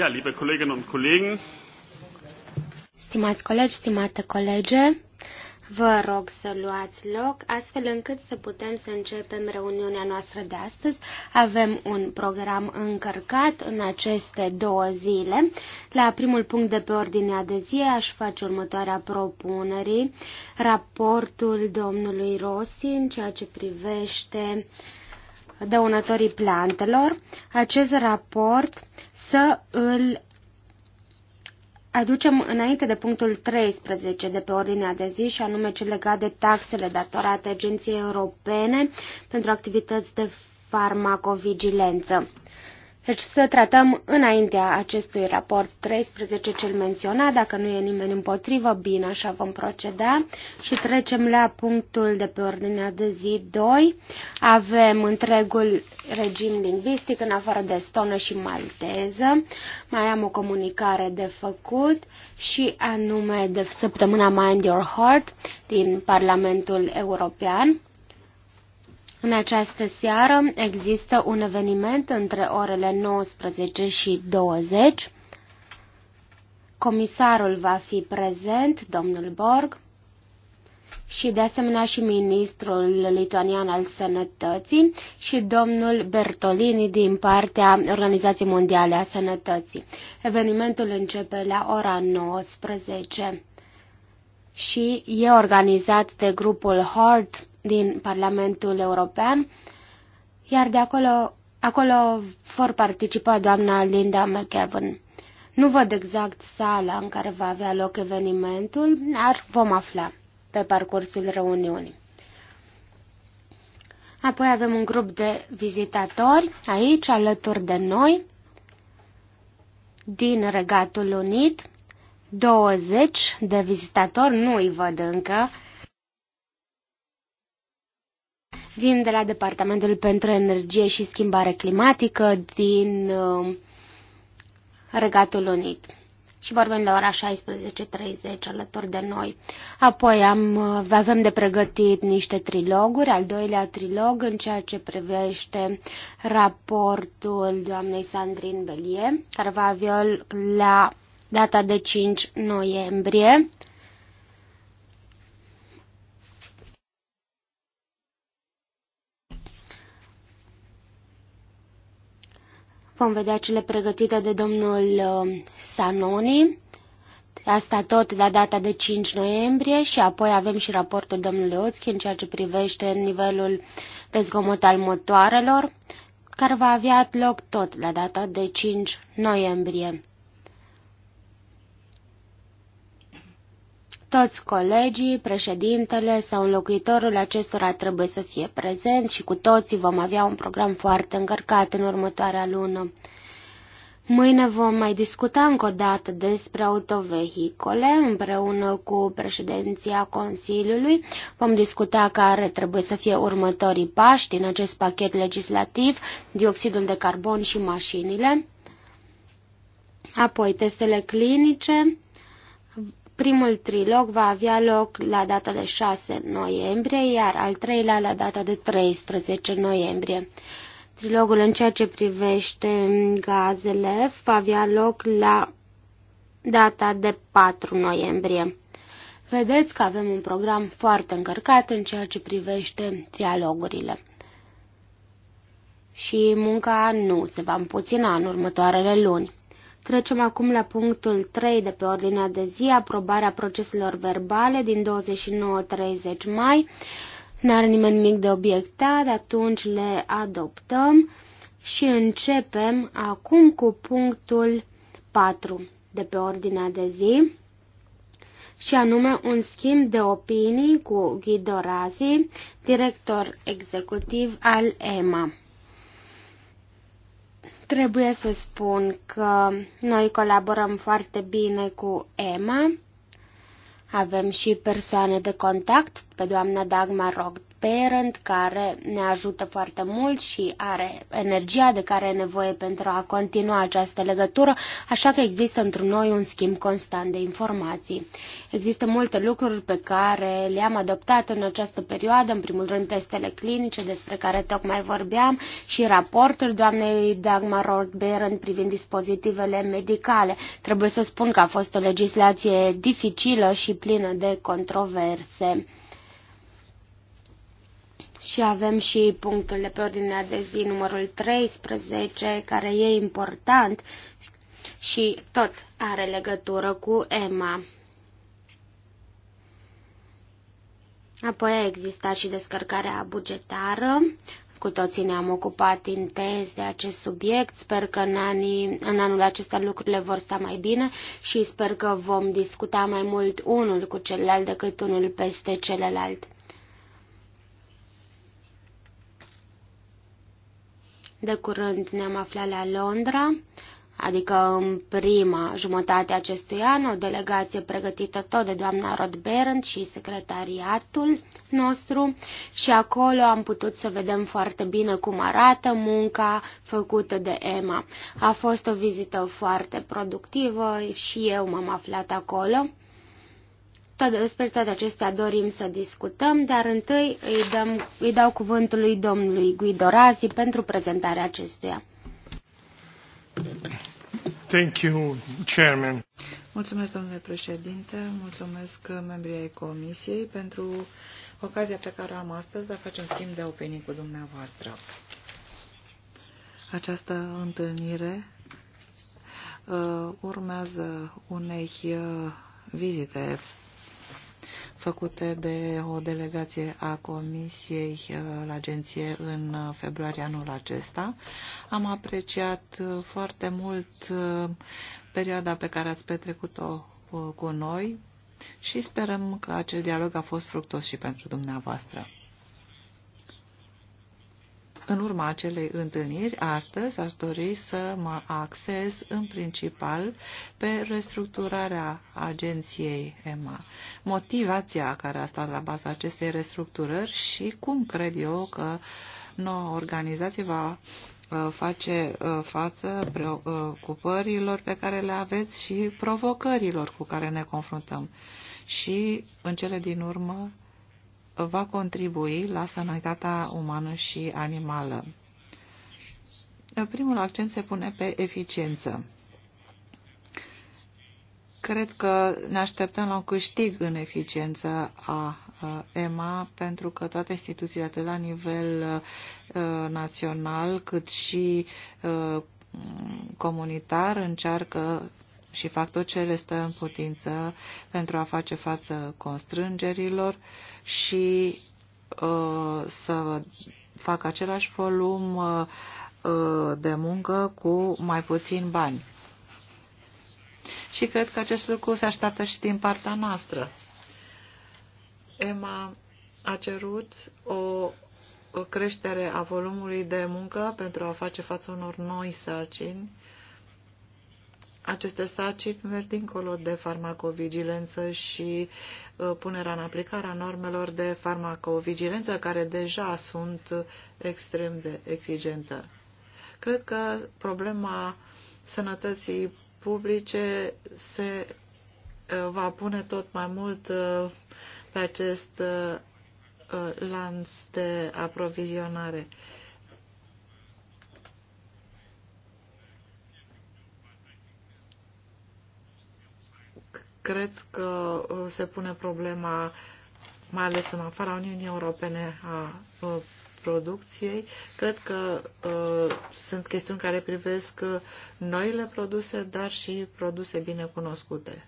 Ja, liebe Kolleginnen und Kollegen. Stimați colegi, stimate colege, vă rog să luați loc astfel încât să putem să începem reuniunea noastră de astăzi. Avem un program încărcat în aceste două zile. La primul punct de pe ordinea de zi aș face următoarea propunere, raportul domnului Rossi în ceea ce privește uh, dăunătorii plantelor, acest raport să îl aducem înainte de punctul 13 de pe ordinea de zi și anume cel legat de taxele datorate Agenției Europene pentru activități de farmacovigilență. Deci să tratăm înaintea acestui raport 13 cel menționat, dacă nu e nimeni împotrivă, bine, așa vom proceda. Și trecem la punctul de pe ordinea de zi 2. Avem întregul regim lingvistic în afară de stonă și malteză. Mai am o comunicare de făcut și anume de săptămâna Mind Your Heart din Parlamentul European. În această seară există un eveniment între orele 19 și 20. Comisarul va fi prezent, domnul Borg, și de asemenea și ministrul lituanian al sănătății și domnul Bertolini din partea Organizației Mondiale a Sănătății. Evenimentul începe la ora 19 și e organizat de grupul HART din Parlamentul European, iar de acolo, acolo vor participa doamna Linda McEwen. Nu văd exact sala în care va avea loc evenimentul, dar vom afla pe parcursul reuniunii. Apoi avem un grup de vizitatori aici, alături de noi, din Regatul Unit. 20 de vizitatori, nu îi văd încă, Vin de la Departamentul pentru Energie și Schimbare Climatică din uh, Regatul Unit și vorbim la ora 16.30 alături de noi. Apoi am, uh, avem de pregătit niște triloguri, al doilea trilog în ceea ce privește raportul doamnei Sandrine Belie, care va avea la data de 5 noiembrie. Vom vedea cele pregătite de domnul uh, Sanoni. Asta tot la data de 5 noiembrie și apoi avem și raportul domnului Oțchi în ceea ce privește nivelul de zgomot al motoarelor, care va avea loc tot la data de 5 noiembrie. Toți colegii, președintele sau înlocuitorul acestora trebuie să fie prezent și cu toții vom avea un program foarte încărcat în următoarea lună. Mâine vom mai discuta încă o dată despre autovehicole împreună cu președinția Consiliului. Vom discuta care trebuie să fie următorii pași din acest pachet legislativ, dioxidul de carbon și mașinile, apoi testele clinice, Primul trilog va avea loc la data de 6 noiembrie, iar al treilea la data de 13 noiembrie. Trilogul în ceea ce privește gazele va avea loc la data de 4 noiembrie. Vedeți că avem un program foarte încărcat în ceea ce privește trialogurile. Și munca nu se va împuțina în următoarele luni. Trecem acum la punctul 3 de pe ordinea de zi, aprobarea proceselor verbale din 29-30 mai. N-are nimeni nimic de obiectat, atunci le adoptăm și începem acum cu punctul 4 de pe ordinea de zi și anume un schimb de opinii cu Ghidorazi, director executiv al EMA. Trebuie să spun că noi colaborăm foarte bine cu EMA. Avem și persoane de contact pe doamna Dagmar Parent, care ne ajută foarte mult și are energia de care e nevoie pentru a continua această legătură, așa că există într noi un schimb constant de informații. Există multe lucruri pe care le-am adoptat în această perioadă, în primul rând testele clinice despre care tocmai vorbeam și raportul doamnei Dagmar roth în privind dispozitivele medicale. Trebuie să spun că a fost o legislație dificilă și plină de controverse. Și avem și punctul de pe ordinea de zi numărul 13, care e important și tot are legătură cu Emma. Apoi a existat și descărcarea bugetară. Cu toții ne-am ocupat intens de acest subiect. Sper că în, anii, în anul acesta lucrurile vor sta mai bine și sper că vom discuta mai mult unul cu celălalt decât unul peste celălalt. De curând ne-am aflat la Londra, adică în prima jumătate a acestui an, o delegație pregătită tot de doamna Rod Berend și secretariatul nostru și acolo am putut să vedem foarte bine cum arată munca făcută de Emma. A fost o vizită foarte productivă și eu m-am aflat acolo. Toate, despre toate acestea dorim să discutăm, dar întâi îi, dăm, îi dau cuvântul lui domnului Guido Razi pentru prezentarea acestuia. Thank you, Chairman. Mulțumesc, domnule președinte, mulțumesc membrii ai comisiei pentru ocazia pe care am astăzi de a face un schimb de opinii cu dumneavoastră. Această întâlnire uh, urmează unei uh, vizite făcute de o delegație a Comisiei uh, la agenție în uh, februarie anul acesta. Am apreciat uh, foarte mult perioada pe care ați petrecut-o cu noi și sperăm că acest dialog a fost fructos și pentru dumneavoastră. În urma acelei întâlniri, astăzi aș dori să mă axez în principal pe restructurarea agenției EMA, motivația care a stat la baza acestei restructurări și cum cred eu că noua organizație va uh, face uh, față preocupărilor uh, pe care le aveți și provocărilor cu care ne confruntăm. Și, în cele din urmă, va contribui la sănătatea umană și animală. Primul accent se pune pe eficiență. Cred că ne așteptăm la un câștig în eficiență a EMA, pentru că toate instituțiile, atât la nivel național, cât și comunitar, încearcă și fac tot ce le stă în putință pentru a face față constrângerilor și uh, să fac același volum uh, uh, de muncă cu mai puțin bani. Și cred că acest lucru se așteaptă și din partea noastră. Emma a cerut o creștere a volumului de muncă pentru a face față unor noi sarcini uh, aceste sarcini merg dincolo de farmacovigilență și uh, punerea în aplicare a normelor de farmacovigilență, care deja sunt extrem de exigentă. Cred că problema sănătății publice se uh, va pune tot mai mult uh, pe acest lanț de aprovizionare. cred că uh, se pune problema, mai ales în afara Uniunii Europene, a uh, producției. Cred că uh, sunt chestiuni care privesc uh, noile produse, dar și produse bine cunoscute.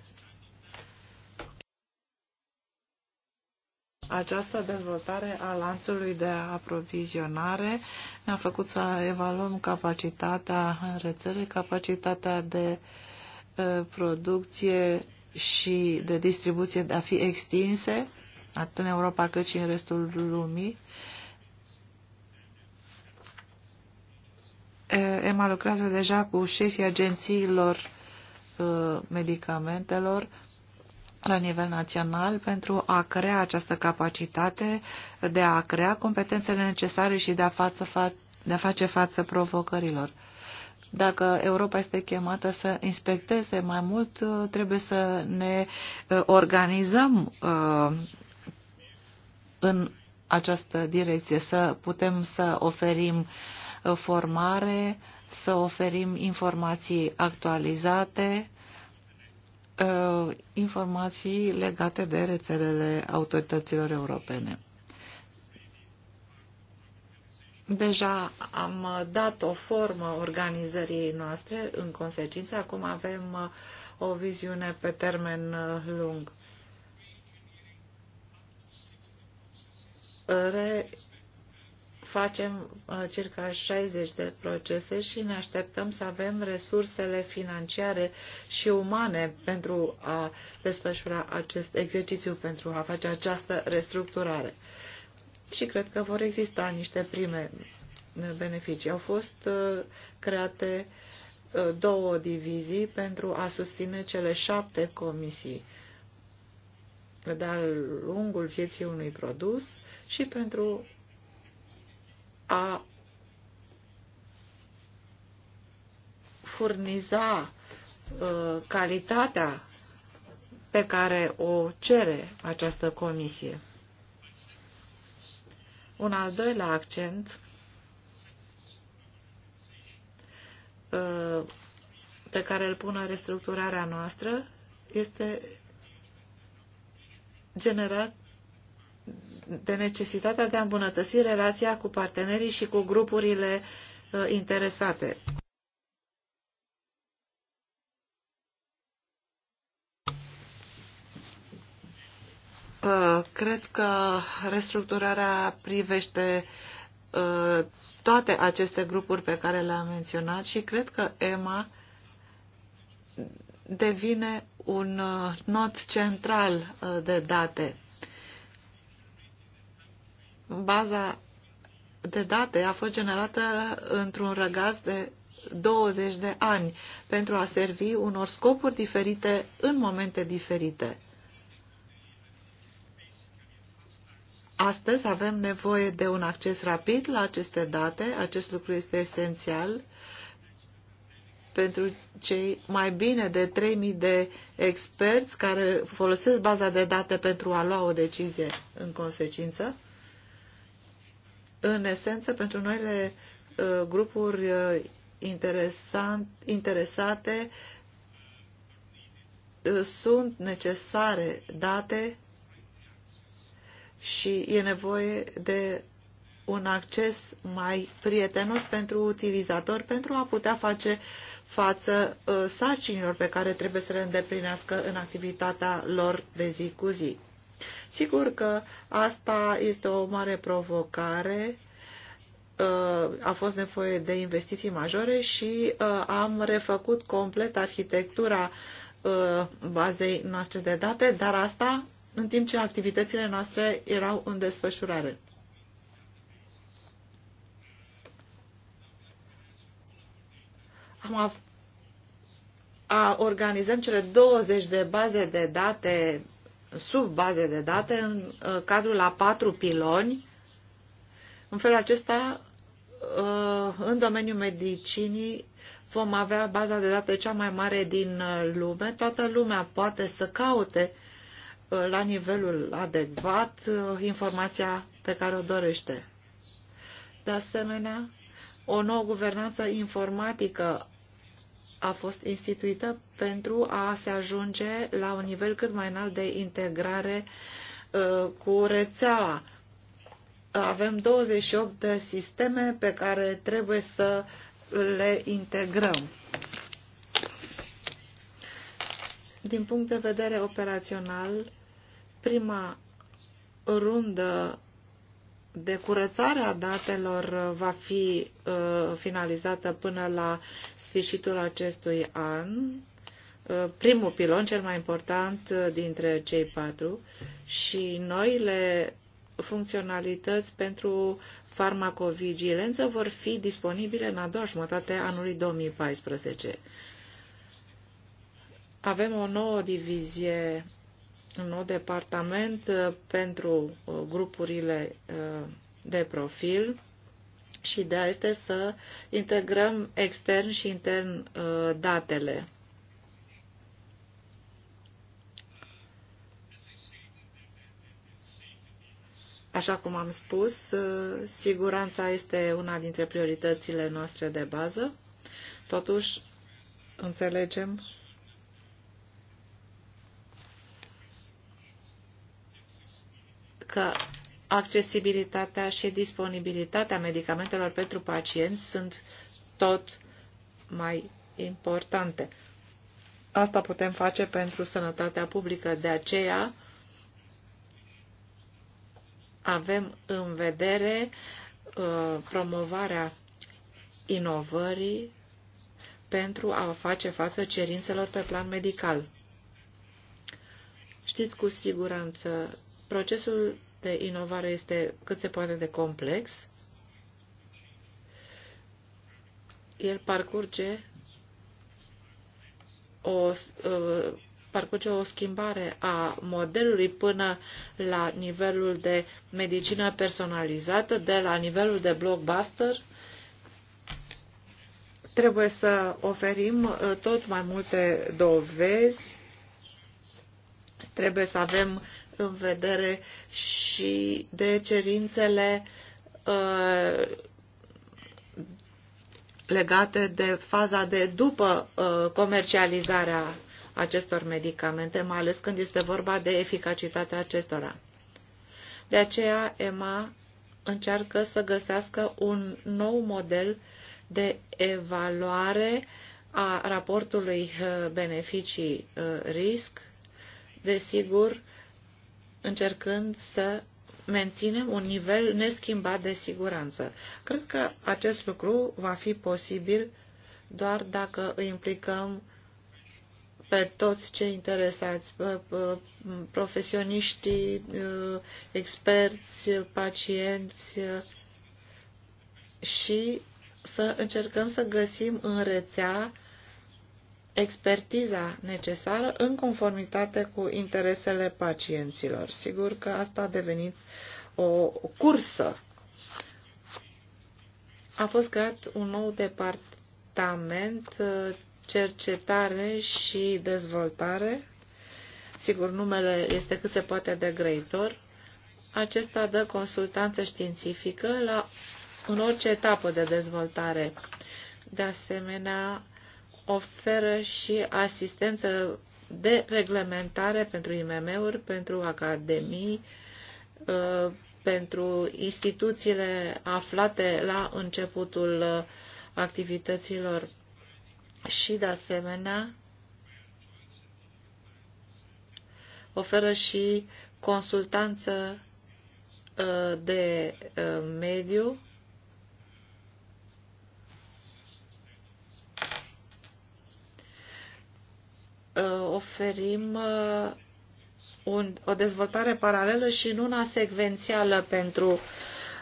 Această dezvoltare a lanțului de aprovizionare ne-a făcut să evaluăm capacitatea rețelei, capacitatea de producție și de distribuție de a fi extinse, atât în Europa cât și în restul lumii. EMA lucrează deja cu șefii agențiilor medicamentelor la nivel național pentru a crea această capacitate de a crea competențele necesare și de a, față, de a face față provocărilor. Dacă Europa este chemată să inspecteze mai mult, uh, trebuie să ne uh, organizăm uh, în această direcție, să putem să oferim formare, să oferim informații actualizate, informații legate de rețelele autorităților europene. Deja am dat o formă organizării noastre, în consecință acum avem uh, o viziune pe termen uh, lung. Re facem uh, circa 60 de procese și ne așteptăm să avem resursele financiare și umane pentru a desfășura acest exercițiu, pentru a face această restructurare și cred că vor exista niște prime beneficii. Au fost uh, create uh, două divizii pentru a susține cele șapte comisii de-a lungul vieții unui produs și pentru a furniza uh, calitatea pe care o cere această comisie. Un al doilea accent uh, pe care îl pună restructurarea noastră este generat de necesitatea de a îmbunătăți relația cu partenerii și cu grupurile uh, interesate. Uh, cred că restructurarea privește uh, toate aceste grupuri pe care le-am menționat și cred că EMA devine un uh, not central de date. Baza de date a fost generată într-un răgaz de 20 de ani pentru a servi unor scopuri diferite în momente diferite. Astăzi avem nevoie de un acces rapid la aceste date. Acest lucru este esențial pentru cei mai bine de 3.000 de experți care folosesc baza de date pentru a lua o decizie în consecință. În esență, pentru noile uh, grupuri uh, interesant, interesate uh, sunt necesare date și e nevoie de un acces mai prietenos pentru utilizator pentru a putea face față uh, sarcinilor pe care trebuie să le îndeplinească în activitatea lor de zi cu zi. Sigur că asta este o mare provocare. Uh, a fost nevoie de investiții majore și uh, am refăcut complet arhitectura bazei noastre de date, dar asta în timp ce activitățile noastre erau în desfășurare. Am av a organizăm cele 20 de baze de date, sub baze de date, în uh, cadrul a patru piloni. În felul acesta, uh, în domeniul medicinii, vom avea baza de date cea mai mare din uh, lume. Toată lumea poate să caute uh, la nivelul adecvat uh, informația pe care o dorește. De asemenea, o nouă guvernanță informatică a fost instituită pentru a se ajunge la un nivel cât mai înalt de integrare uh, cu rețeaua. Avem 28 de sisteme pe care trebuie să le integrăm. Din punct de vedere operațional, Prima rundă de curățare a datelor va fi uh, finalizată până la sfârșitul acestui an. Uh, primul pilon, cel mai important uh, dintre cei patru, și noile funcționalități pentru farmacovigilență vor fi disponibile în a doua jumătate anului 2014. Avem o nouă divizie un nou departament uh, pentru uh, grupurile uh, de profil și de este să integrăm extern și intern datele. Așa cum am spus, siguranța este una dintre prioritățile noastre de bază. Totuși, înțelegem că accesibilitatea și disponibilitatea medicamentelor pentru pacienți sunt tot mai importante. Asta putem face pentru sănătatea publică. De aceea avem în vedere uh, promovarea inovării pentru a face față cerințelor pe plan medical. Știți cu siguranță Procesul de inovare este cât se poate de complex. El parcurge o, uh, parcurge o schimbare a modelului până la nivelul de medicină personalizată, de la nivelul de blockbuster. Trebuie să oferim uh, tot mai multe dovezi. Trebuie să avem în vedere și de cerințele uh, legate de faza de după uh, comercializarea acestor medicamente, mai ales când este vorba de eficacitatea acestora. De aceea, EMA încearcă să găsească un nou model de evaluare a raportului uh, beneficii-risc, desigur, încercând să menținem un nivel neschimbat de siguranță. Cred că acest lucru va fi posibil doar dacă îi implicăm pe toți cei interesați, profesioniștii, eh, experți, pacienți eh, și să încercăm să găsim în rețea expertiza necesară în conformitate cu interesele pacienților. Sigur că asta a devenit o cursă. A fost creat un nou departament cercetare și dezvoltare. Sigur, numele este cât se poate de greitor. Acesta dă consultanță științifică la, în orice etapă de dezvoltare. De asemenea, oferă și asistență de reglementare pentru IMM-uri, pentru academii, uh, pentru instituțiile aflate la începutul uh, activităților și, de asemenea, oferă și consultanță uh, de mediu Uh, oferim uh, un, o dezvoltare paralelă și nu una secvențială pentru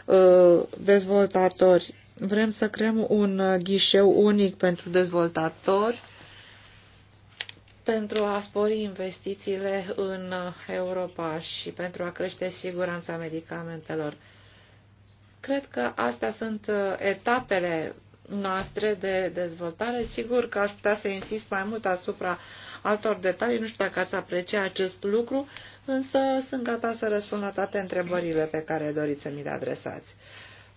uh, dezvoltatori. Vrem să creăm un ghișeu unic pentru dezvoltatori pentru a spori investițiile în Europa și pentru a crește siguranța medicamentelor. Cred că astea sunt etapele noastre de dezvoltare. Sigur că aș putea să insist mai mult asupra altor detalii. Nu știu dacă ați aprecia acest lucru, însă sunt gata să răspund la toate întrebările pe care doriți să mi le adresați.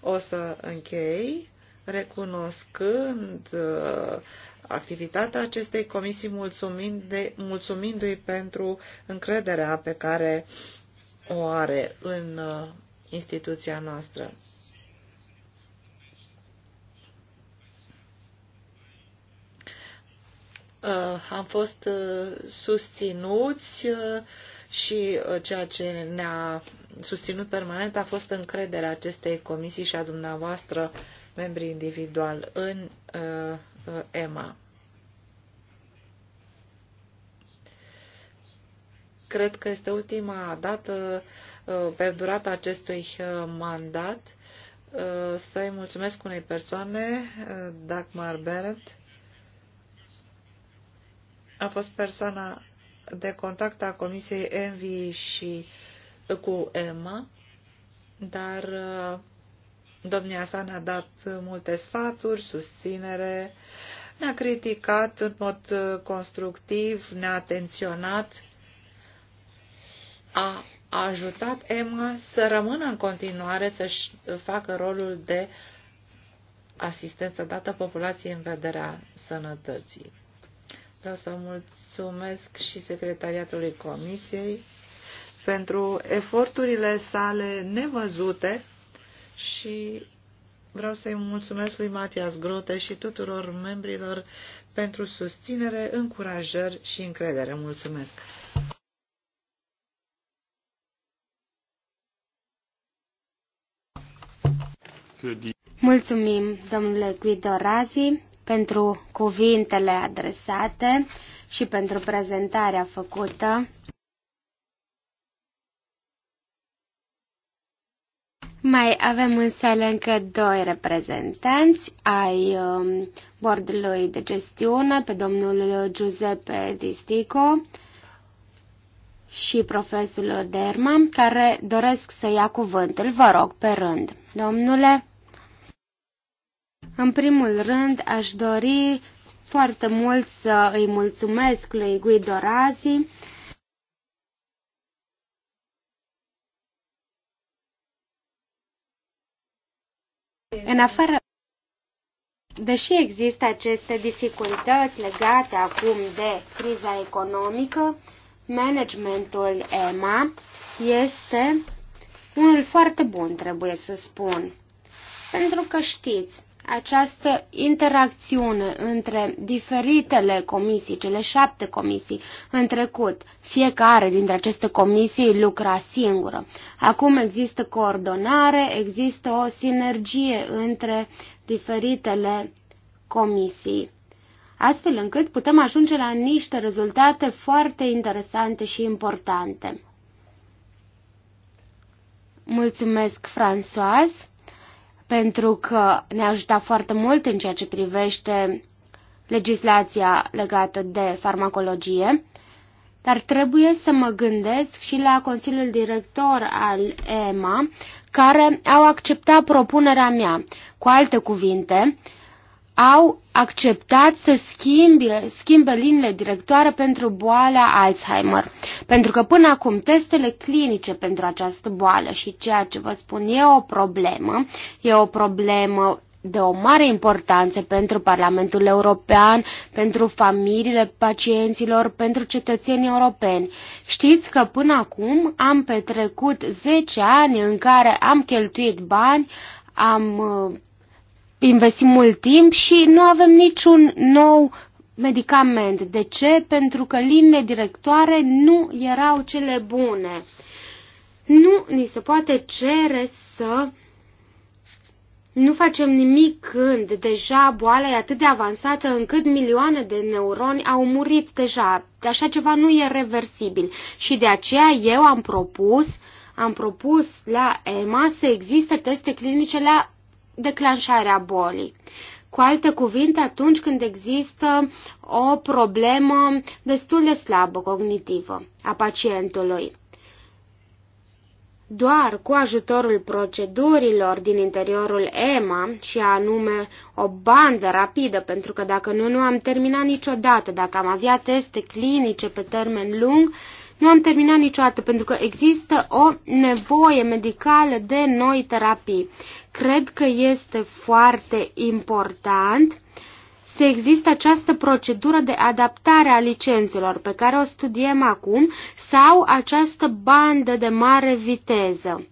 O să închei recunoscând uh, activitatea acestei comisii, mulțumind mulțumindu-i pentru încrederea pe care o are în uh, instituția noastră. Uh, am fost uh, susținuți uh, și ceea ce ne-a susținut permanent a fost încrederea acestei comisii și a dumneavoastră, membrii individual, în EMA. Cred că este ultima dată pe durata acestui mandat să-i mulțumesc unei persoane, Dagmar Beret, a fost persoana de contact a Comisiei Envi și cu EMA, dar uh, domnia sa ne-a dat multe sfaturi, susținere, ne-a criticat în mod uh, constructiv, ne-a atenționat, a ajutat EMA să rămână în continuare să-și facă rolul de asistență dată populației în vederea sănătății. Vreau să mulțumesc și secretariatului Comisiei pentru eforturile sale nevăzute și vreau să-i mulțumesc lui Matias Grote și tuturor membrilor pentru susținere, încurajări și încredere. Mulțumesc! Mulțumim, domnule Guido Razi pentru cuvintele adresate și pentru prezentarea făcută. Mai avem în sală încă doi reprezentanți ai um, bordului de gestiune, pe domnul Giuseppe Distico și profesorul Derma, care doresc să ia cuvântul. Vă rog, pe rând. Domnule, în primul rând, aș dori foarte mult să îi mulțumesc lui Guido Razi, În afară, deși există aceste dificultăți legate acum de criza economică, managementul EMA este unul foarte bun, trebuie să spun. Pentru că știți, această interacțiune între diferitele comisii, cele șapte comisii în trecut. Fiecare dintre aceste comisii lucra singură. Acum există coordonare, există o sinergie între diferitele comisii, astfel încât putem ajunge la niște rezultate foarte interesante și importante. Mulțumesc, Françoise! pentru că ne-a ajutat foarte mult în ceea ce privește legislația legată de farmacologie, dar trebuie să mă gândesc și la Consiliul Director al EMA, care au acceptat propunerea mea. Cu alte cuvinte, uh, au acceptat să schimbe, schimbe linile directoare pentru boala Alzheimer. Pentru că până acum testele clinice pentru această boală și ceea ce vă spun e o problemă, e o problemă de o mare importanță pentru Parlamentul European, pentru familiile pacienților, pentru cetățenii europeni. Știți că până acum am petrecut 10 ani în care am cheltuit bani, am investim mult timp și nu avem niciun nou medicament. De ce? Pentru că liniile directoare nu erau cele bune. Nu ni se poate cere să nu facem nimic când deja boala e atât de avansată încât milioane de neuroni au murit deja. Așa ceva nu e reversibil și de aceea eu am propus am propus la EMA să existe teste clinice la declanșarea bolii. Cu alte cuvinte, atunci când există o problemă destul de slabă cognitivă a pacientului. Doar cu ajutorul procedurilor din interiorul EMA și anume o bandă rapidă, pentru că dacă nu, nu am terminat niciodată, dacă am avea teste clinice pe termen lung, uh, nu am terminat niciodată, pentru că există o nevoie medicală de noi terapii. Cred că este foarte important să există această procedură de adaptare a licențelor pe care o studiem acum sau această bandă de mare viteză.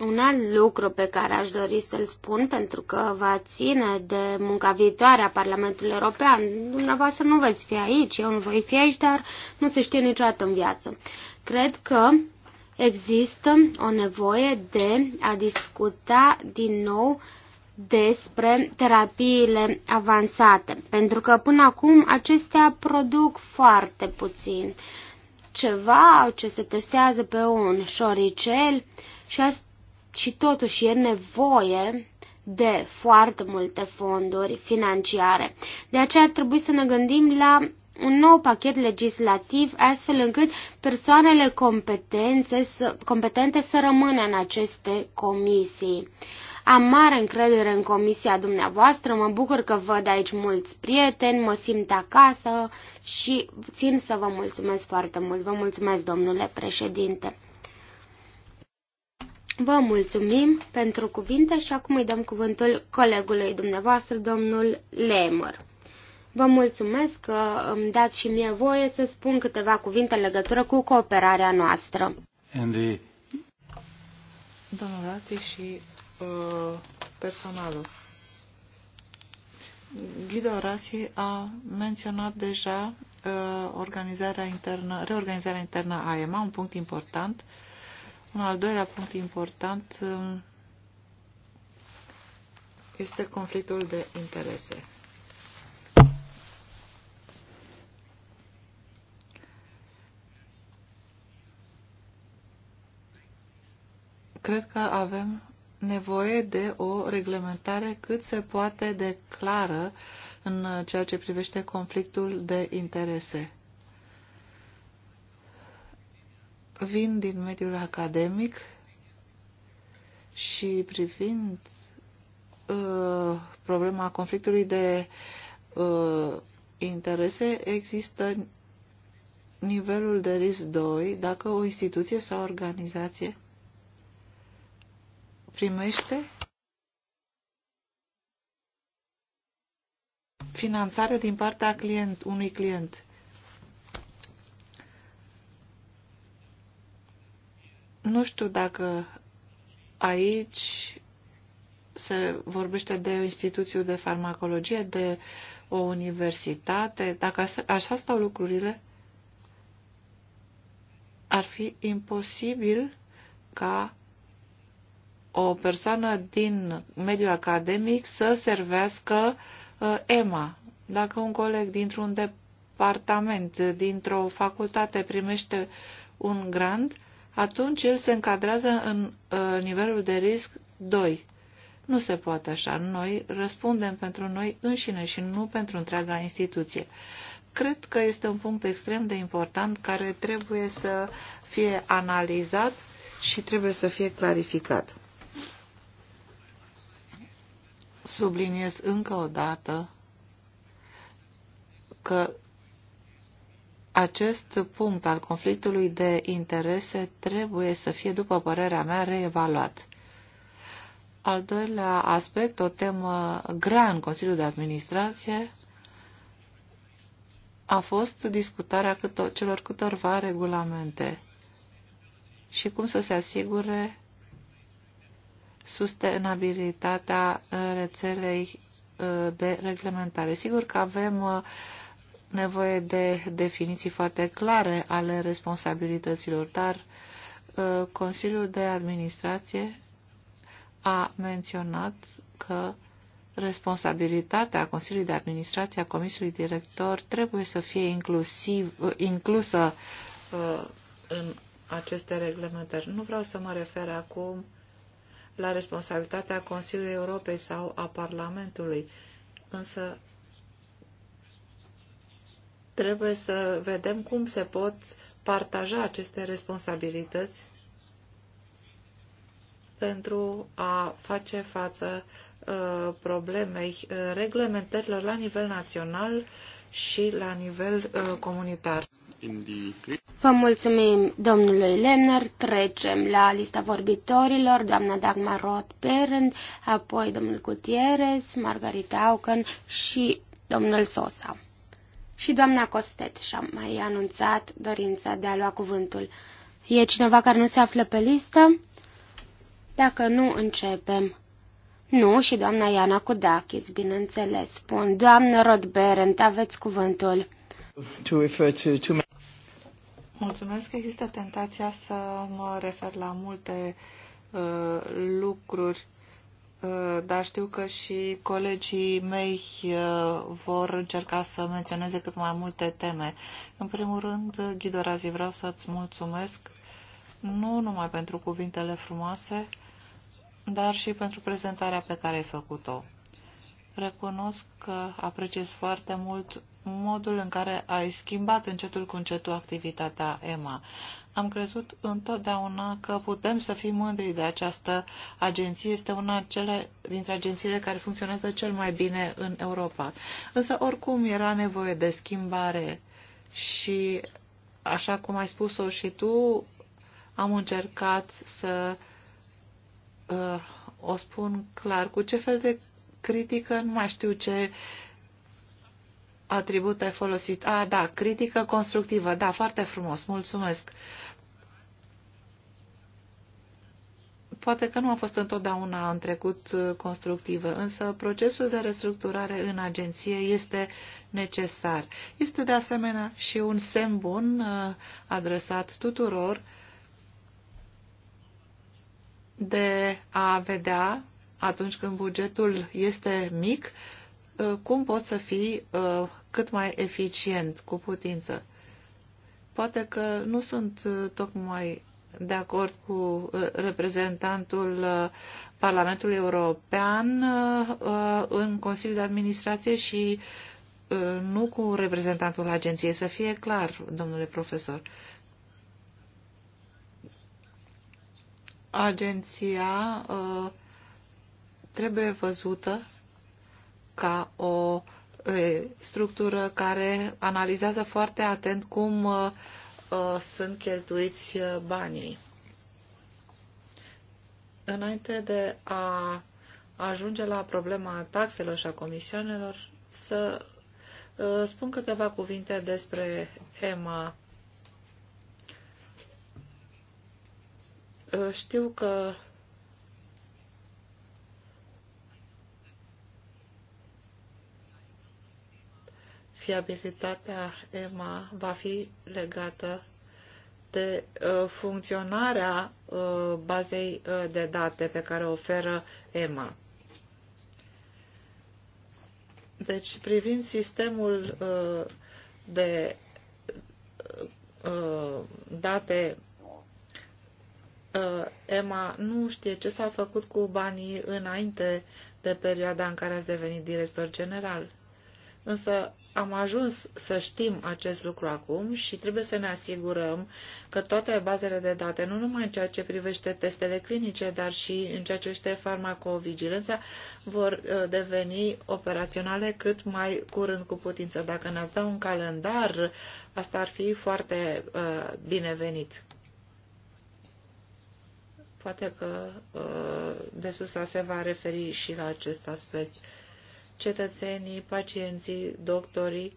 Un alt lucru pe care aș dori să-l spun, pentru că va ține de munca viitoare a Parlamentului European, dumneavoastră nu veți fi aici, eu nu voi fi aici, dar nu se știe niciodată în viață. Cred că există o nevoie de a discuta din nou despre terapiile avansate, pentru că până acum acestea produc foarte puțin. Ceva ce se testează pe un șoricel și asta și totuși e nevoie de foarte multe fonduri financiare. De aceea ar trebui să ne gândim la un nou pachet legislativ astfel încât persoanele competențe să, competente să rămână în aceste comisii. Am mare încredere în comisia dumneavoastră, mă bucur că văd aici mulți prieteni, mă simt acasă și țin să vă mulțumesc foarte mult. Vă mulțumesc, domnule președinte. Vă mulțumim pentru cuvinte și acum îi dăm cuvântul colegului dumneavoastră, domnul Lemur. Vă mulțumesc că îmi dați și mie voie să spun câteva cuvinte în legătură cu cooperarea noastră. The... Domnul Rații și uh, personalul. Ghido Rasi a menționat deja uh, organizarea internă, reorganizarea internă a EMA, un punct important uh, un al doilea punct important um, este conflictul de interese. Cred că avem nevoie de o reglementare cât se poate de clară în ceea ce privește conflictul de interese. vin din mediul academic și privind uh, problema conflictului de uh, interese, există nivelul de risc 2 dacă o instituție sau organizație primește finanțare din partea client, unui client Nu știu dacă aici se vorbește de o instituție de farmacologie, de o universitate. Dacă așa stau lucrurile, ar fi imposibil ca o persoană din mediul academic să servească uh, EMA. Dacă un coleg dintr-un departament, dintr-o facultate primește un grant, atunci el se încadrează în uh, nivelul de risc 2. Nu se poate așa. Noi răspundem pentru noi înșine și nu pentru întreaga instituție. Cred că este un punct extrem de important care trebuie să fie analizat și trebuie să fie clarificat. Subliniez încă o dată că acest punct al conflictului de interese trebuie să fie, după părerea mea, reevaluat. Al doilea aspect, o temă grea în Consiliul de Administrație, a fost discutarea celor câtorva regulamente și cum să se asigure sustenabilitatea rețelei uh, de reglementare. Sigur că avem uh, nevoie de definiții foarte clare ale responsabilităților, dar uh, Consiliul de Administrație a menționat că responsabilitatea Consiliului de Administrație a Comisiei Director trebuie să fie inclusiv, uh, inclusă uh, în aceste reglementări. Nu vreau să mă refer acum la responsabilitatea Consiliului Europei sau a Parlamentului, însă Trebuie să vedem cum se pot partaja aceste responsabilități pentru a face față uh, problemei uh, reglementărilor la nivel național și la nivel uh, comunitar. Vă mulțumim domnului Lemner. Trecem la lista vorbitorilor, doamna Dagmar roth perend apoi domnul Gutierrez, Margarita Auken și domnul Sosa. Și doamna Costet și-a mai anunțat dorința de a lua cuvântul. E cineva care nu se află pe listă? Dacă nu, începem. Nu, și doamna Iana Kudakis, bineînțeles. Spun, doamnă Rodberent, aveți cuvântul. To refer to, to... Mulțumesc că există tentația să mă refer la multe uh, lucruri Uh, dar știu că și colegii mei uh, vor încerca să menționeze cât mai multe teme. În primul rând, Ghido Razi, vreau să-ți mulțumesc nu numai pentru cuvintele frumoase, dar și pentru prezentarea pe care ai făcut-o. Recunosc că apreciez foarte mult modul în care ai schimbat încetul cu încetul activitatea EMA. Am crezut întotdeauna că putem să fim mândri de această agenție. Este una cele, dintre agențiile care funcționează cel mai bine în Europa. Însă, oricum, era nevoie de schimbare și, așa cum ai spus-o și tu, am încercat să uh, o spun clar. Cu ce fel de critică? Nu mai știu ce atribut ai folosit. A, da, critică constructivă. Da, foarte frumos. Mulțumesc. Uh, Poate că nu a fost întotdeauna în trecut uh, constructivă, însă procesul de restructurare în agenție este necesar. Este de asemenea și un semn bun uh, adresat tuturor de a vedea atunci când bugetul este mic, uh, cum poți să fii cât mai eficient, cu putință. Poate că nu sunt tocmai de acord cu uh, reprezentantul uh, Parlamentului European uh, în Consiliul de Administrație și nu cu reprezentantul agenției, să fie clar, domnule profesor. Agenția trebuie văzută ca o structură care analizează foarte atent cum Uh, sunt cheltuiți uh, banii. Înainte de a ajunge la problema taxelor și a comisionelor, să uh, spun câteva cuvinte despre EMA. Știu că fiabilitatea EMA va fi legată de uh, funcționarea uh, bazei uh, de date pe care o oferă EMA. Deci, privind sistemul de date, Ema nu știe ce s-a făcut cu banii înainte de perioada în care ați devenit director general. Însă am ajuns să știm acest lucru acum și trebuie să ne asigurăm că toate bazele de date, nu numai în ceea ce privește testele clinice, dar și în ceea ce privește farmacovigilența, vor uh, deveni operaționale cât mai curând cu putință. Dacă ne-ați da un calendar, asta ar fi foarte uh, binevenit. Poate că uh, de sus se va referi și la acest aspect. Uh, cetățenii, pacienții, doctorii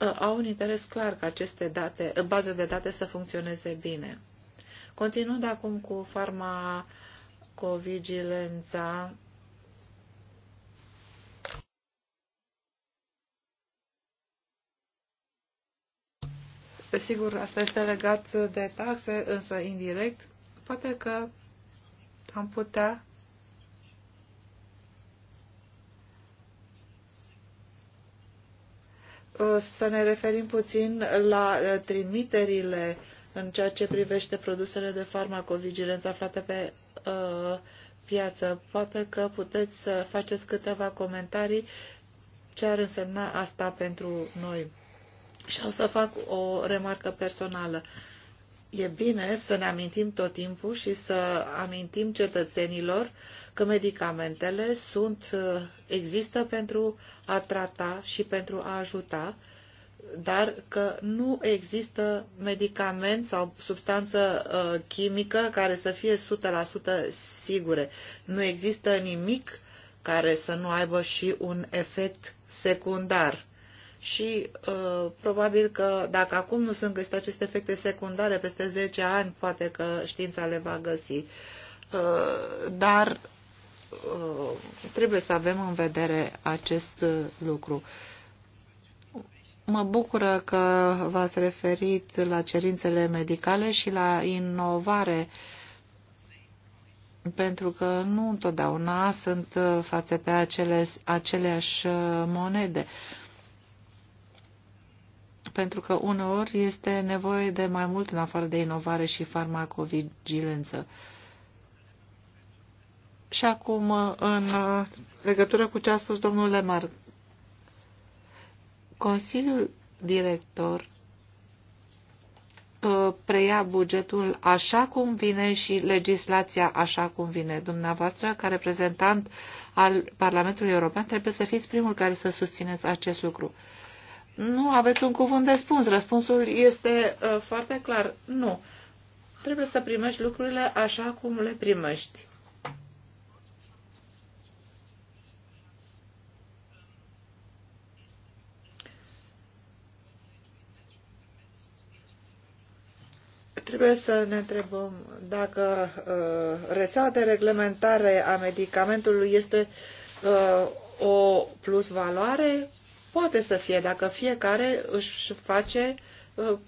uh, au un interes clar ca aceste date, uh, baze de date să funcționeze bine. Continuând acum cu farmacovigilența, Sigur, asta este legat de taxe, însă indirect, poate că am putea Uh, să ne referim puțin la uh, trimiterile în ceea ce privește produsele de farmacovigilență aflate pe uh, piață. Poate că puteți să faceți câteva comentarii ce ar însemna asta pentru noi. Și o să fac o remarcă personală. Uh, E bine să ne amintim tot timpul și să amintim cetățenilor că medicamentele sunt, există pentru a trata și pentru a ajuta, dar că nu există medicament sau substanță uh, chimică care să fie 100% sigure. Nu există nimic care să nu aibă și un efect secundar și uh, probabil că dacă acum nu sunt găsite aceste efecte secundare, peste 10 ani poate că știința le va găsi. Uh, dar uh, trebuie să avem în vedere acest lucru. Mă bucură că v-ați referit la cerințele medicale și la inovare, pentru că nu întotdeauna sunt fațete aceleași monede. Uh, pentru că uneori este nevoie de mai mult în afară de inovare și farmacovigilență. Și acum, în uh, legătură cu ce a spus domnul Lemar, Consiliul Director uh, preia bugetul așa cum vine și legislația așa cum vine. Dumneavoastră, ca reprezentant al Parlamentului European, trebuie să fiți primul care să susțineți acest lucru. Nu aveți un cuvânt de spus. Răspunsul este uh, foarte clar. Nu. Trebuie să primești lucrurile așa cum le primești. Trebuie să ne întrebăm dacă uh, rețeaua de reglementare a medicamentului este uh, o plusvaloare poate să fie dacă fiecare își face uh,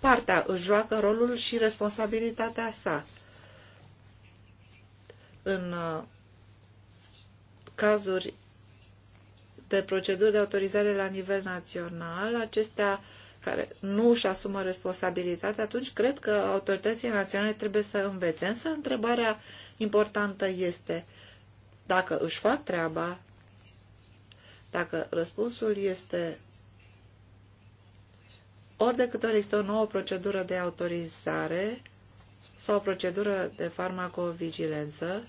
partea, își joacă rolul și responsabilitatea sa. În uh, cazuri de proceduri de autorizare la nivel național, acestea care nu își asumă responsabilitatea, atunci cred că autoritățile naționale trebuie să învețe. Însă întrebarea importantă este dacă își fac treaba dacă răspunsul este ori de câte ori există o nouă procedură de autorizare sau o procedură de farmacovigilență,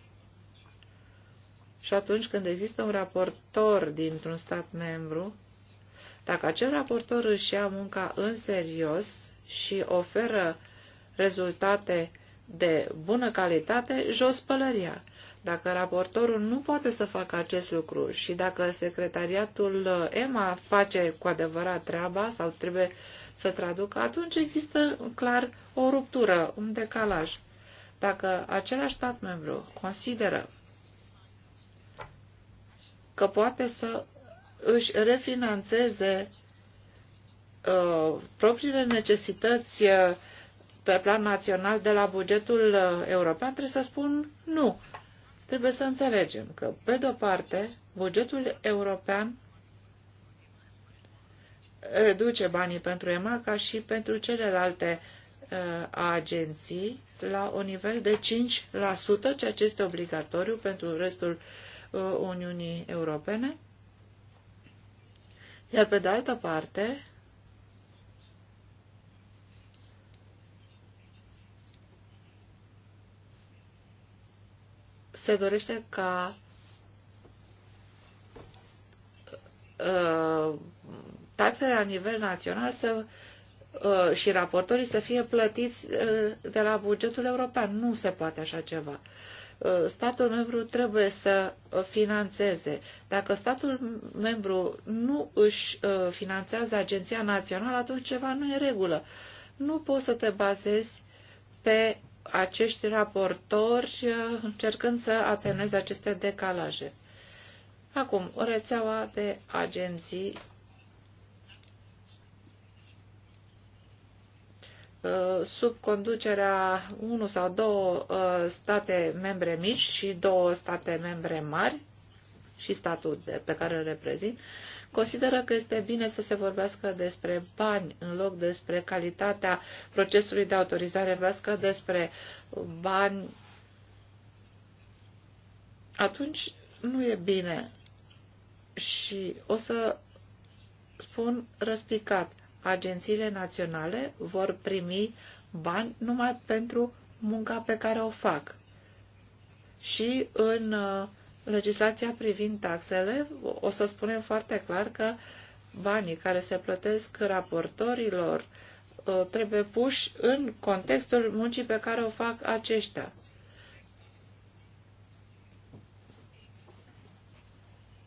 și atunci când există un raportor dintr-un stat membru, dacă acel raportor își ia munca în serios și oferă rezultate de bună calitate, jos pălăria. Dacă raportorul nu poate să facă acest lucru și dacă secretariatul uh, EMA face cu adevărat treaba sau trebuie să traducă, atunci există clar o ruptură, un decalaj. Dacă același stat membru consideră că poate să își refinanțeze uh, propriile necesități uh, pe plan național de la bugetul uh, european, trebuie să spun nu. Trebuie să înțelegem că, pe de-o parte, bugetul european reduce banii pentru EMA ca și pentru celelalte uh, agenții la un nivel de 5%, ceea ce este obligatoriu pentru restul uh, Uniunii Europene. Iar pe de altă parte, se dorește ca uh, taxele la nivel național să, uh, și raportorii să fie plătiți uh, de la bugetul european. Nu se poate așa ceva. Statul membru trebuie să financeze. Dacă statul membru nu își finanțează agenția națională, atunci ceva nu e regulă. Nu poți să te bazezi pe acești raportori uh, încercând să ateneze aceste decalaje. Acum, rețeaua de agenții uh, sub conducerea unu sau două uh, state membre mici și două state membre mari și statul de, pe care îl reprezint, consideră că este bine să se vorbească despre bani în loc despre calitatea procesului de autorizare, vorbească despre bani, atunci nu e bine. Și o să spun răspicat, agențiile naționale vor primi bani numai pentru munca pe care o fac. Și în uh, legislația privind taxele, o să spunem foarte clar că banii care se plătesc raportorilor uh, trebuie puși în contextul muncii pe care o fac aceștia.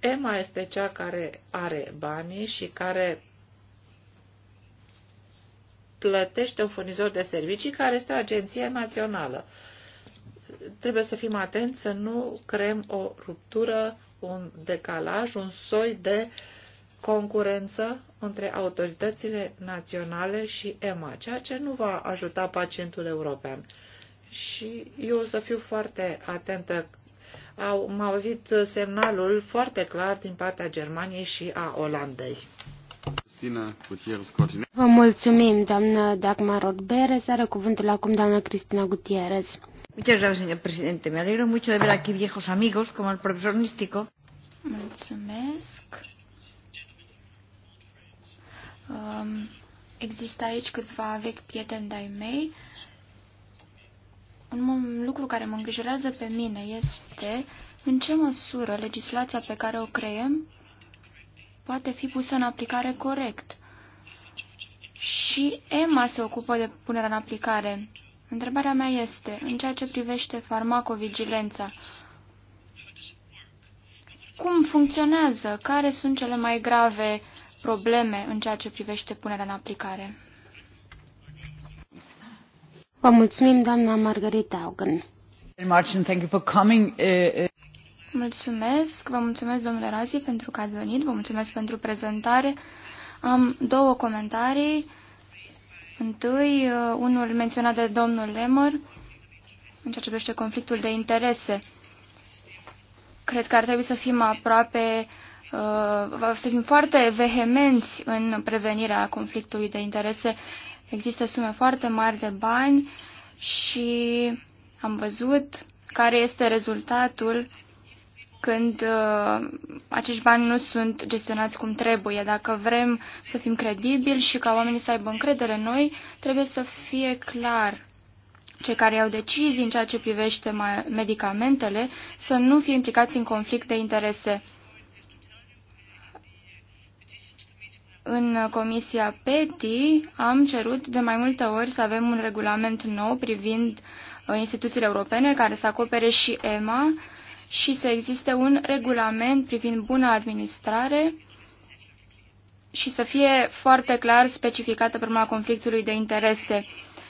Emma este cea care are banii și care plătește un furnizor de servicii care este o agenție națională trebuie să fim atenți să nu creăm o ruptură, un decalaj, un soi de concurență între autoritățile naționale și EMA, ceea ce nu va ajuta pacientul european. Și eu o să fiu foarte atentă. Am auzit semnalul foarte clar din partea Germaniei și a Olandei. Vă mulțumim, doamnă Dagmar Să Are cuvântul acum doamna Cristina Gutierrez. Muchas gracias, señor presidente. Me alegro mucho de ver aquí viejos amigos como el profesor Místico. Mulțumesc. Um, există aici câțiva vechi prieteni de-ai mei. Un lucru care mă îngrijorează pe mine este în ce măsură legislația pe care o creăm poate fi pusă în aplicare corect. Și EMA se ocupă de punerea în aplicare. Întrebarea mea este, în ceea ce privește farmacovigilența, cum funcționează? Care sunt cele mai grave probleme în ceea ce privește punerea în aplicare? Vă mulțumim, doamna Margarita Augen. Uh, uh, Mulțumesc, vă mulțumesc, domnule Razi, pentru că ați venit, vă mulțumesc pentru prezentare. Am două comentarii. Întâi, uh, unul menționat de domnul Lemmer, în ceea ce privește conflictul de interese. Cred că ar trebui să fim aproape, uh, să fim foarte vehemenți în prevenirea conflictului de interese. Există sume foarte mari de bani și am văzut care este rezultatul uh, când uh, acești bani nu sunt gestionați cum trebuie. Dacă vrem să fim credibili și ca oamenii să aibă încredere în noi, trebuie să fie clar cei care iau decizii în ceea ce privește medicamentele să nu fie implicați în conflict de interese. În Comisia PETI am cerut de mai multe ori să avem un regulament nou privind uh, instituțiile europene care să acopere și EMA, și să existe un regulament privind bună administrare și să fie foarte clar specificată problema conflictului de interese.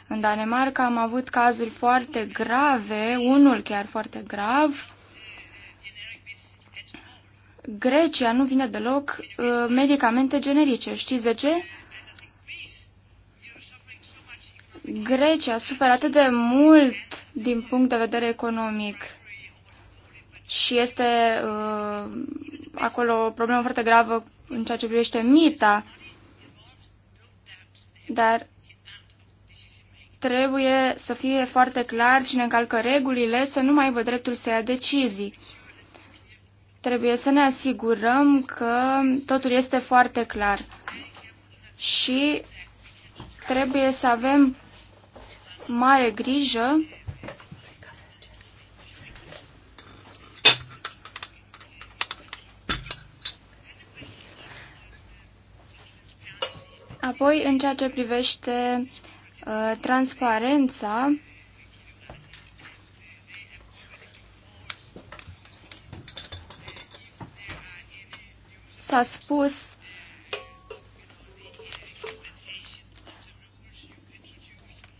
În Danemarca am avut cazuri foarte grave, unul chiar foarte grav. Grecia nu vine deloc uh, medicamente generice. Știți de ce? Grecia suferă atât de mult din punct de vedere economic și este uh, acolo o problemă foarte gravă în ceea ce privește mita, dar trebuie să fie foarte clar cine încalcă regulile să nu mai aibă dreptul să ia decizii. Trebuie să ne asigurăm că totul este foarte clar și trebuie să avem mare grijă Apoi, în ceea ce privește uh, transparența, s-a spus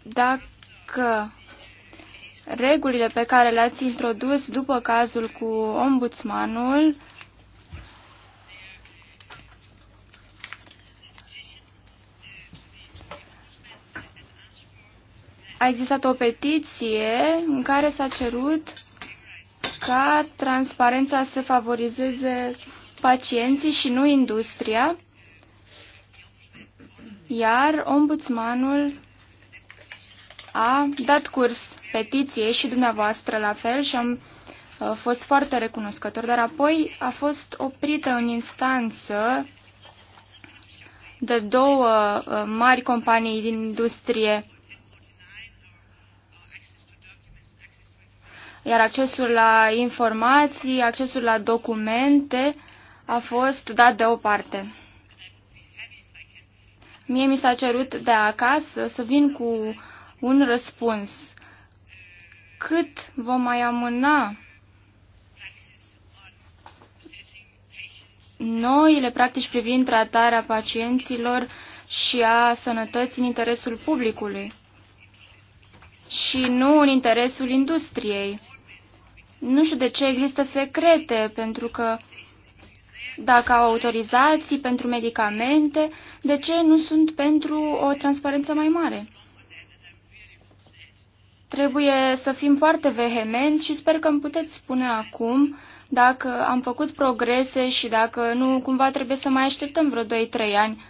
dacă regulile pe care le-ați introdus după cazul cu ombudsmanul uh, a existat o petiție în care s-a cerut ca transparența să favorizeze pacienții și nu industria, iar ombudsmanul a dat curs petiției și dumneavoastră la fel și am uh, fost foarte recunoscător, dar apoi a fost oprită în instanță de două uh, mari companii din industrie iar accesul la informații, accesul la documente a fost dat deoparte. Mie mi s-a cerut de acasă să vin cu un răspuns. Cât vom mai amâna noile practici privind tratarea pacienților și a sănătății în interesul publicului și nu în interesul industriei? Nu știu de ce există secrete, pentru că dacă au autorizații pentru medicamente, de ce nu sunt pentru o transparență mai mare? Trebuie să fim foarte vehemenți și sper că îmi puteți spune acum dacă am făcut progrese și dacă nu, cumva trebuie să mai așteptăm vreo 2-3 ani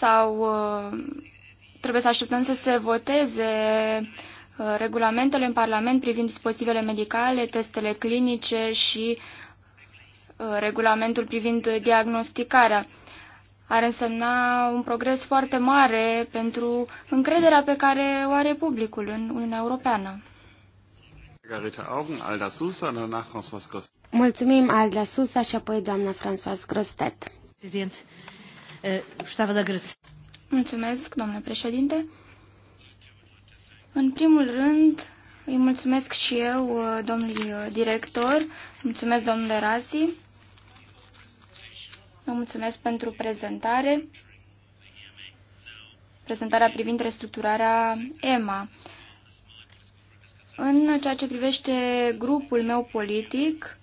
sau uh, trebuie să așteptăm să se voteze uh, regulamentele în Parlament privind dispozitivele medicale, testele clinice și uh, regulamentul privind diagnosticarea. Ar însemna un progres foarte mare pentru încrederea pe care o are publicul în Uniunea Europeană. Mulțumim, Alda Susa și apoi doamna Françoise Grostet. Gustavo Mulțumesc, domnule președinte. În primul rând, îi mulțumesc și eu, domnului director, mulțumesc domnule Rasi, vă mulțumesc pentru prezentare, prezentarea privind restructurarea EMA. În ceea ce privește grupul meu politic,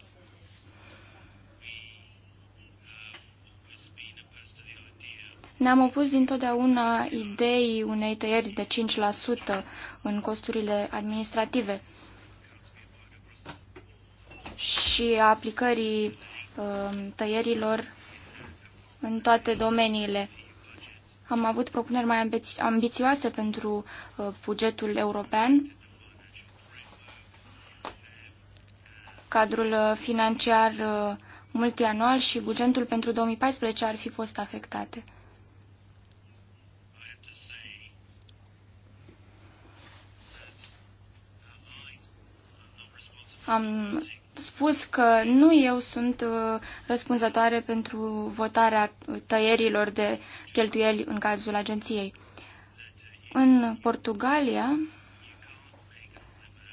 Ne-am opus dintotdeauna ideii unei tăieri de 5% în costurile administrative și a aplicării um, tăierilor în toate domeniile. Am avut propuneri mai ambițioase pentru uh, bugetul european. Cadrul uh, financiar uh, multianual și bugetul pentru 2014 ar fi fost afectate. Am spus că nu eu sunt uh, răspunzătoare pentru votarea tăierilor de cheltuieli în cazul agenției. În Portugalia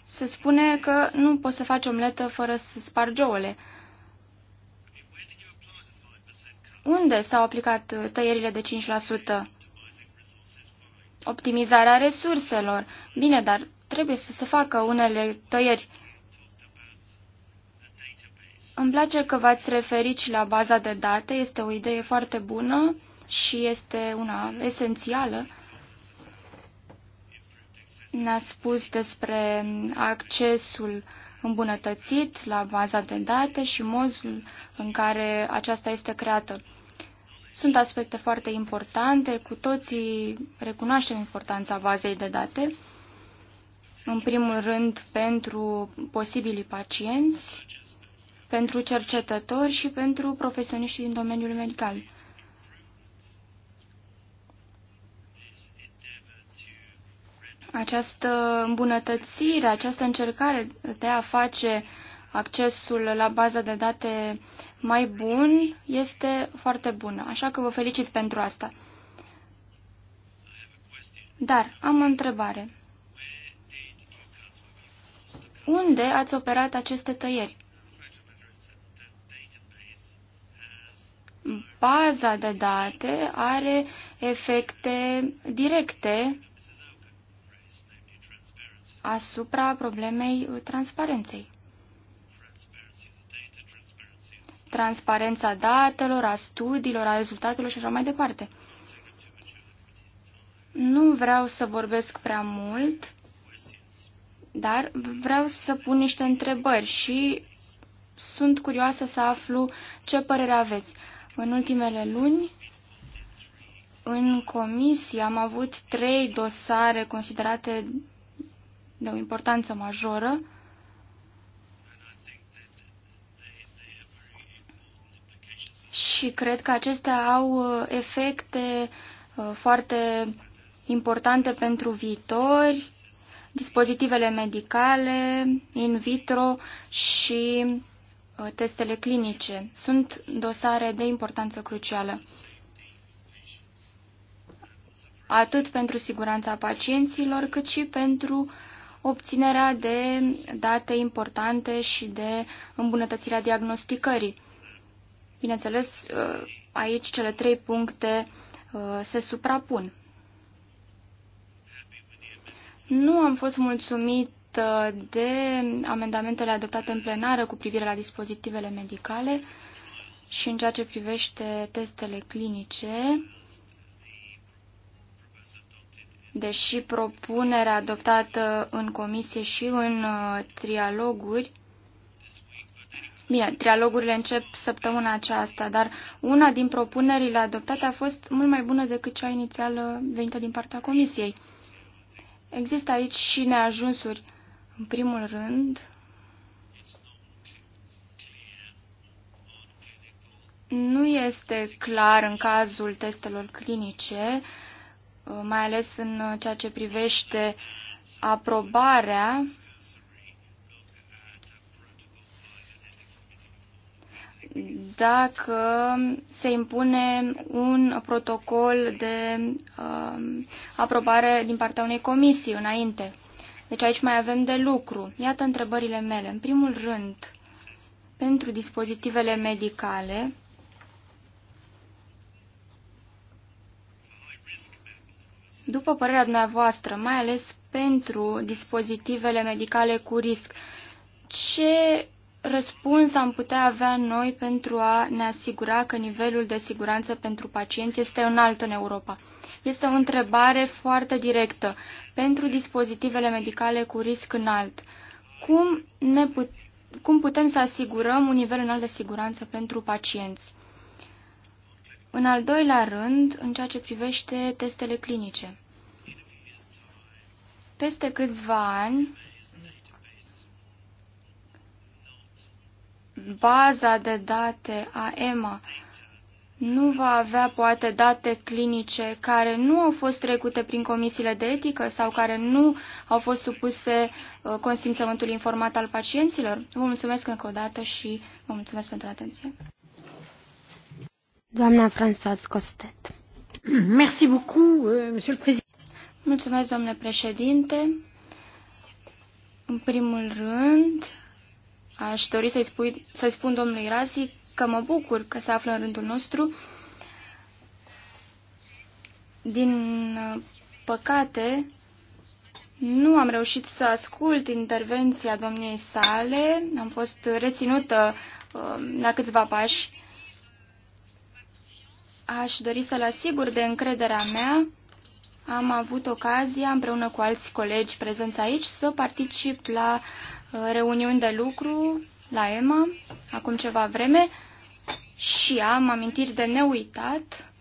se spune că nu poți să faci omletă fără să spargi ouăle. Unde s-au aplicat uh, tăierile de 5%? Optimizarea resurselor. Bine, dar trebuie să se facă unele tăieri îmi place că v-ați referit și la baza de date, este o idee foarte bună și este una esențială. Ne-a spus despre accesul îmbunătățit la baza de date și modul în care aceasta este creată. Sunt aspecte foarte importante, cu toții recunoaștem importanța bazei de date, în primul rând pentru posibilii pacienți, pentru cercetători și pentru profesioniști din domeniul medical. Această îmbunătățire, această încercare de a face accesul la baza de date mai bun este foarte bună, așa că vă felicit pentru asta. Dar am o întrebare. Unde ați operat aceste tăieri? baza de date are efecte directe asupra problemei transparenței. Transparența datelor, a studiilor, a rezultatelor și așa mai departe. Nu vreau să vorbesc prea mult, dar vreau să pun niște întrebări și sunt curioasă să aflu ce părere aveți. În ultimele luni, în comisie am avut trei dosare considerate de o importanță majoră. Și cred că acestea au uh, efecte uh, foarte importante pentru viitori, dispozitivele medicale, in vitro și Uh, testele clinice. Sunt dosare de importanță crucială, atât pentru siguranța pacienților, cât și pentru obținerea de date importante și de îmbunătățirea diagnosticării. Bineînțeles, uh, aici cele trei puncte uh, se suprapun. Nu am fost mulțumit Uh, de amendamentele adoptate în plenară cu privire la dispozitivele medicale și în ceea ce privește testele clinice, deși propunerea adoptată în comisie și în uh, trialoguri Bine, trialogurile încep săptămâna aceasta, dar una din propunerile adoptate a fost mult mai bună decât cea inițială venită din partea Comisiei. Există aici și neajunsuri în primul rând, nu este clar în cazul testelor clinice, mai ales în ceea ce privește aprobarea dacă se impune un protocol de uh, aprobare din partea unei comisii înainte. Deci aici mai avem de lucru. Iată întrebările mele. În primul rând, pentru dispozitivele medicale, după părerea dumneavoastră, mai ales pentru dispozitivele medicale cu risc, ce răspuns am putea avea noi pentru a ne asigura că nivelul de siguranță pentru pacienți este înalt în Europa? Este o întrebare foarte directă. Pentru dispozitivele medicale cu risc înalt, cum, ne put cum putem să asigurăm un nivel înalt de siguranță pentru pacienți? În al doilea rând, în ceea ce privește testele clinice. Peste câțiva ani, baza de date a EMA nu va avea poate date clinice care nu au fost trecute prin comisiile de etică sau care nu au fost supuse uh, consimțământului informat al pacienților? Vă mulțumesc încă o dată și vă mulțumesc pentru atenție. Doamna Françoise Costet. Merci beaucoup, euh, monsieur le président. Mulțumesc, domnule președinte. În primul rând, aș dori să-i, să spun domnului Rasic că mă bucur că se află în rândul nostru. Din uh, păcate, nu am reușit să ascult intervenția domniei sale, am fost reținută uh, la câțiva pași. Aș dori să-l asigur de încrederea mea. Am avut ocazia, împreună cu alți colegi prezenți aici, să particip la uh, reuniuni de lucru la EMA acum ceva vreme și am amintiri de neuitat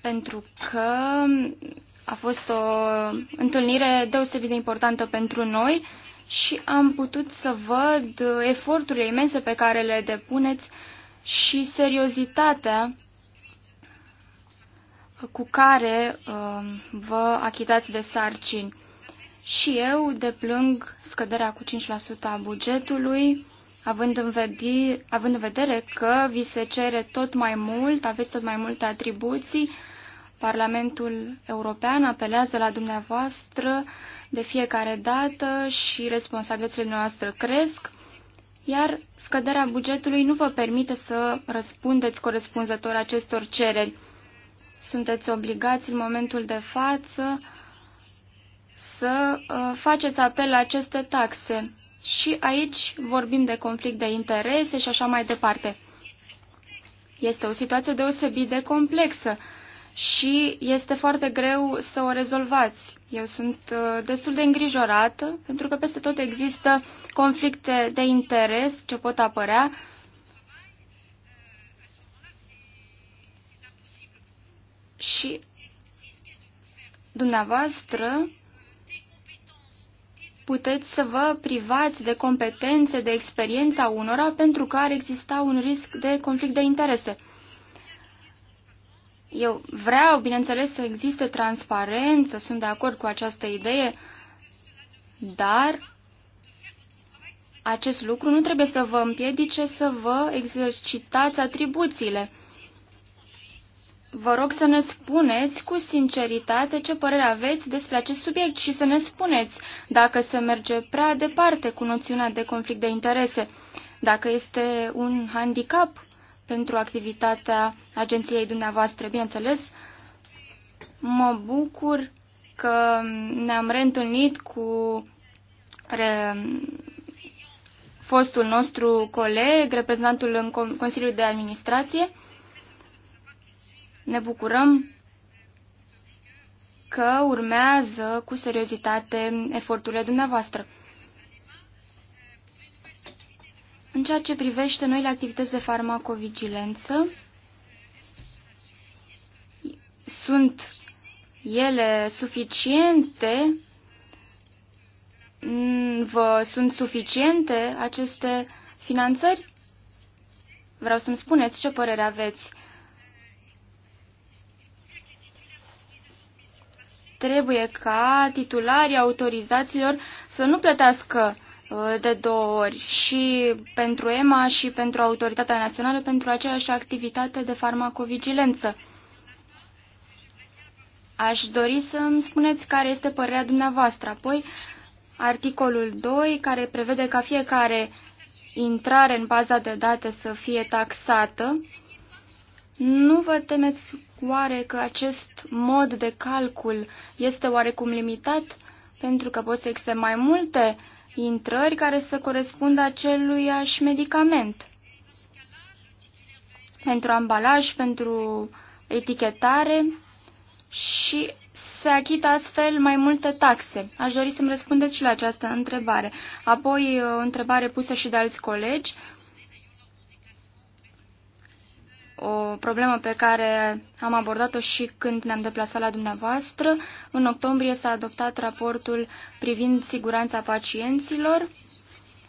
pentru că a fost o întâlnire deosebit de importantă pentru noi și am putut să văd eforturile imense pe care le depuneți și seriozitatea cu care uh, vă achitați de sarcini. Și eu deplâng scăderea cu 5% a bugetului, având în, vedi, având în vedere că vi se cere tot mai mult, aveți tot mai multe atribuții, Parlamentul European apelează la dumneavoastră de fiecare dată și responsabilitățile noastre cresc, iar scăderea bugetului nu vă permite să răspundeți corespunzător acestor cereri. Sunteți obligați în momentul de față să uh, faceți apel la aceste taxe. Și aici vorbim de conflict de interese și așa mai departe. Este o situație deosebit de complexă și este foarte greu să o rezolvați. Eu sunt uh, destul de îngrijorată pentru că peste tot există conflicte de interes ce pot apărea. Și dumneavoastră puteți să vă privați de competențe, de experiența unora pentru că ar exista un risc de conflict de interese. Eu vreau, bineînțeles, să existe transparență, sunt de acord cu această idee, dar acest lucru nu trebuie să vă împiedice să vă exercitați atribuțiile. Vă rog să ne spuneți cu sinceritate ce părere aveți despre acest subiect și să ne spuneți dacă se merge prea departe cu noțiunea de conflict de interese, dacă este un handicap pentru activitatea agenției dumneavoastră. Bineînțeles, mă bucur că ne-am reîntâlnit cu re... fostul nostru coleg, reprezentantul în Consiliul de Administrație, ne bucurăm că urmează cu seriozitate eforturile dumneavoastră. În ceea ce privește noile activități de farmacovigilență, sunt ele suficiente? Mm, vă sunt suficiente aceste finanțări? Vreau să-mi spuneți ce părere aveți trebuie ca titularii autorizațiilor să nu plătească uh, de două ori și pentru EMA și pentru Autoritatea Națională pentru aceeași activitate de farmacovigilență. Aș dori să îmi spuneți care este părerea dumneavoastră. Apoi, articolul 2, care prevede ca fiecare intrare în baza de date să fie taxată, nu vă temeți oare că acest mod de calcul este oarecum limitat? Pentru că pot să existe mai multe intrări care să corespundă aceluiași medicament. Pentru ambalaj, pentru etichetare și se achită astfel mai multe taxe. Aș dori să-mi răspundeți și la această întrebare. Apoi, o întrebare pusă și de alți colegi o problemă pe care am abordat-o și când ne-am deplasat la dumneavoastră. În octombrie s-a adoptat raportul privind siguranța pacienților.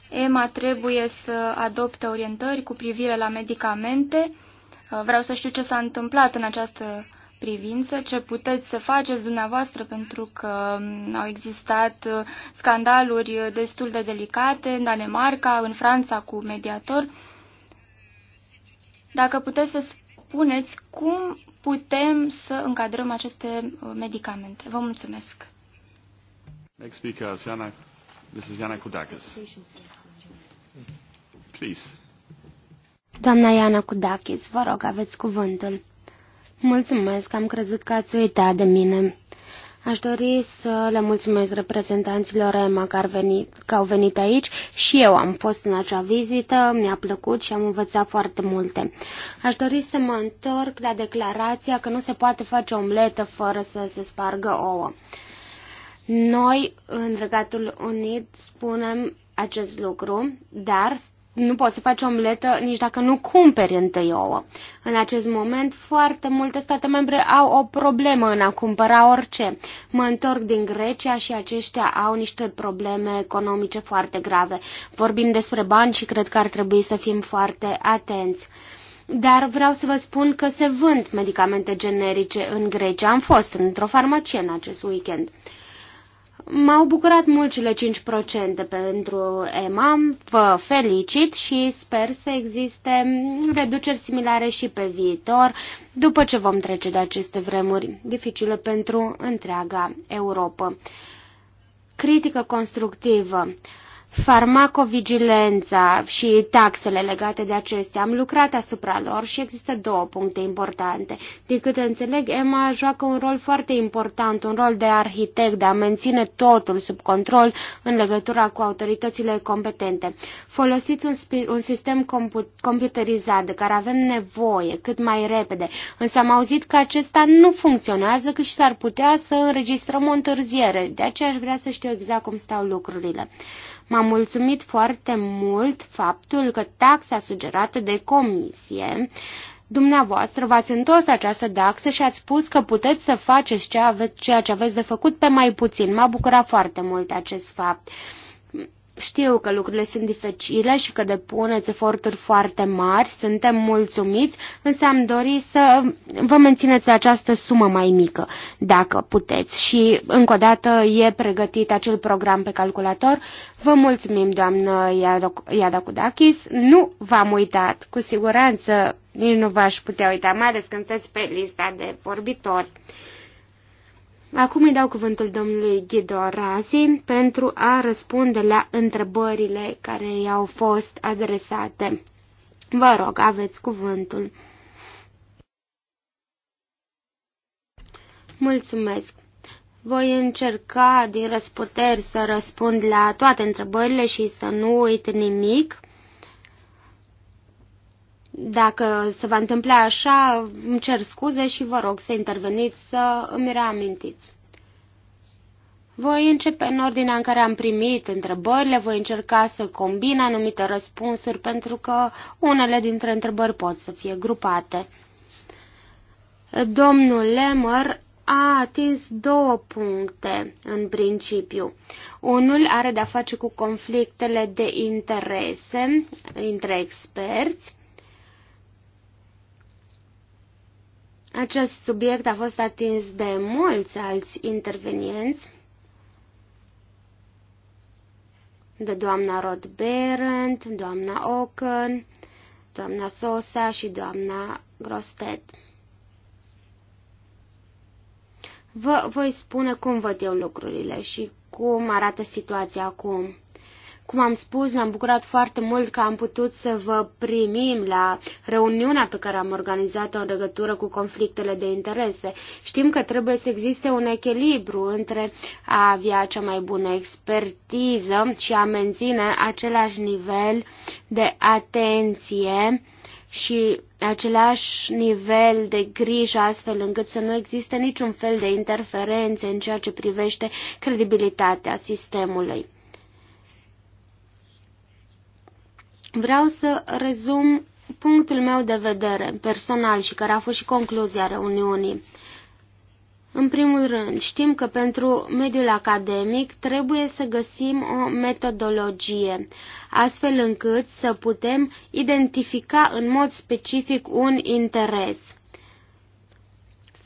EMA trebuie să adopte orientări cu privire la medicamente. Vreau să știu ce s-a întâmplat în această privință, ce puteți să faceți dumneavoastră, pentru că mm, au existat uh, scandaluri destul de delicate în Danemarca, în Franța cu mediator. Dacă puteți să spuneți cum putem să încadrăm aceste uh, medicamente. Vă mulțumesc. Next speaker, Siana, Mrs. Iana Kudakis. Please. Doamna Iana Kudakis, vă rog, aveți cuvântul. Mulțumesc, am crezut că ați uitat de mine. Aș dori să le mulțumesc reprezentanților EMA că, veni, că au venit aici și eu am fost în acea vizită, mi-a plăcut și am învățat foarte multe. Aș dori să mă întorc la declarația că nu se poate face omletă fără să se spargă ouă. Noi, în Regatul Unit, spunem acest lucru, dar nu poți să faci omletă nici dacă nu cumperi întâi ouă. În acest moment, foarte multe state membre au o problemă în a cumpăra orice. Mă întorc din Grecia și aceștia au niște probleme economice foarte grave. Vorbim despre bani și cred că ar trebui să fim foarte atenți. Dar vreau să vă spun că se vând medicamente generice în Grecia. Am fost într-o farmacie în acest weekend. M-au bucurat mult cele 5% pentru EMAM, vă felicit și sper să existe reduceri similare și pe viitor, după ce vom trece de aceste vremuri dificile pentru întreaga Europa. Critică constructivă farmacovigilența și taxele legate de acestea. Am lucrat asupra lor și există două puncte importante. Din câte înțeleg, EMA joacă un rol foarte important, un rol de arhitect, de a menține totul sub control în legătura cu autoritățile competente. Folosiți un, un sistem compu- computerizat de care avem nevoie cât mai repede, însă am auzit că acesta nu funcționează că și s-ar putea să înregistrăm o întârziere. De aceea aș vrea să știu exact cum stau lucrurile. M-a mulțumit foarte mult faptul că taxa sugerată de comisie Dumneavoastră v-ați întors această taxă și ați spus că puteți să faceți ceea ce aveți de făcut pe mai puțin. M-a bucurat foarte mult acest fapt. Știu că lucrurile sunt dificile și că depuneți eforturi foarte mari, suntem mulțumiți, însă am dorit să vă mențineți această sumă mai mică, dacă puteți. Și, încă o dată, e pregătit acel program pe calculator. Vă mulțumim, doamnă Iadacudakis. Nu v-am uitat, cu siguranță nici nu v-aș putea uita, mai ales când sunteți pe lista de vorbitori. Acum îi dau cuvântul domnului Ghido Razi pentru a răspunde la întrebările care i-au fost adresate. Vă rog, aveți cuvântul. Mulțumesc. Voi încerca din răsputeri să răspund la toate întrebările și să nu uit nimic. Dacă se va întâmpla așa, îmi cer scuze și vă rog să interveniți, să îmi reamintiți. Voi începe în ordinea în care am primit întrebările, voi încerca să combin anumite răspunsuri pentru că unele dintre întrebări pot să fie grupate. Domnul Lemmer a atins două puncte în principiu. Unul are de-a face cu conflictele de interese între experți Acest subiect a fost atins de mulți alți intervenienți, de doamna Rod Berend, doamna Ocken, doamna Sosa și doamna Grosted. Vă voi spune cum văd eu lucrurile și cum arată situația acum. Cum am spus, ne-am bucurat foarte mult că am putut să vă primim la reuniunea pe care am organizat-o în legătură cu conflictele de interese. Știm că trebuie să existe un echilibru între a avea cea mai bună expertiză și a menține același nivel de atenție și același nivel de grijă astfel încât să nu existe niciun fel de interferențe în ceea ce privește credibilitatea sistemului. Vreau să rezum punctul meu de vedere personal și care a fost și concluzia reuniunii. În primul rând, știm că pentru mediul academic trebuie să găsim o metodologie, astfel încât să putem identifica în mod specific un interes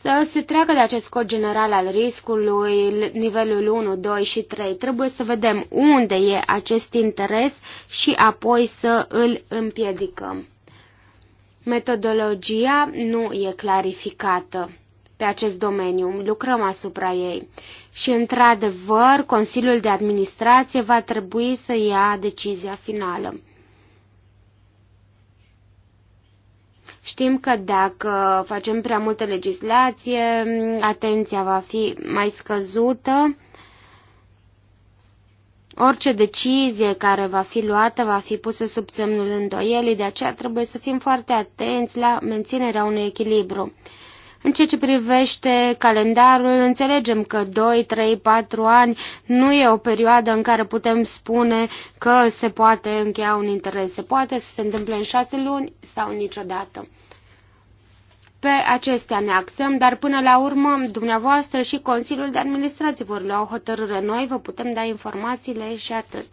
să se treacă de acest cod general al riscului, nivelul 1, 2 și 3. Trebuie să vedem unde e acest interes și apoi să îl împiedicăm. Metodologia nu e clarificată pe acest domeniu, lucrăm asupra ei și, într-adevăr, Consiliul de Administrație va trebui să ia decizia finală. Știm că dacă facem prea multă legislație, atenția va fi mai scăzută. Orice decizie care va fi luată va fi pusă sub semnul îndoielii, de aceea trebuie să fim foarte atenți la menținerea unui echilibru. În ceea ce privește calendarul, înțelegem că 2, 3, 4 ani nu e o perioadă în care putem spune că se poate încheia un interes. Se poate să se întâmple în 6 luni sau niciodată. Pe acestea ne axăm, dar până la urmă, dumneavoastră și Consiliul de Administrație vor lua o hotărâre. Noi vă putem da informațiile și atât.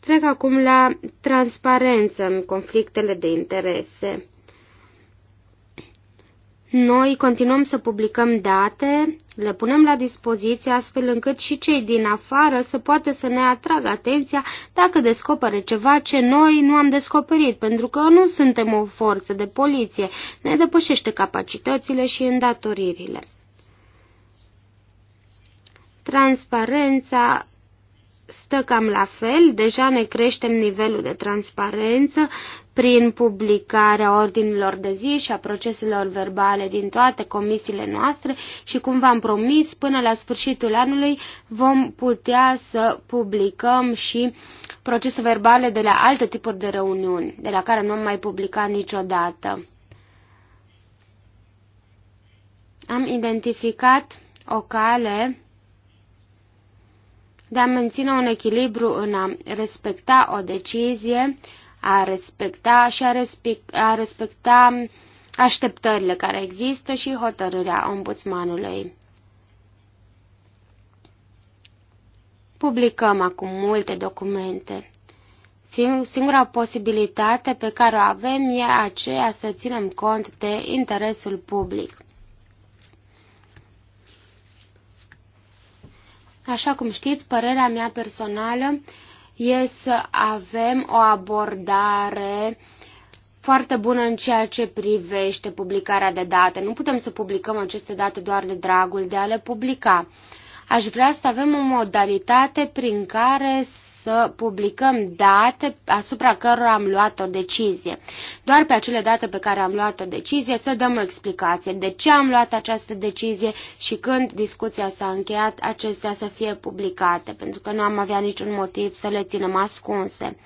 Trec acum la transparență în conflictele de interese. Noi continuăm să publicăm date, le punem la dispoziție astfel încât și cei din afară să poată să ne atragă atenția dacă descopere ceva ce noi nu am descoperit, pentru că nu suntem o forță de poliție, ne depășește capacitățile și îndatoririle. Transparența stă cam la fel, deja ne creștem nivelul de transparență, prin publicarea ordinilor de zi și a proceselor verbale din toate comisiile noastre și, cum v-am promis, până la sfârșitul anului vom putea să publicăm și procese verbale de la alte tipuri de reuniuni, de la care nu am mai publicat niciodată. Am identificat o cale de a menține un echilibru în a respecta o decizie a respecta și a, respect, a respecta așteptările care există și hotărârea ombudsmanului. Publicăm acum multe documente. Singura posibilitate pe care o avem e aceea să ținem cont de interesul public. Așa cum știți, părerea mea personală e să avem o abordare foarte bună în ceea ce privește publicarea de date. Nu putem să publicăm aceste date doar de dragul de a le publica. Aș vrea să avem o modalitate prin care să publicăm date asupra cărora am luat o decizie. Doar pe acele date pe care am luat o decizie să dăm o explicație de ce am luat această decizie și când discuția s-a încheiat, acestea să fie publicate, pentru că nu am avea niciun motiv să le ținem ascunse.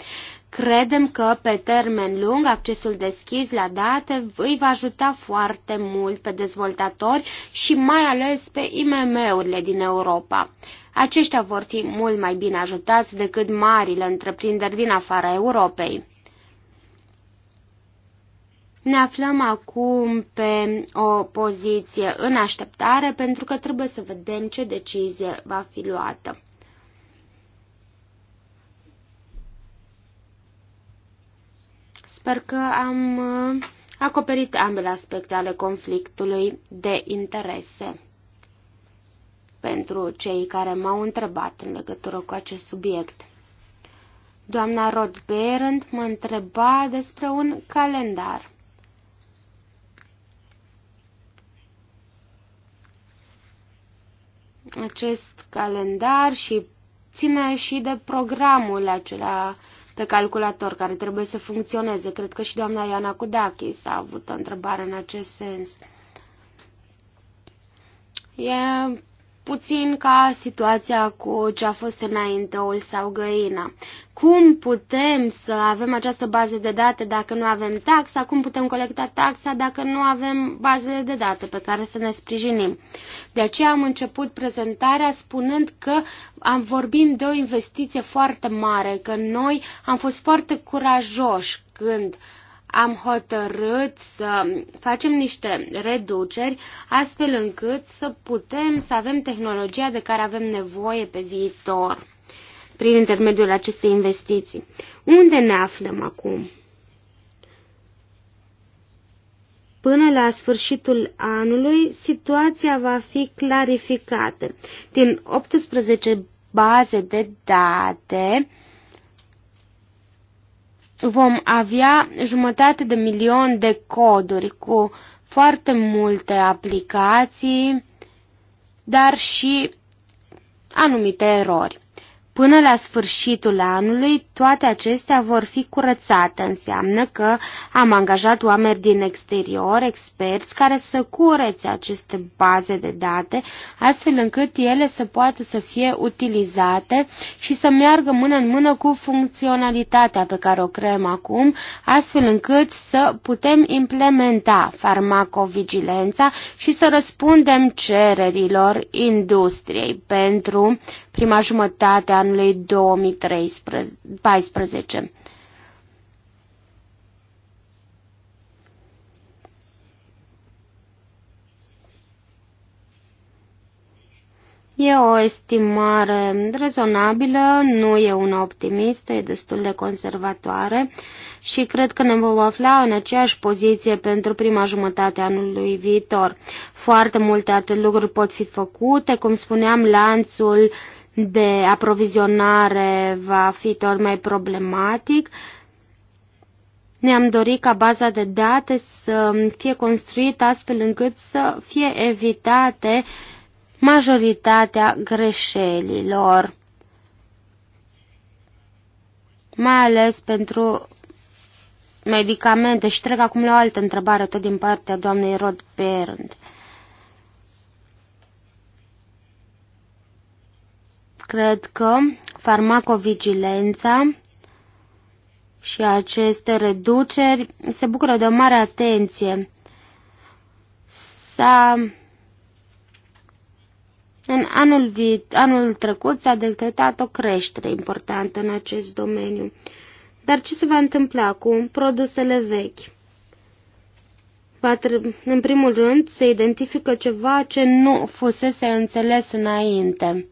Credem că pe termen lung accesul deschis la date îi va ajuta foarte mult pe dezvoltatori și mai ales pe IMM-urile din Europa. Aceștia vor fi mult mai bine ajutați decât marile întreprinderi din afara Europei. Ne aflăm acum pe o poziție în așteptare pentru că trebuie să vedem ce decizie va fi luată. Sper că am uh, acoperit ambele aspecte ale conflictului de interese pentru cei care m-au întrebat în legătură cu acest subiect. Doamna Rod Berend mă întreba despre un calendar. Acest calendar și ține și de programul acela pe calculator care trebuie să funcționeze. Cred că și doamna Iana Kudakis a avut o întrebare în acest sens. E puțin ca situația cu ce a fost înainte, ol sau găina. Cum putem să avem această bază de date dacă nu avem taxa? Cum putem colecta taxa dacă nu avem bazele de date pe care să ne sprijinim? De aceea am început prezentarea spunând că am vorbim de o investiție foarte mare, că noi am fost foarte curajoși când uh, am hotărât să facem niște reduceri astfel încât să putem să avem tehnologia de care avem nevoie pe viitor prin intermediul acestei investiții. Unde ne aflăm acum? Până la sfârșitul anului, situația va fi clarificată. Din 18 baze de date, vom avea jumătate de milion de coduri cu foarte multe aplicații, dar și anumite erori. Până la sfârșitul anului, toate acestea vor fi curățate. Înseamnă că am angajat oameni din exterior, experți, care să curețe aceste baze de date, astfel încât ele să poată să fie utilizate și să meargă mână în mână cu funcționalitatea pe care o creăm acum, astfel încât să putem implementa farmacovigilența și să răspundem cererilor industriei pentru prima jumătate a anului 2014. E o estimare rezonabilă, nu e una optimistă, e destul de conservatoare și cred că ne vom afla în aceeași poziție pentru prima jumătate a anului viitor. Foarte multe alte lucruri pot fi făcute, cum spuneam, lanțul uh, de aprovizionare va fi tot mai problematic, ne-am dorit ca baza de date să fie construită astfel încât să fie evitate majoritatea greșelilor, mai ales pentru medicamente. Și trec acum la o altă întrebare, tot din partea doamnei Rod Berend. Cred că farmacovigilența și aceste reduceri se bucură de o mare atenție. S-a în anul, anul trecut s-a decretat o creștere importantă în acest domeniu. Dar ce se va întâmpla cu produsele vechi? Va în primul rând, se identifică ceva ce nu fusese înțeles înainte.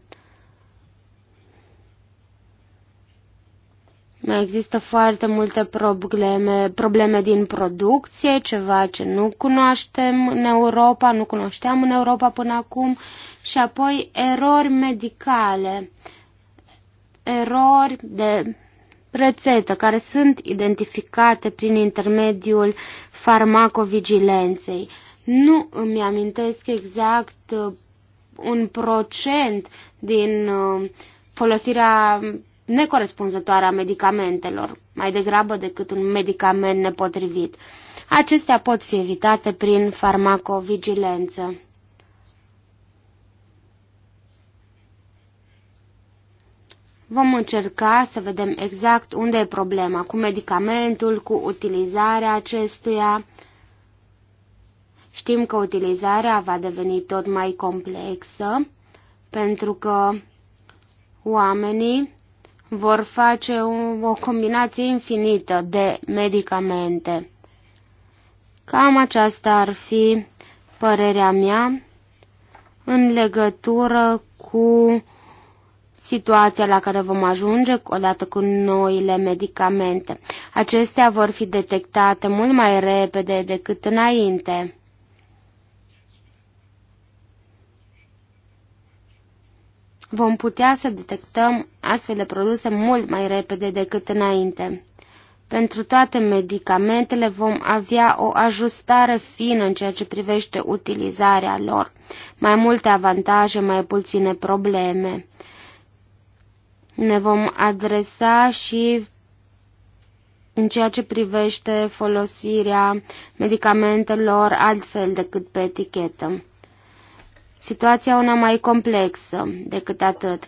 Mai există foarte multe probleme, probleme din producție, ceva ce nu cunoaștem în Europa, nu cunoșteam în Europa până acum, și apoi erori medicale, erori de rețetă care sunt identificate prin intermediul farmacovigilenței. Nu îmi amintesc exact uh, un procent din uh, folosirea necorespunzătoare a medicamentelor, mai degrabă decât un medicament nepotrivit. Acestea pot fi evitate prin farmacovigilență. Vom încerca să vedem exact unde e problema cu medicamentul, cu utilizarea acestuia. Știm că utilizarea va deveni tot mai complexă pentru că oamenii vor face o, o combinație infinită de medicamente. Cam aceasta ar fi părerea mea în legătură cu situația la care vom ajunge odată cu noile medicamente. Acestea vor fi detectate mult mai repede decât înainte. vom putea să detectăm astfel de produse mult mai repede decât înainte. Pentru toate medicamentele vom avea o ajustare fină în ceea ce privește utilizarea lor, mai multe avantaje, mai puține probleme. Ne vom adresa și în ceea ce privește folosirea medicamentelor altfel decât pe etichetă situația una mai complexă decât atât.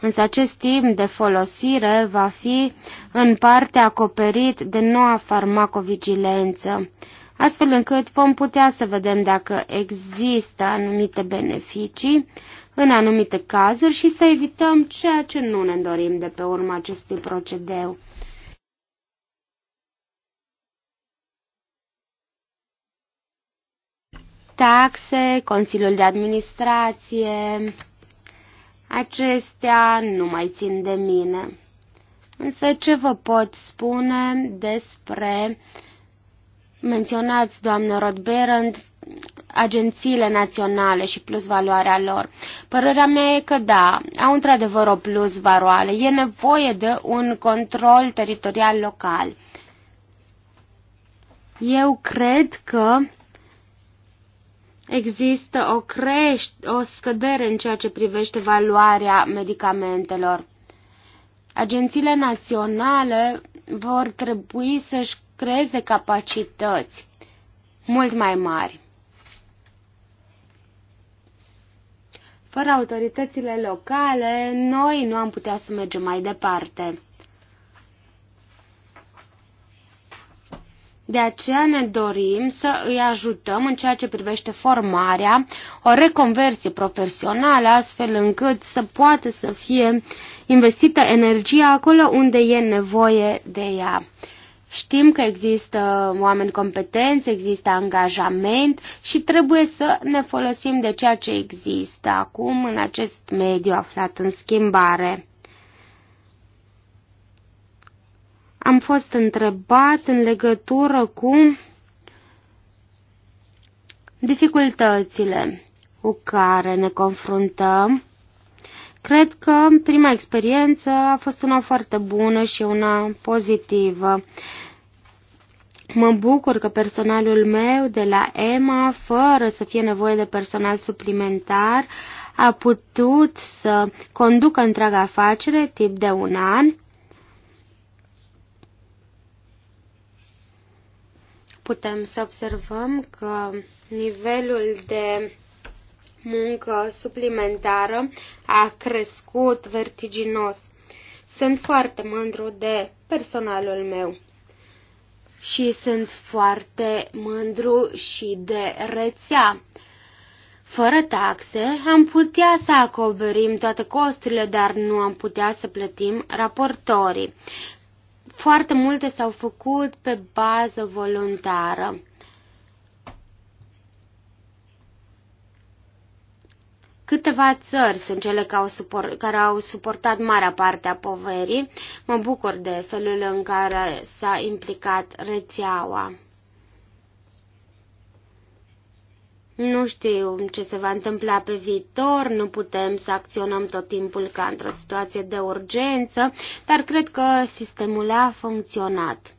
Însă acest timp de folosire va fi în parte acoperit de noua farmacovigilență, astfel încât vom putea să vedem dacă există anumite beneficii în anumite cazuri și să evităm ceea ce nu ne dorim de pe urma acestui procedeu. taxe, Consiliul de Administrație, acestea nu mai țin de mine. Însă ce vă pot spune despre, menționați, doamnă Rodberand, agențiile naționale și plus valoarea lor. Părerea mea e că da, au într-adevăr o plus valoare. E nevoie de un control teritorial local. Eu cred că există o, crește, o scădere în ceea ce privește valoarea medicamentelor. Agențiile naționale vor trebui să-și creeze capacități mult mai mari. Fără autoritățile locale, noi nu am putea să mergem mai departe. De aceea ne dorim să îi ajutăm în ceea ce privește formarea, o reconversie profesională, astfel încât să poată să fie investită energia acolo unde e nevoie de ea. Știm că există oameni competenți, există angajament și trebuie să ne folosim de ceea ce există acum în acest mediu aflat în schimbare. Am fost întrebat în legătură cu dificultățile cu care ne confruntăm. Cred că prima experiență a fost una foarte bună și una pozitivă. Mă bucur că personalul meu de la EMA, fără să fie nevoie de personal suplimentar, a putut să conducă întreaga afacere timp de un an putem să observăm că nivelul de muncă suplimentară a crescut vertiginos. Sunt foarte mândru de personalul meu și sunt foarte mândru și de rețea. Fără taxe, am putea să acoperim toate costurile, dar nu am putea să plătim raportorii. Foarte multe s-au făcut pe bază voluntară. Câteva țări sunt cele care au, suport, care au suportat marea parte a poverii. Mă bucur de felul în care s-a implicat rețeaua. Nu știu ce se va întâmpla pe viitor, nu putem să acționăm tot timpul ca într-o situație de urgență, dar cred că sistemul a funcționat.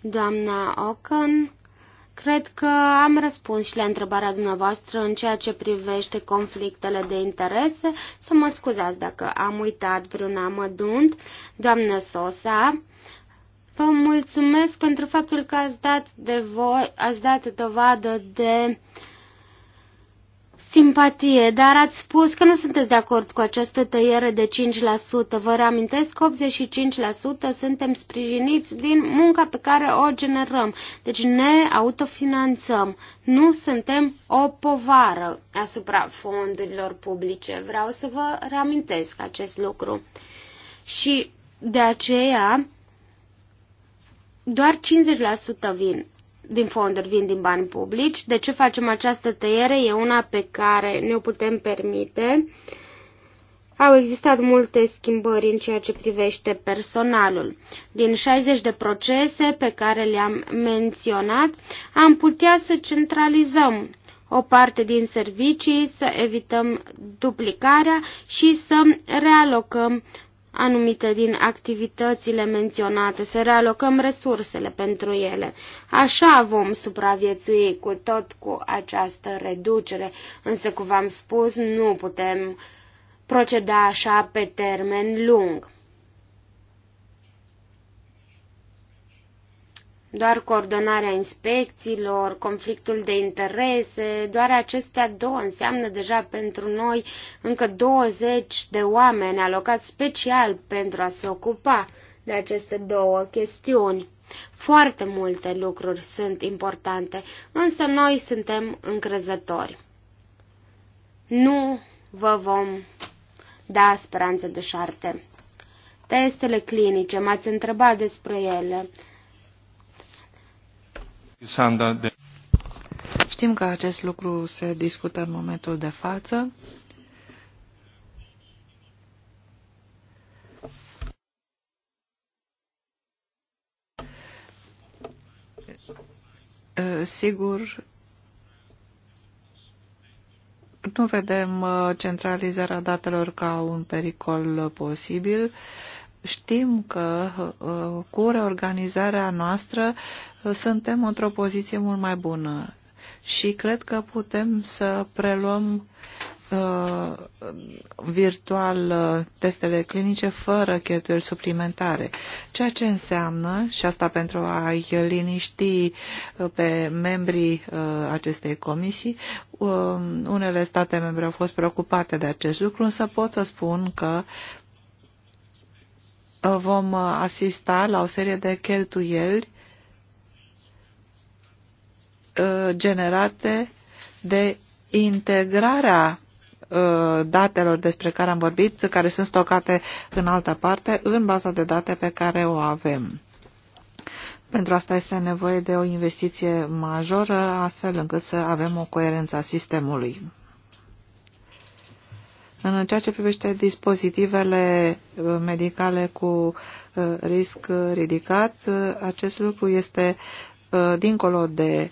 Doamna Ocan, cred că am răspuns și la întrebarea dumneavoastră în ceea ce privește conflictele de interese. Să mă scuzați dacă am uitat vreun amădunt. Doamnă Sosa, Vă mulțumesc pentru faptul că ați dat, de voi, ați dat dovadă de simpatie, dar ați spus că nu sunteți de acord cu această tăiere de 5%. Vă reamintesc că 85% suntem sprijiniți din munca pe care o generăm, deci ne autofinanțăm. Nu suntem o povară asupra fondurilor publice. Vreau să vă reamintesc acest lucru. Și de aceea doar 50% vin din fonduri vin din bani publici. De ce facem această tăiere? E una pe care ne-o putem permite. Au existat multe schimbări în ceea ce privește personalul. Din 60 de procese pe care le-am menționat, am putea să centralizăm o parte din servicii, să evităm duplicarea și să realocăm anumite din activitățile menționate, să realocăm resursele pentru ele. Așa vom supraviețui cu tot cu această reducere, însă, cum v-am spus, nu putem proceda așa pe termen lung. doar coordonarea inspecțiilor, conflictul de interese, doar acestea două înseamnă deja pentru noi încă 20 de oameni alocați special pentru a se ocupa de aceste două chestiuni. Foarte multe lucruri sunt importante, însă noi suntem încrezători. Nu vă vom da speranță de șarte. Testele clinice, m-ați întrebat despre ele. Știm că acest lucru se discută în momentul de față. Sigur, nu vedem uh, centralizarea datelor ca un pericol posibil știm că uh, cu reorganizarea noastră uh, suntem într-o poziție mult mai bună și cred că putem să preluăm uh, virtual testele clinice fără cheltuieli suplimentare, ceea ce înseamnă, și asta pentru a-i liniști pe membrii acestei comisii, unele state membre au fost preocupate de acest lucru, însă pot să spun că vom uh, asista la o serie de cheltuieli uh, generate de integrarea uh, datelor despre care am vorbit, care sunt stocate în altă parte, în baza de date pe care o avem. Pentru asta este nevoie de o investiție majoră, astfel încât să avem o coerență a sistemului. În ceea ce privește dispozitivele uh, medicale cu uh, risc ridicat, uh, acest lucru este dincolo de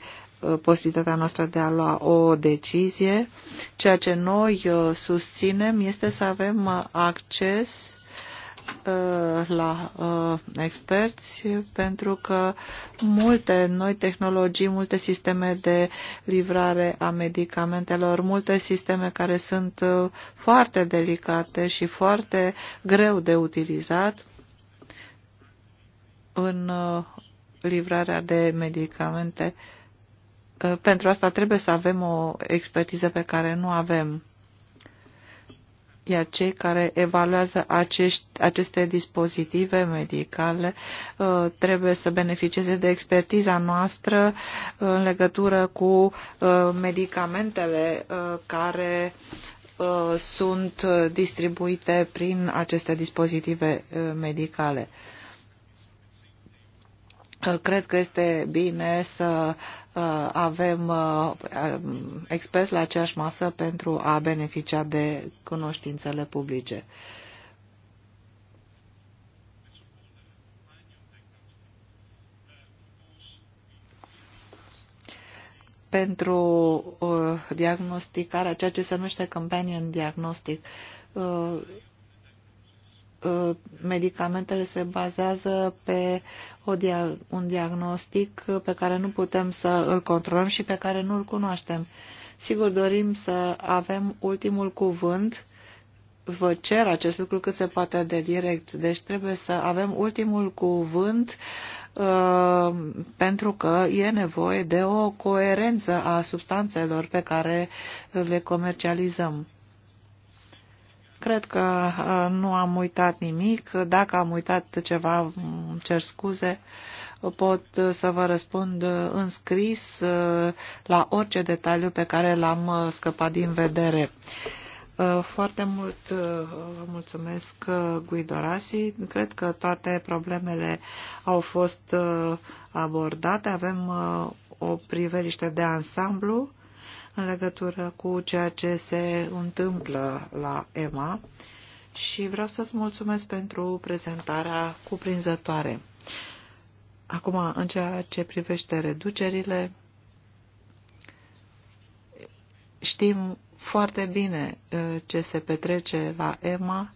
posibilitatea noastră de a lua o decizie. Ceea ce noi susținem este să avem acces Uh, la uh, experți pentru că multe noi tehnologii, multe sisteme de livrare a medicamentelor, multe sisteme care sunt uh, foarte delicate și foarte greu de utilizat în livrarea de medicamente. Pentru asta trebuie să avem o expertiză pe care nu avem iar cei care evaluează acești, aceste dispozitive medicale uh, trebuie să beneficieze de expertiza noastră uh, în legătură cu uh, medicamentele care sunt distribuite prin aceste dispozitive medicale. Uh, cred că este bine să uh, avem uh, experți la aceeași masă pentru a beneficia de cunoștințele publice. pentru uh, diagnosticarea, ceea ce se numește companion diagnostic. Uh, Uh, medicamentele se bazează pe o dia un diagnostic pe care nu putem să îl controlăm și pe care nu îl cunoaștem. Sigur, dorim să avem ultimul cuvânt. Vă cer acest lucru cât se poate de direct. Deci trebuie să avem ultimul cuvânt uh, pentru că e nevoie de o coerență a substanțelor pe care le comercializăm Cred că uh, nu am uitat nimic. Dacă am uitat ceva, îmi cer scuze. Pot uh, să vă răspund uh, în scris la orice detaliu pe care l-am scăpat din vedere. Foarte mult vă mulțumesc, Guido Rasi. Cred că toate problemele au fost abordate. Avem o priveliște de ansamblu în legătură cu ceea ce se întâmplă la EMA și vreau să-ți mulțumesc pentru prezentarea cuprinzătoare. Acum, în ceea ce privește reducerile, știm foarte bine uh, ce se petrece la EMA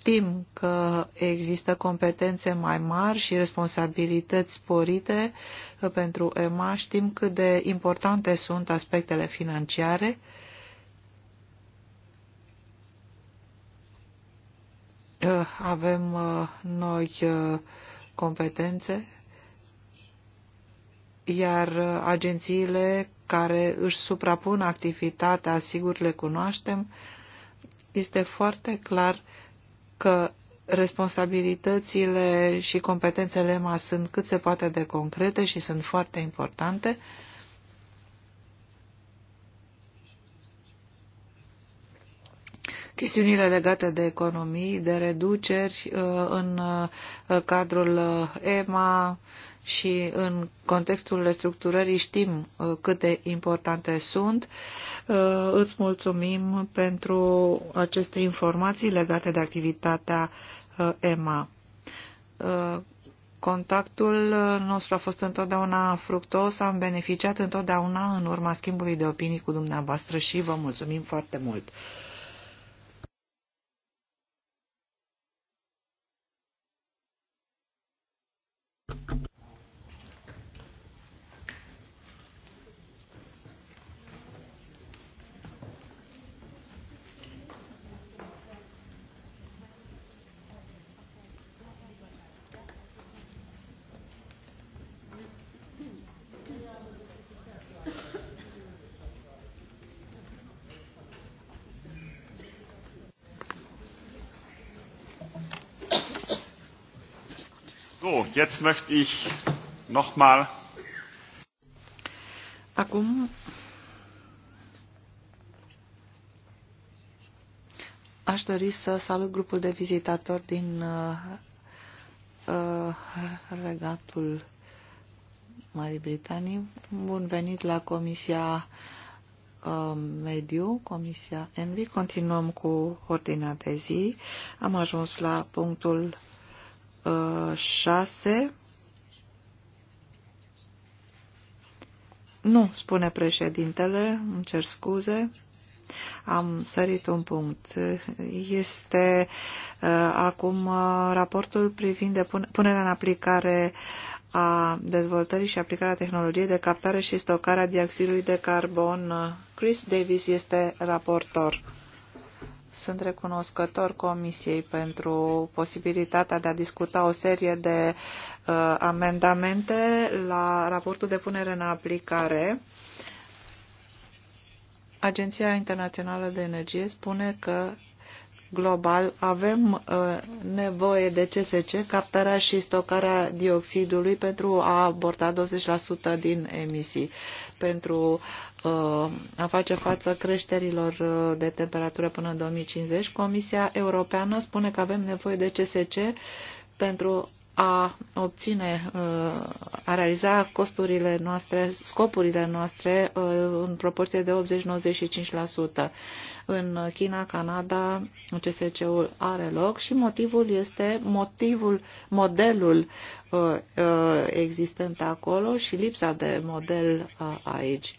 Știm că există competențe mai mari și responsabilități sporite uh, pentru EMA, știm cât de importante sunt aspectele financiare, uh, avem uh, noi competențe, iar agențiile care își suprapun activitatea, sigur le cunoaștem, este foarte clar că responsabilitățile și competențele EMA sunt cât se poate de concrete și sunt foarte importante. Chestiunile legate de economii, de reduceri uh, în uh, cadrul uh, EMA, și în contextul restructurării știm uh, cât de importante sunt. Uh, îți mulțumim pentru aceste informații legate de activitatea uh, EMA. Contactul nostru a fost întotdeauna fructos, am beneficiat întotdeauna în urma schimbului de opinii cu dumneavoastră și vă mulțumim foarte mult. jetzt möchte ich nochmal. Acum aș dori să salut grupul de vizitatori din uh, uh, Regatul Marii Britanii. Bun venit la Comisia uh, Mediu, Comisia Envi. Continuăm cu ordinea de zi. Am ajuns la punctul 6. Nu, spune președintele, îmi cer scuze. Am sărit un punct. Este uh, acum uh, raportul privind de pun punerea în aplicare a dezvoltării și aplicarea tehnologiei de captare și stocare a dioxidului de carbon. Chris Davis este raportor. Sunt recunoscător Comisiei pentru posibilitatea de a discuta o serie de uh, amendamente la raportul de punere în aplicare. Agenția Internațională de Energie spune că global avem uh, nevoie de CSC, captarea și stocarea dioxidului pentru a aborda 20% din emisii, pentru uh, a face față creșterilor uh, de temperatură până în 2050. Comisia Europeană spune că avem nevoie de CSC pentru a obține, uh, a realiza costurile noastre, scopurile noastre uh, în proporție de 80-95%. În China, Canada, CSC-ul are loc și motivul este motivul, modelul uh, existent acolo și lipsa de model aici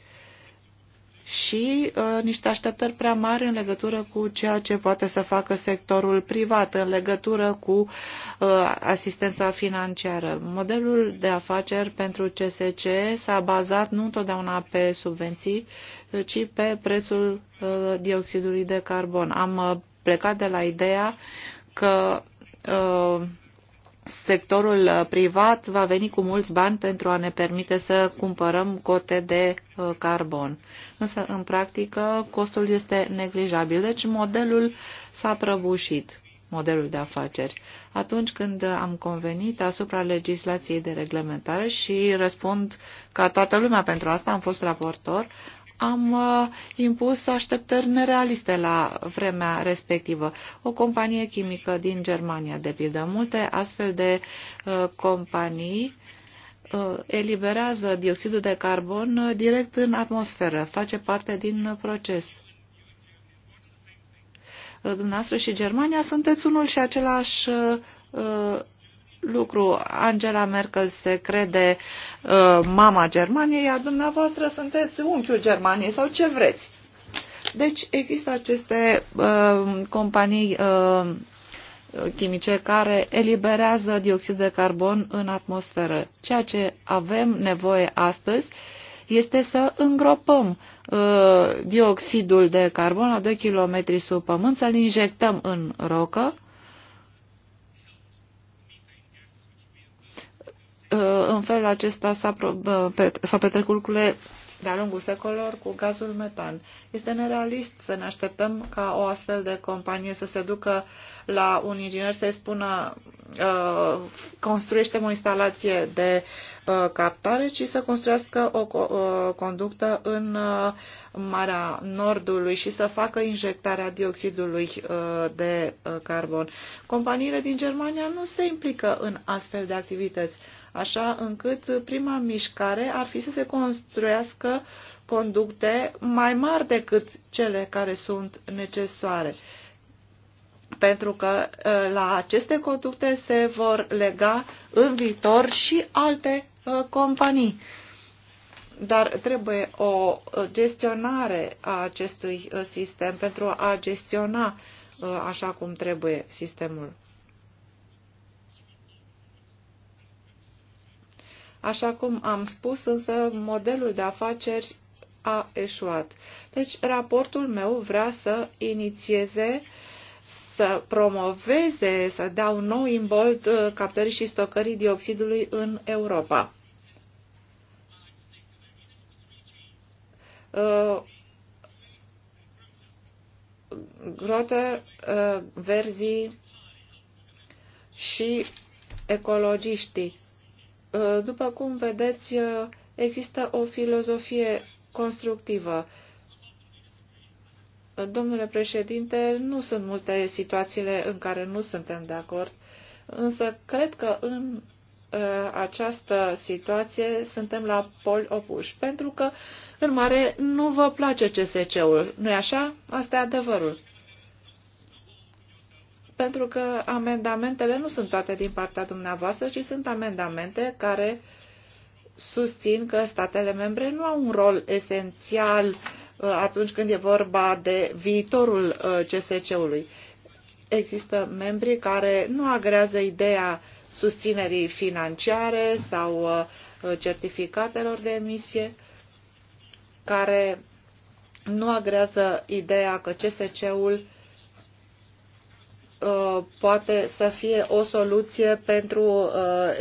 și uh, niște așteptări prea mari în legătură cu ceea ce poate să facă sectorul privat în legătură cu uh, asistența financiară. Modelul de afaceri pentru CSC s-a bazat nu întotdeauna pe subvenții, ci pe prețul uh, dioxidului de carbon. Am uh, plecat de la ideea că uh, sectorul uh, privat va veni cu mulți bani pentru a ne permite să cumpărăm cote de uh, carbon. Însă, în practică, costul este neglijabil, deci modelul s-a prăbușit modelul de afaceri. Atunci când am convenit asupra legislației de reglementare și răspund ca toată lumea pentru asta, am fost raportor, am uh, impus așteptări nerealiste la vremea respectivă. O companie chimică din Germania, de pildă, multe astfel de uh, companii uh, eliberează dioxidul de carbon direct în atmosferă, face parte din proces. Dumneavoastră și Germania sunteți unul și același lucru. Angela Merkel se crede uh, mama Germaniei, iar dumneavoastră sunteți unchiul Germaniei sau ce vreți. Deci există aceste uh, companii uh, chimice care eliberează dioxid de carbon în atmosferă. Ceea ce avem nevoie astăzi este să îngropăm uh, dioxidul de carbon la 2 km sub pământ, să-l injectăm în rocă în felul acesta s-au petrecut lucrurile de-a lungul secolor cu gazul metan. Este nerealist să ne așteptăm ca o astfel de companie să se ducă la un inginer să-i spună uh, ă, construiește o instalație de uh, captare, ci să construiască o uh, conductă în uh, Marea Nordului și să facă injectarea dioxidului uh, de uh, carbon. Companiile din Germania nu se implică în astfel de activități. Uh, așa încât prima mișcare ar fi să se construiască conducte mai mari decât cele care sunt necesare. Pentru că ă, la aceste conducte se vor lega în viitor și alte ă, companii. Dar trebuie o ă, gestionare a acestui sistem pentru a gestiona așa cum trebuie sistemul. Așa cum am spus, însă modelul de afaceri a eșuat. Deci raportul meu vrea să inițieze, să promoveze, să dea un nou imbold uh, captării și stocării dioxidului în Europa. Uh, grote, uh, verzii și ecologiștii Uh, după cum vedeți, uh, există o filozofie constructivă. Uh, domnule președinte, nu sunt multe situațiile în care nu suntem de acord, însă cred că în această situație suntem la pol opuși, pentru că, în mare, nu vă place CSC-ul, nu-i așa? Asta e adevărul pentru că amendamentele nu sunt toate din partea dumneavoastră, ci sunt amendamente care susțin că statele membre nu au un rol esențial uh, atunci când e vorba de viitorul uh, CSC-ului. Există membri care nu agrează ideea susținerii financiare sau uh, certificatelor de emisie, care nu agrează ideea că CSC-ul Uh, poate să fie o soluție pentru uh,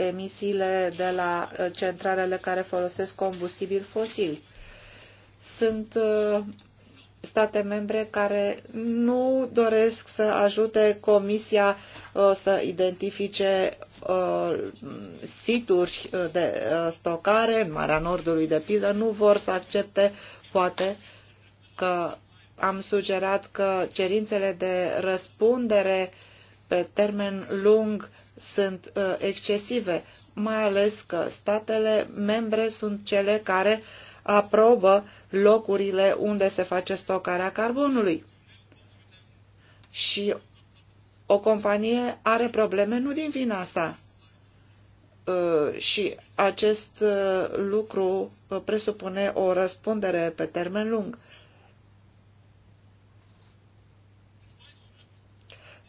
emisiile de la uh, centralele care folosesc combustibili fosili. Sunt state membre care nu doresc să ajute Comisia să identifice situri de stocare, în Marea Nordului de pildă, nu vor să accepte poate că am sugerat că cerințele de răspundere pe termen lung sunt uh, excesive, mai ales că statele membre sunt cele care aprobă locurile unde se face stocarea carbonului. Și o companie are probleme nu din vina sa. Uh, și acest uh, lucru uh, presupune o răspundere pe termen lung.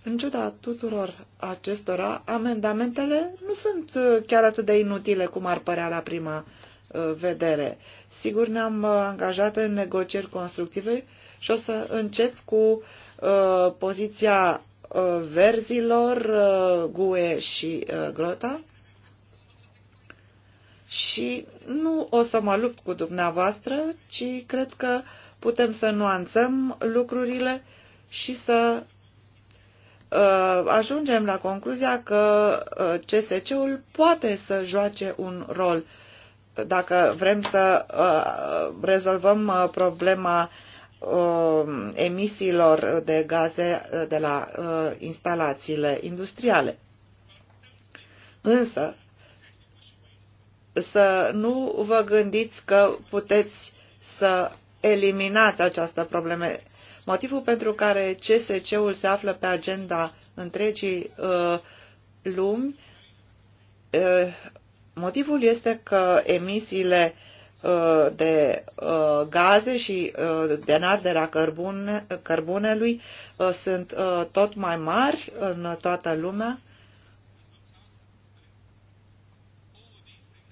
În ciuda tuturor acestora, amendamentele nu sunt uh, chiar atât de inutile cum ar părea la prima uh, vedere. Sigur, ne-am uh, angajat în negocieri constructive și o să încep cu uh, poziția uh, verzilor, uh, GUE și uh, Grota. Și nu o să mă lupt cu dumneavoastră, ci cred că putem să nuanțăm lucrurile și să Uh, ajungem la concluzia că uh, CSC-ul poate să joace un rol dacă vrem să uh, rezolvăm problema emisiilor de gaze de la instalațiile industriale. Însă, să nu vă gândiți că puteți să eliminați această problemă. Motivul pentru care CSC-ul se află pe agenda întregii uh, lumi, uh, motivul este că emisiile uh, de uh, gaze și uh, de arderea cărbune, cărbunelui sunt tot mai mari în toată lumea.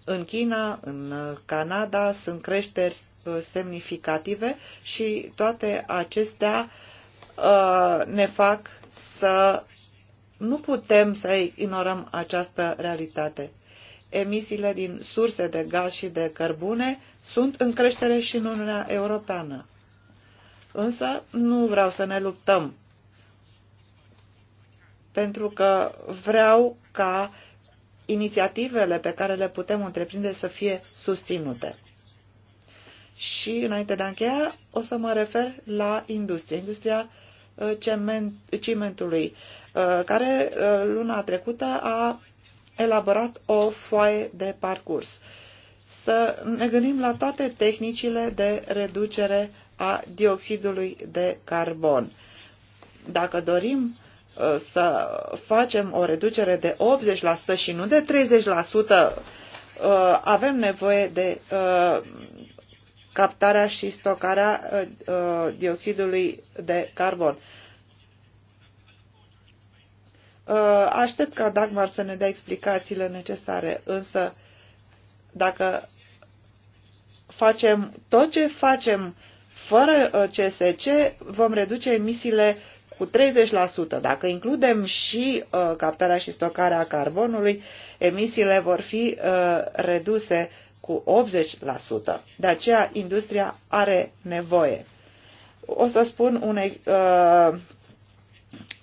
În China, în Canada, sunt creșteri Uh, semnificative și toate acestea uh, ne fac să nu putem să ignorăm această realitate. Emisiile din surse de gaz și de cărbune sunt în creștere și în Uniunea Europeană. Însă nu vreau să ne luptăm, pentru că vreau ca inițiativele pe care le putem întreprinde să fie susținute. Și înainte de a încheia, o să mă refer la industrie, industria uh, cement, cimentului, uh, care uh, luna trecută a elaborat o foaie de parcurs. Să ne gândim la toate tehnicile de reducere a dioxidului de carbon. Dacă dorim să facem o reducere de 80% și nu de 30%, avem nevoie de captarea și stocarea uh, uh, dioxidului de carbon. Uh, aștept ca Dagmar să ne dea explicațiile necesare, însă dacă facem tot ce facem fără CSC, vom reduce emisiile cu 30%. Dacă includem și captarea și stocarea carbonului, emisiile vor fi reduse cu 80%. De aceea, industria are nevoie. O să spun unei uh,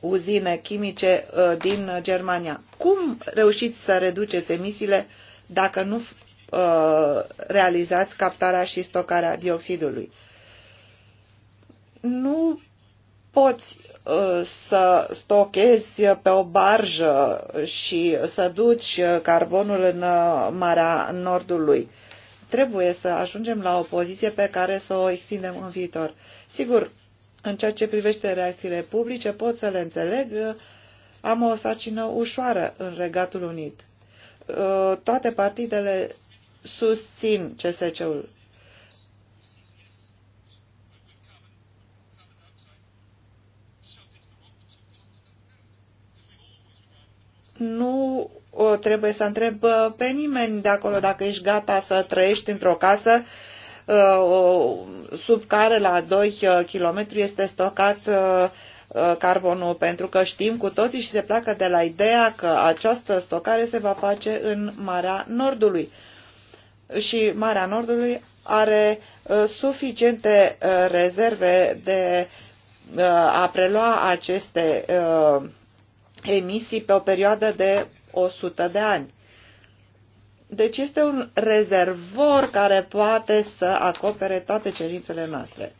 uzine chimice uh, din Germania. Cum reușiți să reduceți emisiile dacă nu uh, realizați captarea și stocarea dioxidului? Nu poți să stochezi pe o barjă și să duci carbonul în Marea Nordului. Trebuie să ajungem la o poziție pe care să o extindem în viitor. Sigur, în ceea ce privește reacțiile publice, pot să le înțeleg, am o sacină ușoară în Regatul Unit. Toate partidele susțin CSC-ul. nu trebuie să întreb uh, pe nimeni de acolo dacă ești gata să trăiești într-o casă uh, sub care la 2 uh, km este stocat carbonul, pentru că știm cu toții și se pleacă de la ideea că această stocare se va face în Marea Nordului. Și Marea Nordului are suficiente rezerve de a prelua aceste emisii pe o perioadă de 100 de ani. Deci este un rezervor care poate să acopere toate cerințele noastre.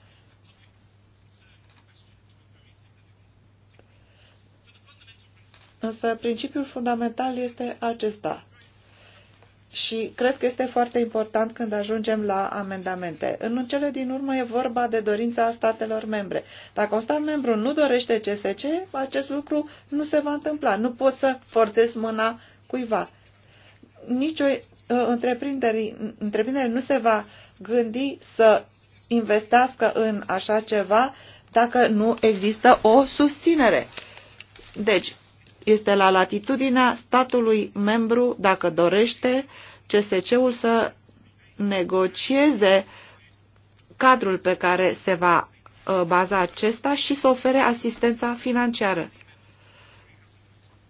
Însă principiul fundamental este acesta și cred că este foarte important când ajungem la amendamente. În cele din urmă e vorba de dorința statelor membre. Dacă un stat membru nu dorește CSC, acest lucru nu se va întâmpla. Nu poți să forțez mâna cuiva. Nici o întreprindere, uh, întreprindere nu se va gândi să investească în așa ceva dacă nu există o susținere. Deci, este la latitudinea statului membru dacă dorește CSC-ul să negocieze cadrul pe care se va uh, baza acesta și să ofere asistența financiară.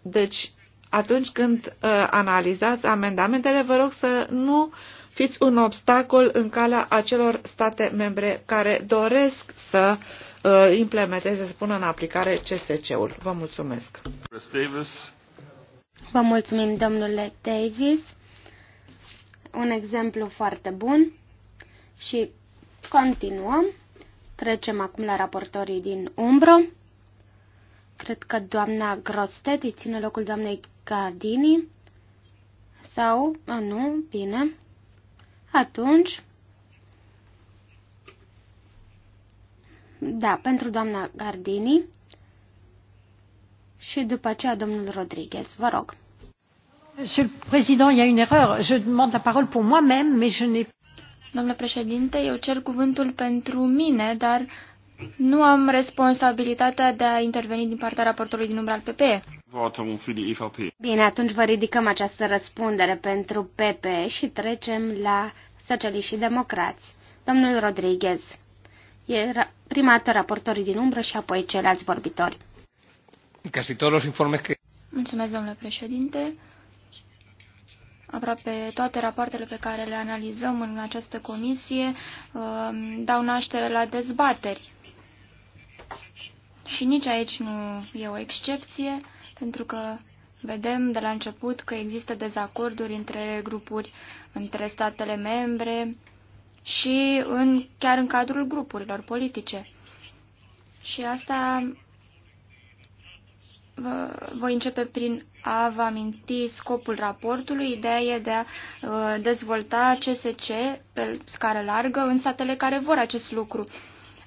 Deci, atunci când uh, analizați amendamentele, vă rog să nu fiți un obstacol în calea acelor state membre care doresc să uh, implementeze, să pună în aplicare CSC-ul. Vă mulțumesc! Vă mulțumim, domnule Davis un exemplu foarte bun și continuăm. Trecem acum la raportorii din umbră. Cred că doamna Grosted ține locul doamnei Gardini. Sau, a, nu, bine. Atunci, da, pentru doamna Gardini și după aceea domnul Rodriguez. Vă rog. Monsieur le Président, il y a une erreur. Je demande la parole pour moi-même, mais je n'ai Domnule președinte, eu cer cuvântul pentru mine, dar nu am responsabilitatea de a interveni din partea raportului din umbra al PP. Bine, atunci vă ridicăm această răspundere pentru PP și trecem la socialiști și democrați. Domnul Rodriguez, e prima dată raportorii din umbră și apoi ceilalți vorbitori. Mulțumesc, domnule președinte. Aproape toate rapoartele pe care le analizăm în această comisie um, dau naștere la dezbateri. Și nici aici nu e o excepție, pentru că vedem de la început că există dezacorduri între grupuri, între statele membre și în, chiar în cadrul grupurilor politice. Și asta voi începe prin a vă aminti scopul raportului. Ideea e de a uh, dezvolta CSC pe scară largă în statele care vor acest lucru.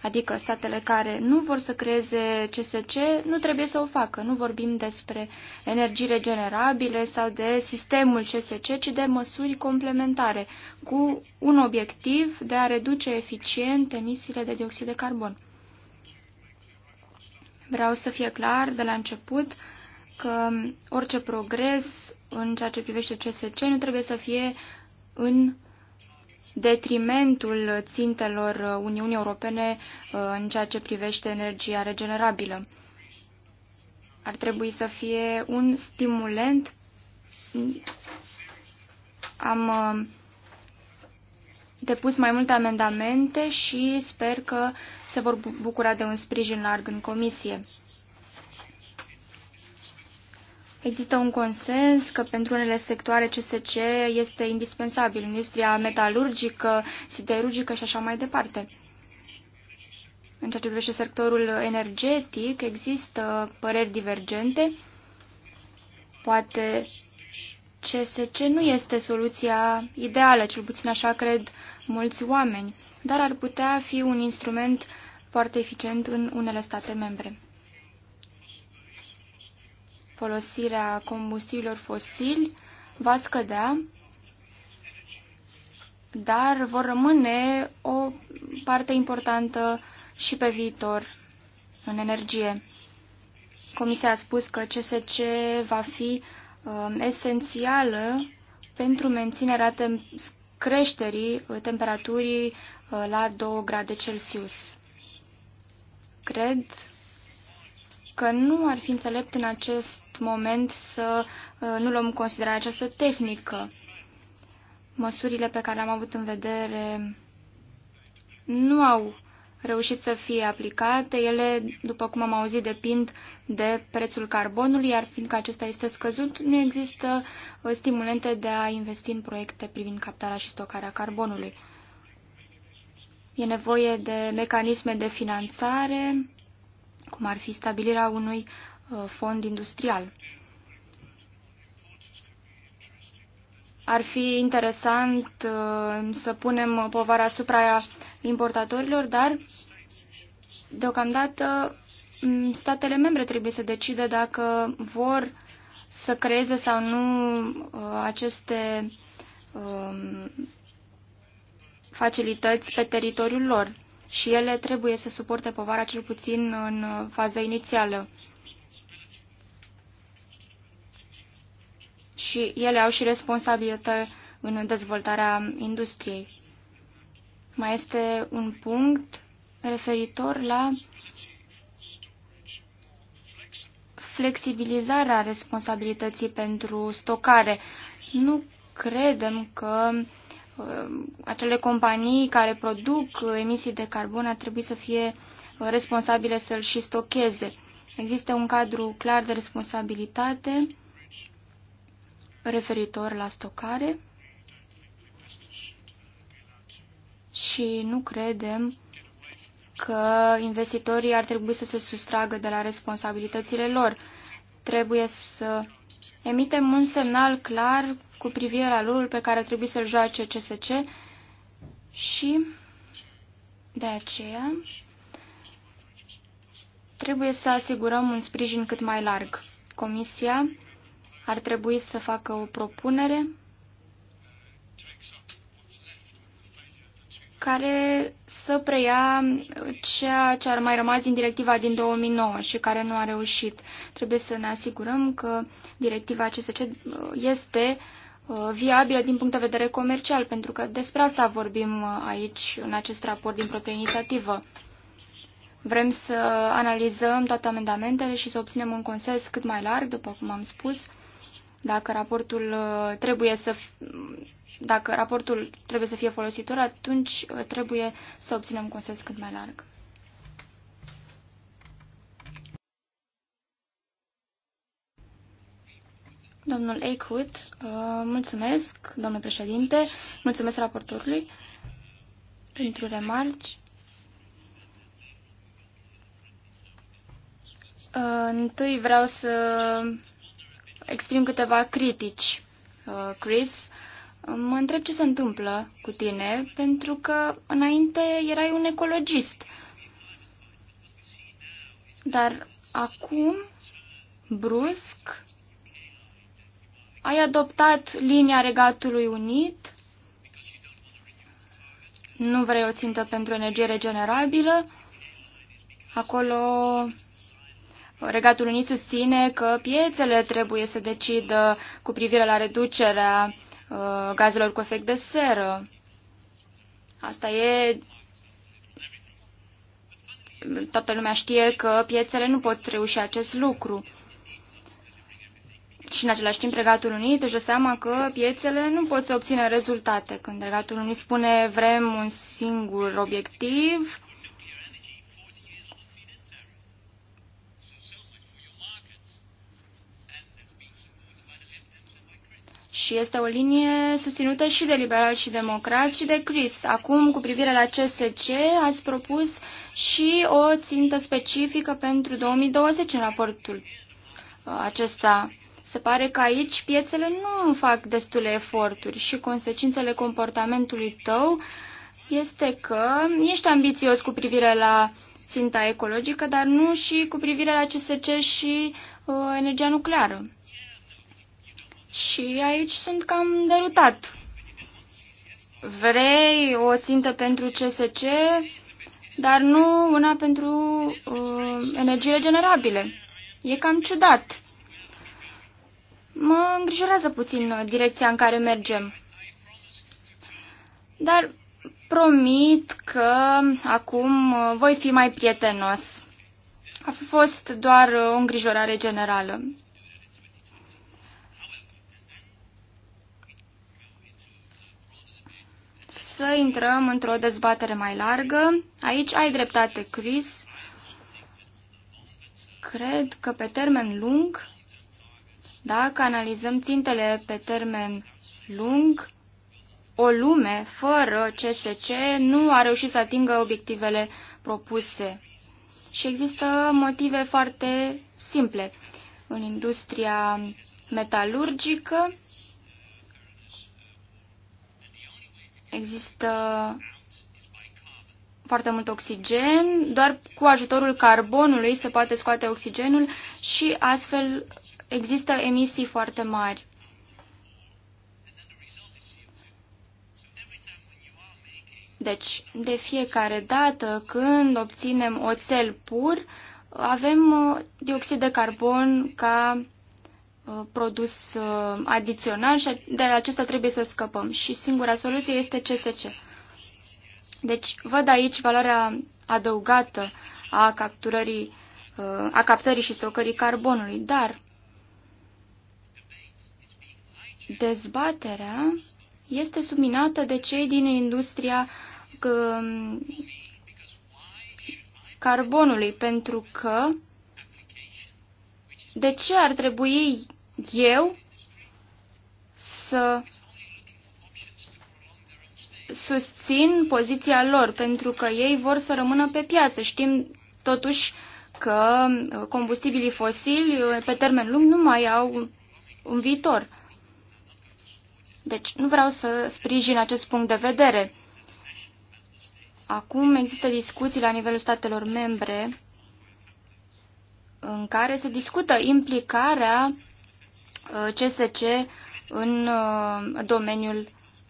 Adică statele care nu vor să creeze CSC nu trebuie să o facă. Nu vorbim despre energii regenerabile sau de sistemul CSC, ci de măsuri complementare cu un obiectiv de a reduce eficient emisiile de dioxid de carbon. Vreau să fie clar de la început că orice progres în ceea ce privește CSC nu trebuie să fie în detrimentul țintelor Uniunii Europene uh, în ceea ce privește energia regenerabilă. Ar trebui să fie un stimulent. Am uh, depus mai multe amendamente și sper că se vor bucura de un sprijin larg în comisie. Există un consens că pentru unele sectoare CSC este indispensabil, industria metalurgică, siderurgică și așa mai departe. În ceea ce privește sectorul energetic, există păreri divergente. Poate CSC nu este soluția ideală, cel puțin așa cred mulți oameni, dar ar putea fi un instrument foarte eficient în unele state membre. Folosirea combustibilor fosili va scădea, dar vor rămâne o parte importantă și pe viitor în energie. Comisia a spus că CSC va fi uh, Um, esențială pentru menținerea tem- creșterii uh, temperaturii uh, la 2 grade Celsius. Cred că nu ar fi înțelept în acest moment să uh, nu luăm în considerare această tehnică. Măsurile pe care le-am avut în vedere nu au reușit să fie aplicate. Ele, după cum am auzit, depind de prețul carbonului, iar fiindcă acesta este scăzut, nu există uh, stimulente de a investi în proiecte privind captarea și stocarea carbonului. E nevoie de mecanisme de finanțare, cum ar fi stabilirea unui uh, fond industrial. Ar fi interesant uh, să punem povara asupra importatorilor, dar deocamdată statele membre trebuie să decidă dacă vor să creeze sau nu uh, aceste um, facilități pe teritoriul lor și ele trebuie să suporte povara cel puțin în faza inițială. Și ele au și responsabilitate în dezvoltarea industriei. Mai este un punct referitor la flexibilizarea responsabilității pentru stocare. Nu credem că uh, acele companii care produc emisii de carbon ar trebui să fie uh, responsabile să-l și stocheze. Există un cadru clar de responsabilitate referitor la stocare. și nu credem că investitorii ar trebui să se sustragă de la responsabilitățile lor. Trebuie să emitem un semnal clar cu privire la rolul pe care trebuie să-l joace CSC și de aceea trebuie să asigurăm un sprijin cât mai larg. Comisia ar trebui să facă o propunere care să preia ceea ce ar mai rămas din directiva din 2009 și care nu a reușit. Trebuie să ne asigurăm că directiva CSC este uh, viabilă din punct de vedere comercial, pentru că despre asta vorbim uh, aici, în acest raport din proprie inițiativă. Vrem să analizăm toate amendamentele și să obținem un consens cât mai larg, după cum am spus, dacă raportul uh, trebuie să dacă raportul trebuie să fie folositor, atunci uh, trebuie să obținem un consens cât mai larg. Domnul Eichhut, uh, mulțumesc, domnule președinte, mulțumesc raportorului pentru remarci. Întâi vreau să exprim câteva critici, uh, Chris. Mă întreb ce se întâmplă cu tine, pentru că înainte erai un ecologist. Dar acum, brusc, ai adoptat linia Regatului Unit, nu vrei o țintă pentru energie regenerabilă, acolo Regatul Unit susține că piețele trebuie să decidă cu privire la reducerea uh, gazelor cu efect de seră. Asta e... Toată lumea știe că piețele nu pot reuși acest lucru. Și în același timp Regatul Unit își dă seama că piețele nu pot să obțină rezultate. Când Regatul Unit spune vrem un singur obiectiv, și este o linie susținută și de liberal și democrați și de Chris. Acum, cu privire la CSC, ați propus și o țintă specifică pentru 2020 în raportul uh, acesta. Se pare că aici piețele nu fac destule eforturi și consecințele comportamentului tău este că ești ambițios cu privire la ținta ecologică, dar nu și cu privire la CSC și uh, energia nucleară. Și aici sunt cam derutat. Vrei o țintă pentru CSC, dar nu una pentru uh, energie regenerabile. E cam ciudat. Mă îngrijorează puțin uh, direcția în care mergem. Dar promit că acum uh, voi fi mai prietenos. A fost doar o îngrijorare generală. să intrăm într-o dezbatere mai largă. Aici ai dreptate, Chris. Cred că pe termen lung, dacă analizăm țintele pe termen lung, o lume fără CSC nu a reușit să atingă obiectivele propuse. Și există motive foarte simple. În industria metalurgică, Există foarte mult oxigen, doar cu ajutorul carbonului se poate scoate oxigenul și astfel există emisii foarte mari. Deci, de fiecare dată când obținem oțel pur, avem uh, dioxid de carbon ca Uh, produs uh, adițional și de acesta trebuie să scăpăm. Și singura soluție este CSC. Deci văd aici valoarea adăugată a capturării, uh, a captării și stocării carbonului, dar dezbaterea este subminată de cei din industria um, carbonului, pentru că de ce ar trebui eu să susțin poziția lor, pentru că ei vor să rămână pe piață. Știm totuși că uh, combustibilii fosili uh, pe termen lung nu mai au un viitor. Deci nu vreau să sprijin acest punct de vedere. Acum există discuții la nivelul statelor membre în care se discută implicarea CSC uh, în uh, domeniul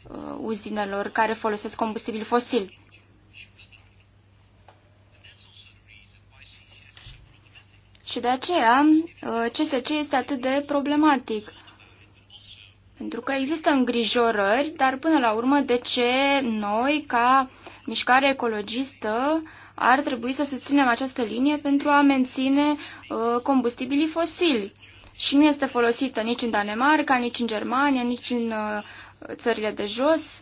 uh, uzinelor care folosesc combustibil fosil. Și de aceea CSC este atât de problematic. Pentru că există îngrijorări, dar până la urmă de ce noi, ca mișcare ecologistă, ar trebui să susținem această linie pentru a menține uh, combustibilii fosili? și nu este folosită nici în Danemarca, nici în Germania, nici în uh, țările de jos,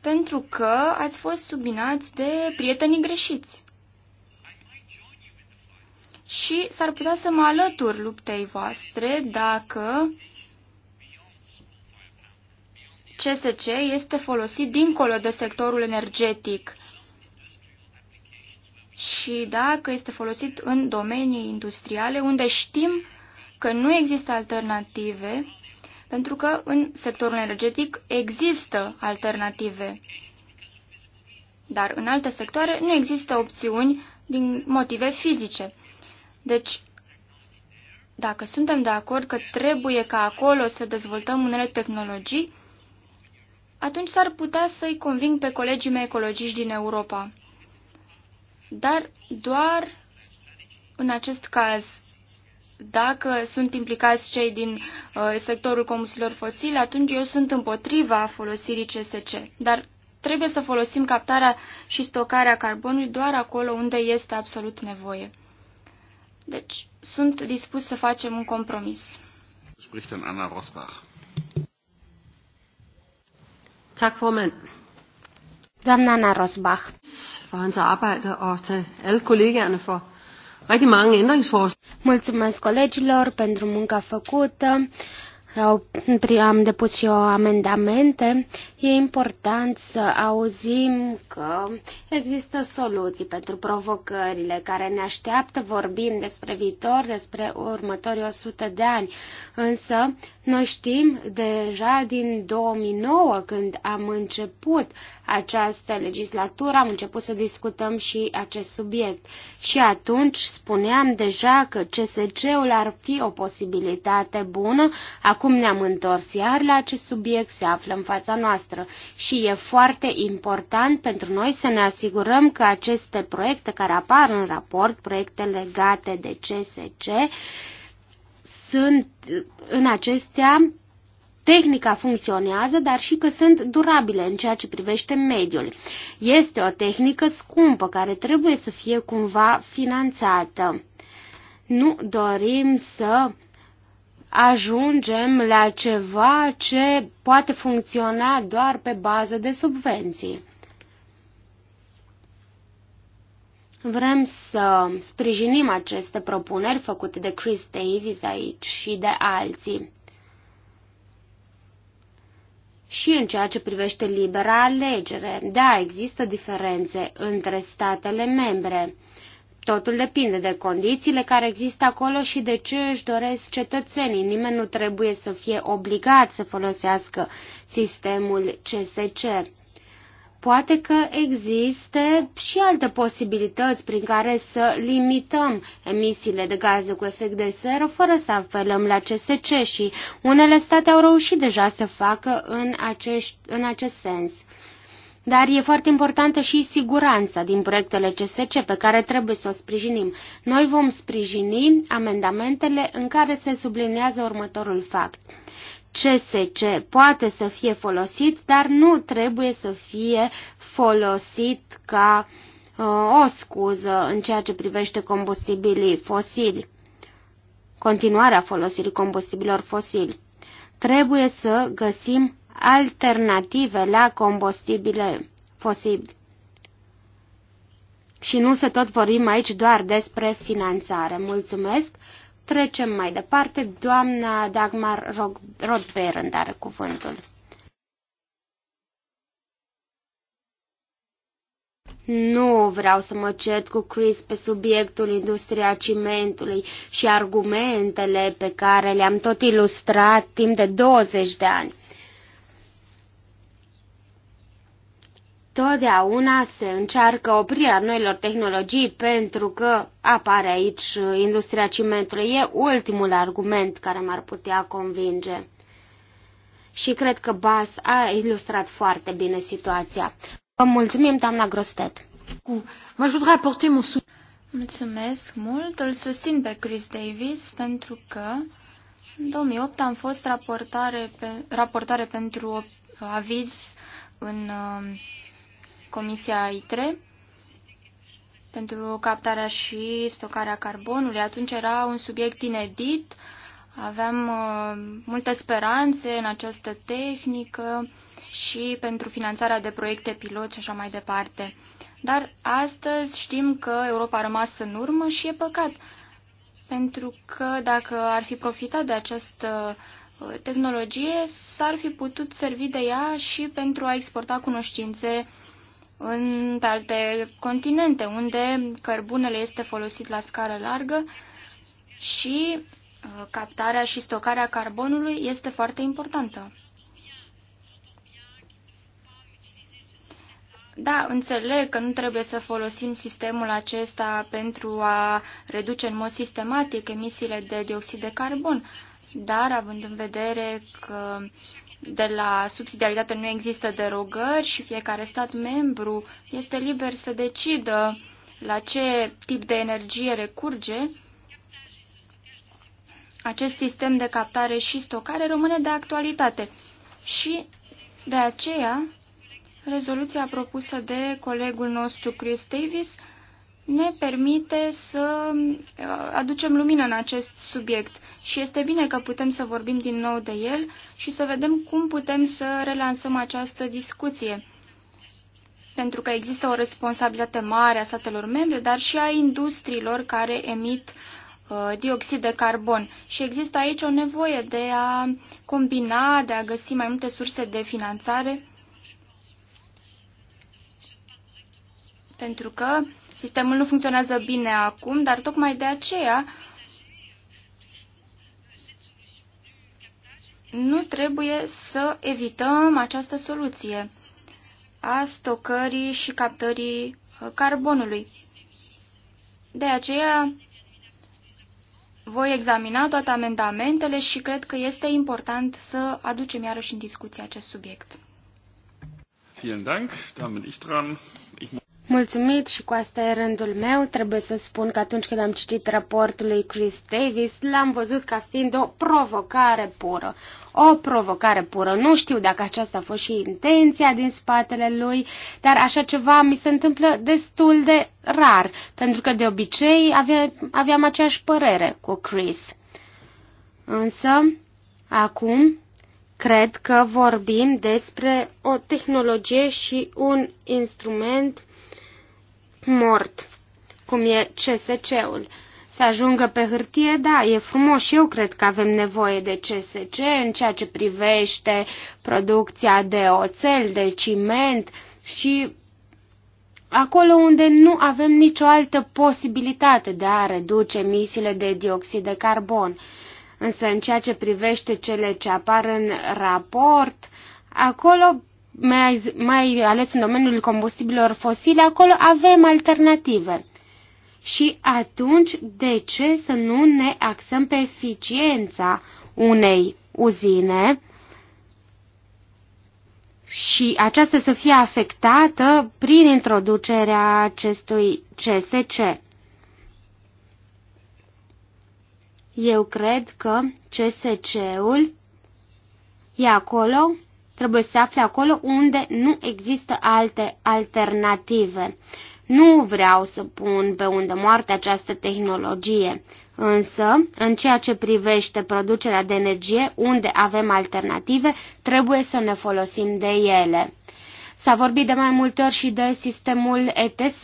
pentru că ați fost subinați de prietenii greșiți. Și s-ar putea să mă alătur luptei voastre dacă CSC este folosit dincolo de sectorul energetic și dacă este folosit în domenii industriale unde știm că nu există alternative, pentru că în sectorul energetic există alternative. Dar în alte sectoare nu există opțiuni din motive fizice. Deci, dacă suntem de acord că trebuie ca acolo să dezvoltăm unele tehnologii, atunci s-ar putea să-i conving pe colegii mei ecologiști din Europa. Dar doar în acest caz dacă sunt implicați cei din uh, sectorul combustiilor fosile, atunci eu sunt împotriva folosirii CSC. Dar trebuie să folosim captarea și stocarea carbonului doar acolo unde este absolut nevoie. Deci, sunt dispus să facem un compromis. Spricht dann Anna Rosbach. Tak, formand. Doamna Anna Rosbach. For hans arbejde og til alle kollegaerne for Mulțumesc colegilor pentru munca făcută. Am depus și eu amendamente. E important să auzim că există soluții pentru provocările care ne așteaptă. Vorbim despre viitor, despre următorii 100 de ani. Însă noi știm deja din 2009, când am început această legislatură, am început să discutăm și acest subiect. Și atunci spuneam deja că CSC-ul ar fi o posibilitate bună. Acum ne-am întors iar la acest subiect, se află în fața noastră. Și e foarte important pentru noi să ne asigurăm că aceste proiecte care apar în raport, proiecte legate de CSC, sunt în acestea tehnica funcționează, dar și că sunt durabile în ceea ce privește mediul. Este o tehnică scumpă care trebuie să fie cumva finanțată. Nu dorim să ajungem la ceva ce poate funcționa doar pe bază de subvenții. Vrem să sprijinim aceste propuneri făcute de Chris Davis aici și de alții. Și în ceea ce privește libera alegere, da, există diferențe între statele membre. Totul depinde de condițiile care există acolo și de ce își doresc cetățenii. Nimeni nu trebuie să fie obligat să folosească sistemul CSC. Poate că există și alte posibilități prin care să limităm emisiile de gaze cu efect de seră fără să apelăm la CSC și unele state au reușit deja să facă în, acești, în acest sens. Dar e foarte importantă și siguranța din proiectele CSC pe care trebuie să o sprijinim. Noi vom sprijini amendamentele în care se sublinează următorul fapt CSC poate să fie folosit, dar nu trebuie să fie folosit ca uh, o scuză în ceea ce privește combustibilii fosili, continuarea folosirii combustibilor fosili. Trebuie să găsim alternative la combustibile fosili. Și nu să tot vorbim aici doar despre finanțare. Mulțumesc! Trecem mai departe. Doamna Dagmar Rodberend are cuvântul. Nu vreau să mă cert cu Chris pe subiectul industria cimentului și argumentele pe care le-am tot ilustrat timp de 20 de ani. totdeauna se încearcă oprirea noilor tehnologii pentru că apare aici industria cimentului. E ultimul argument care m-ar putea convinge. Și cred că Bas a ilustrat foarte bine situația. Vă mulțumim, doamna Grostet. Mulțumesc mult, îl susțin pe Chris Davis pentru că în 2008 am fost raportare, pe, raportare pentru aviz în uh, Comisia ITRE pentru captarea și stocarea carbonului. Atunci era un subiect inedit, aveam uh, multe speranțe în această tehnică și pentru finanțarea de proiecte pilot și așa mai departe. Dar astăzi știm că Europa a rămas în urmă și e păcat, pentru că dacă ar fi profitat de această uh, tehnologie, s-ar fi putut servi de ea și pentru a exporta cunoștințe în alte continente, unde cărbunele este folosit la scară largă și uh, captarea și stocarea carbonului este foarte importantă. Da, înțeleg că nu trebuie să folosim sistemul acesta pentru a reduce în mod sistematic emisiile de dioxid de carbon, dar având în vedere că uh, de la subsidiaritate nu există derogări și fiecare stat membru este liber să decidă la ce tip de energie recurge, acest sistem de captare și stocare rămâne de actualitate și de aceea rezoluția propusă de colegul nostru Chris Davis ne permite să uh, aducem lumină în acest subiect și este bine că putem să vorbim din nou de el și să vedem cum putem să relansăm această discuție. Pentru că există o responsabilitate mare a statelor membre, dar și a industriilor care emit uh, dioxid de carbon. Și există aici o nevoie de a combina, de a găsi mai multe surse de finanțare, pentru că Sistemul nu funcționează bine acum, dar tocmai de aceea nu trebuie să evităm această soluție a stocării și captării uh, carbonului. De aceea voi examina toate amendamentele și cred că este important să aducem iarăși în discuție acest subiect. Vielen Dank, da, bin ich dran. Mulțumit și cu asta e rândul meu. Trebuie să spun că atunci când am citit raportul lui Chris Davis, l-am văzut ca fiind o provocare pură. O provocare pură. Nu știu dacă aceasta a fost și intenția din spatele lui, dar așa ceva mi se întâmplă destul de rar, pentru că de obicei avea, aveam aceeași părere cu Chris. Însă, acum, cred că vorbim despre o tehnologie și un instrument mort, cum e CSC-ul. Să ajungă pe hârtie, da, e frumos și eu cred că avem nevoie de CSC în ceea ce privește producția de oțel, de ciment și acolo unde nu avem nicio altă posibilitate de a reduce emisiile de dioxid de carbon. Însă în ceea ce privește cele ce apar în raport, acolo mai, mai ales în domeniul combustibilor fosile, acolo avem alternative. Și atunci, de ce să nu ne axăm pe eficiența unei uzine și aceasta să fie afectată prin introducerea acestui CSC? Eu cred că CSC-ul e acolo trebuie să se afle acolo unde nu există alte alternative. Nu vreau să pun pe unde moarte această tehnologie, însă, în ceea ce privește producerea de energie, unde avem alternative, trebuie să ne folosim de ele. S-a vorbit de mai multe ori și de sistemul ETS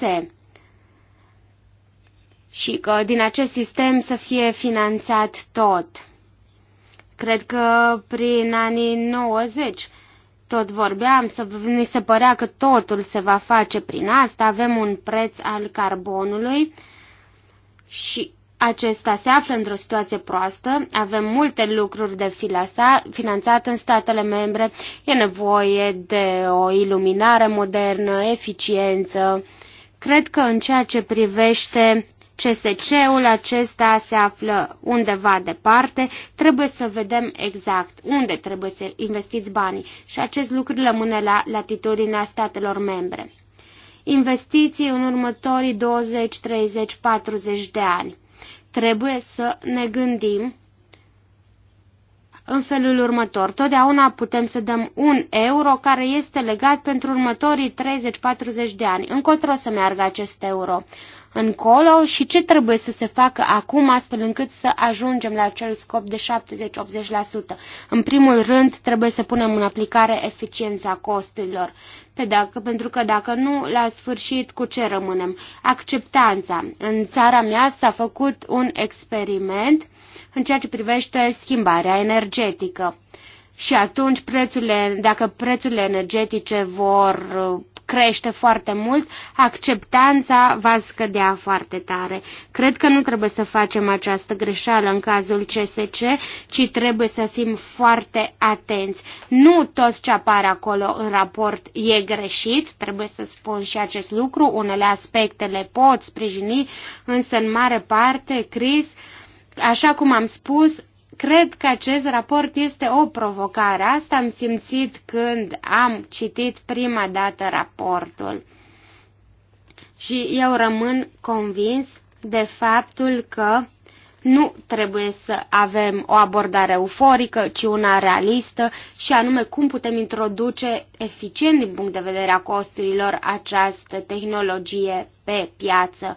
și că din acest sistem să fie finanțat tot. Cred că prin anii 90 tot vorbeam, să, ni se părea că totul se va face prin asta, avem un preț al carbonului și acesta se află într-o situație proastă, avem multe lucruri de finanțat în statele membre, e nevoie de o iluminare modernă, eficiență. Cred că în ceea ce privește CSC-ul acesta se află undeva departe, trebuie să vedem exact unde trebuie să investiți banii și acest lucru rămâne la latitudinea statelor membre. Investiții în următorii 20, 30, 40 de ani. Trebuie să ne gândim în felul următor. Totdeauna putem să dăm un euro care este legat pentru următorii 30-40 de ani. Încotro să meargă acest euro încolo și ce trebuie să se facă acum astfel încât să ajungem la acel scop de 70-80%. În primul rând trebuie să punem în aplicare eficiența costurilor. Pe dacă, pentru că dacă nu, la sfârșit cu ce rămânem? Acceptanța. În țara mea s-a făcut un experiment în ceea ce privește schimbarea energetică. Și atunci, prețurile, dacă prețurile energetice vor uh, crește foarte mult, acceptanța va scădea foarte tare. Cred că nu trebuie să facem această greșeală în cazul CSC, ci trebuie să fim foarte atenți. Nu tot ce apare acolo în raport e greșit, trebuie să spun și acest lucru, unele aspecte le pot sprijini, însă în mare parte, Cris, așa cum am spus, Cred că acest raport este o provocare. Asta am simțit când am citit prima dată raportul. Și eu rămân convins de faptul că nu trebuie să avem o abordare euforică, ci una realistă și anume cum putem introduce eficient din punct de vedere a costurilor această tehnologie pe piață.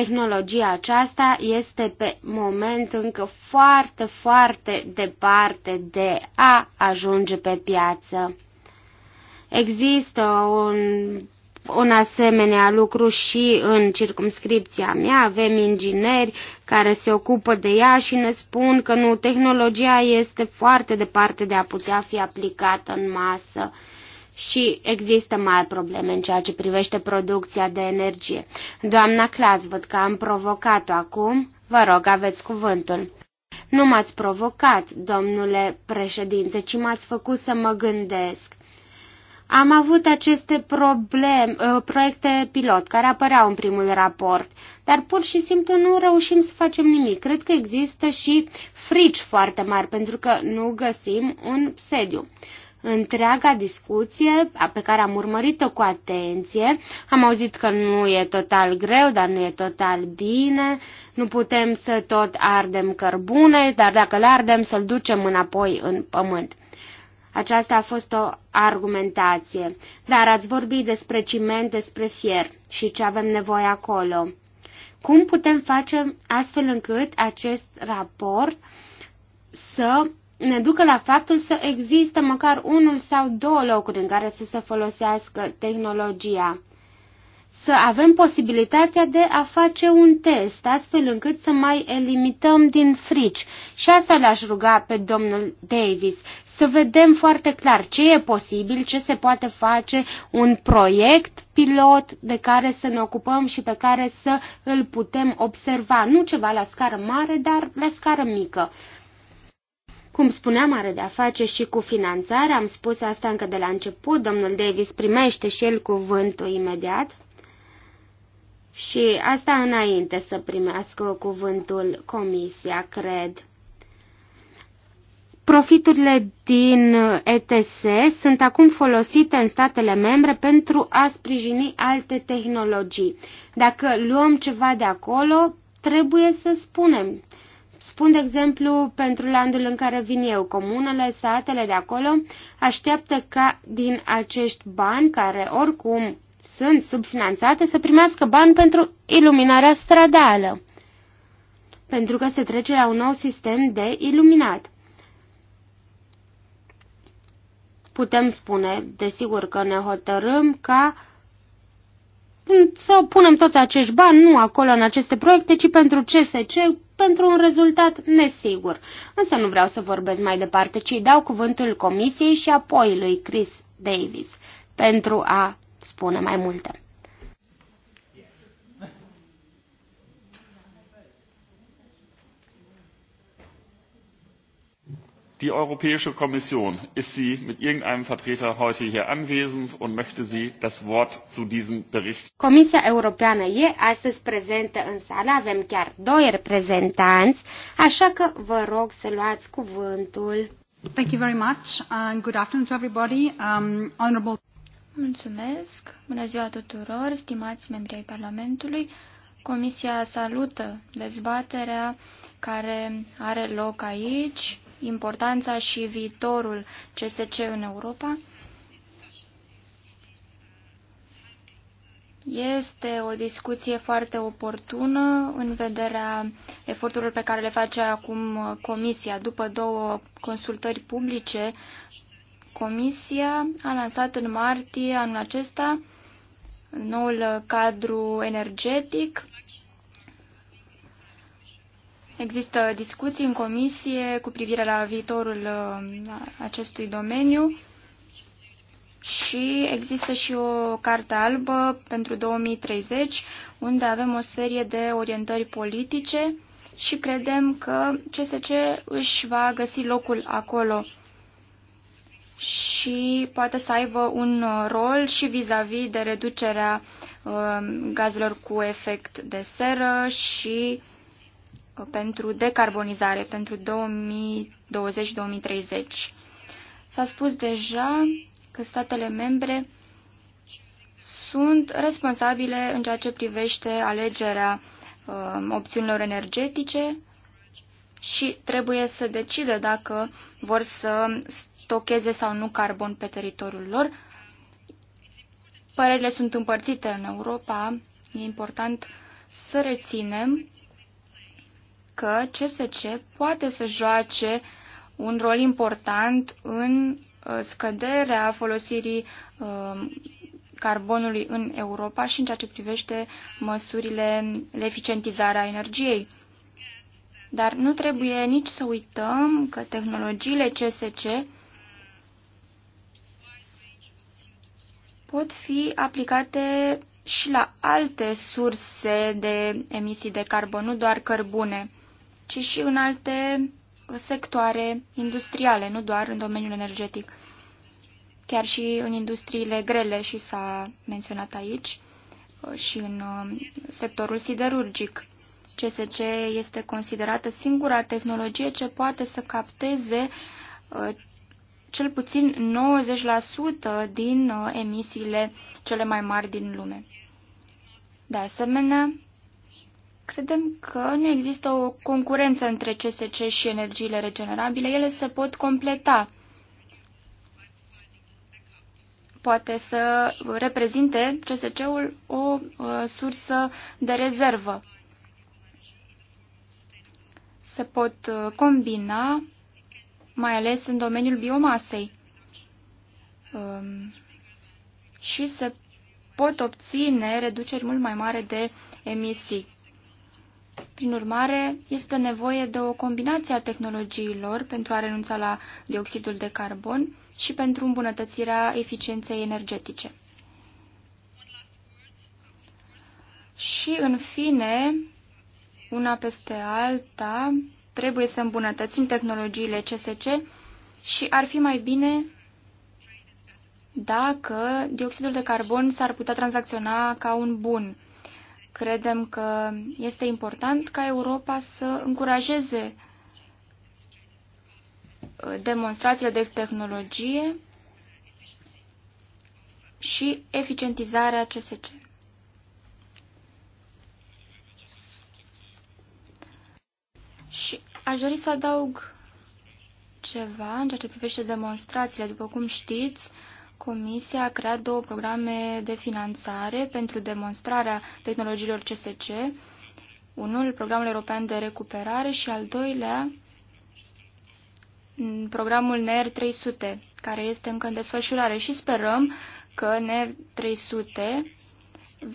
Tehnologia aceasta este pe moment încă foarte, foarte departe de a ajunge pe piață. Există un un asemenea lucru și în circumscripția mea. Avem ingineri care se ocupă de ea și ne spun că nu, tehnologia este foarte departe de a putea fi aplicată în masă și există mari probleme în ceea ce privește producția de energie. Doamna Claz, văd că am provocat-o acum. Vă rog, aveți cuvântul. Nu m-ați provocat, domnule președinte, ci m-ați făcut să mă gândesc. Am avut aceste probleme, ă, proiecte pilot care apăreau în primul raport, dar pur și simplu nu reușim să facem nimic. Cred că există și frici foarte mari pentru că nu găsim un sediu întreaga discuție pe care am urmărit-o cu atenție. Am auzit că nu e total greu, dar nu e total bine, nu putem să tot ardem cărbune, dar dacă le ardem să-l ducem înapoi în pământ. Aceasta a fost o argumentație, dar ați vorbit despre ciment, despre fier și ce avem nevoie acolo. Cum putem face astfel încât acest raport să ne ducă la faptul să există măcar unul sau două locuri în care să se folosească tehnologia. Să avem posibilitatea de a face un test, astfel încât să mai elimităm din frici. Și asta l-aș ruga pe domnul Davis, să vedem foarte clar ce e posibil, ce se poate face, un proiect pilot de care să ne ocupăm și pe care să îl putem observa. Nu ceva la scară mare, dar la scară mică cum spuneam, are de-a face și cu finanțarea, am spus asta încă de la început, domnul Davis primește și el cuvântul imediat. Și asta înainte să primească cuvântul comisia, cred. Profiturile din ETS sunt acum folosite în statele membre pentru a sprijini alte tehnologii. Dacă luăm ceva de acolo, trebuie să spunem Spun, de exemplu, pentru landul în care vin eu, comunele, satele de acolo așteaptă ca din acești bani, care oricum sunt subfinanțate, să primească bani pentru iluminarea stradală, pentru că se trece la un nou sistem de iluminat. Putem spune, desigur că ne hotărâm ca să punem toți acești bani, nu acolo în aceste proiecte, ci pentru CSC, pentru un rezultat nesigur. Însă nu vreau să vorbesc mai departe, ci dau cuvântul comisiei și apoi lui Chris Davis pentru a spune mai multe. die europäische kommission ist sie mit irgendeinem vertreter heute hier anwesend und möchte sie das wort zu diesem bericht Comisia Europeană e astăzi prezentă în sală, avem chiar doi reprezentanți, așa că vă rog să luați cuvântul. Thank you very much and good afternoon to everybody. Um, honorable Mulțumesc. Bună ziua tuturor, stimați membri ai Parlamentului. Comisia salută dezbaterea care are loc aici importanța și viitorul CSC în Europa. Este o discuție foarte oportună în vederea eforturilor pe care le face acum Comisia. După două consultări publice, Comisia a lansat în martie anul acesta noul cadru energetic Există discuții în comisie cu privire la viitorul uh, acestui domeniu și există și o carte albă pentru 2030, unde avem o serie de orientări politice și credem că CSC își va găsi locul acolo și poate să aibă un uh, rol și vis-a-vis -vis de reducerea uh, gazelor cu efect de seră și uh, pentru decarbonizare pentru 2020-2030. S-a spus deja că statele membre sunt responsabile în ceea ce privește alegerea uh, opțiunilor energetice și trebuie să decidă dacă vor să stocheze sau nu carbon pe teritoriul lor. Părerile sunt împărțite în Europa. E important să reținem că CSC poate să joace un rol important în uh, scăderea folosirii um, carbonului în Europa și în ceea ce privește măsurile de eficientizare a energiei. Dar nu trebuie nici să uităm că tehnologiile CSC pot fi aplicate și la alte surse de emisii de carbon, nu doar cărbune ci și în alte sectoare industriale, nu doar în domeniul energetic. Chiar și în industriile grele, și s-a menționat aici, uh, și în uh, sectorul siderurgic. CSC este considerată singura tehnologie ce poate să capteze uh, cel puțin 90% din emisiile cele mai mari din lume. De asemenea, Credem că nu există o concurență între CSC și energiile regenerabile. Ele se pot completa. Poate să reprezinte CSC-ul o uh, sursă de rezervă. Se pot uh, combina, mai ales în domeniul biomasei. Um, și se pot obține reduceri mult mai mari de emisii. Prin urmare, este nevoie de o combinație a tehnologiilor pentru a renunța la dioxidul de carbon și pentru îmbunătățirea eficienței energetice. Și, în fine, una peste alta, trebuie să îmbunătățim tehnologiile CSC și ar fi mai bine dacă dioxidul de carbon s-ar putea tranzacționa ca un bun Credem că este important ca Europa să încurajeze uh, demonstrațiile de tehnologie și eficientizarea CSC. Și aș dori să adaug ceva în ceea ce privește demonstrațiile. După cum știți, Comisia a creat două programe de finanțare pentru demonstrarea tehnologiilor CSC, unul programul european de recuperare și al doilea mm, programul NER 300, care este încă în desfășurare și sperăm că NER 300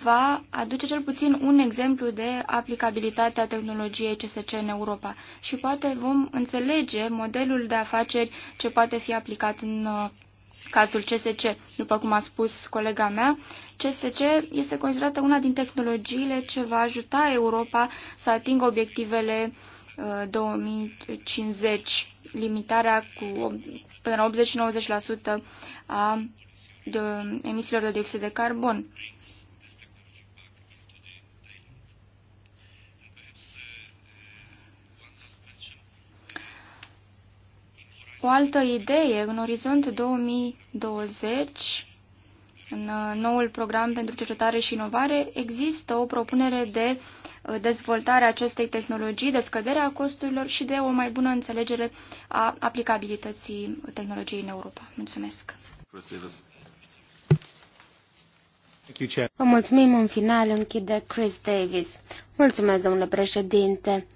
va aduce cel puțin un exemplu de aplicabilitate a tehnologiei CSC în Europa și poate vom înțelege modelul de afaceri ce poate fi aplicat în uh, cazul CSC, după cum a spus colega mea, CSC este considerată una din tehnologiile ce va ajuta Europa să atingă obiectivele 2050, uh, limitarea cu până la 80-90% a de emisiilor de dioxid de carbon. O altă idee, în orizont 2020, în uh, noul program pentru cercetare și inovare, există o propunere de uh, dezvoltare a acestei tehnologii, de scăderea costurilor și de o mai bună înțelegere a aplicabilității tehnologiei în Europa. Mulțumesc! Vă mulțumim în final, închide Chris Davis. Mulțumesc, domnule președinte!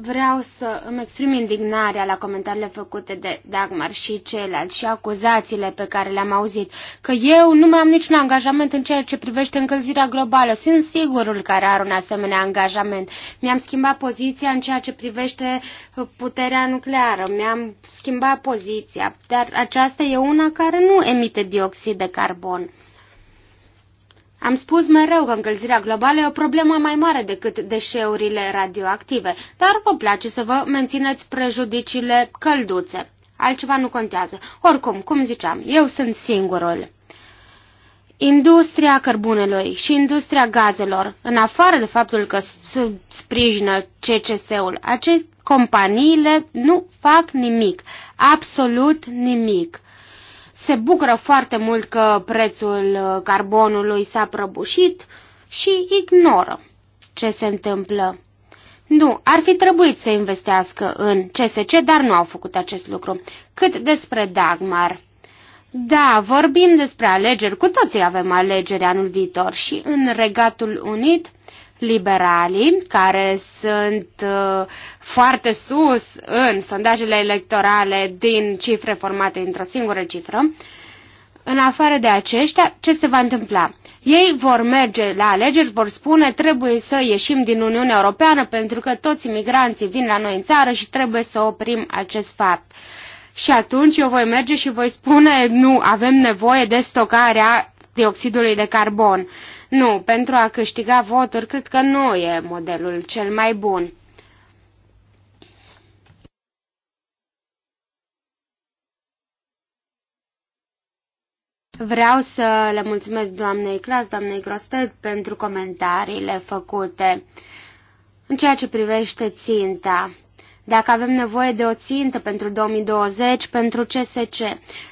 Vreau să îmi exprim indignarea la comentariile făcute de Dagmar și ceilalți și acuzațiile pe care le-am auzit, că eu nu mai am niciun angajament în ceea ce privește încălzirea globală. Sunt sigurul care are un asemenea angajament. Mi-am schimbat poziția în ceea ce privește puterea nucleară, mi-am schimbat poziția, dar aceasta e una care nu emite dioxid de carbon. Am spus mereu că încălzirea globală e o problemă mai mare decât deșeurile radioactive, dar vă place să vă mențineți prejudiciile călduțe. Altceva nu contează. Oricum, cum ziceam, eu sunt singurul. Industria cărbunelui și industria gazelor, în afară de faptul că sprijină CCS-ul, aceste companiile nu fac nimic, absolut nimic se bucură foarte mult că prețul uh, carbonului s-a prăbușit și ignoră ce se întâmplă. Nu, ar fi trebuit să investească în CSC, dar nu au făcut acest lucru. Cât despre Dagmar. Da, vorbim despre alegeri, cu toții avem alegeri anul viitor și în Regatul Unit liberalii, care sunt uh, foarte sus în sondajele electorale din cifre formate într-o singură cifră, în afară de aceștia, ce se va întâmpla? Ei vor merge la alegeri, vor spune trebuie să ieșim din Uniunea Europeană pentru că toți imigranții vin la noi în țară și trebuie să oprim acest fapt. Și atunci eu voi merge și voi spune nu, avem nevoie de stocarea dioxidului de carbon. Nu, pentru a câștiga voturi, cred că nu e modelul cel mai bun. Vreau să le mulțumesc doamnei Clas, doamnei Grosted, pentru comentariile făcute. În ceea ce privește ținta, dacă avem nevoie de o țintă pentru 2020, pentru CSC,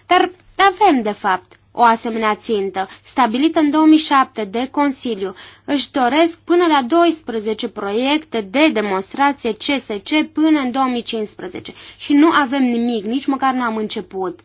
dar avem de fapt o asemenea țintă, stabilită în 2007 de Consiliu. Își doresc până la 12 proiecte de demonstrație CSC până în 2015 și nu avem nimic, nici măcar nu am început.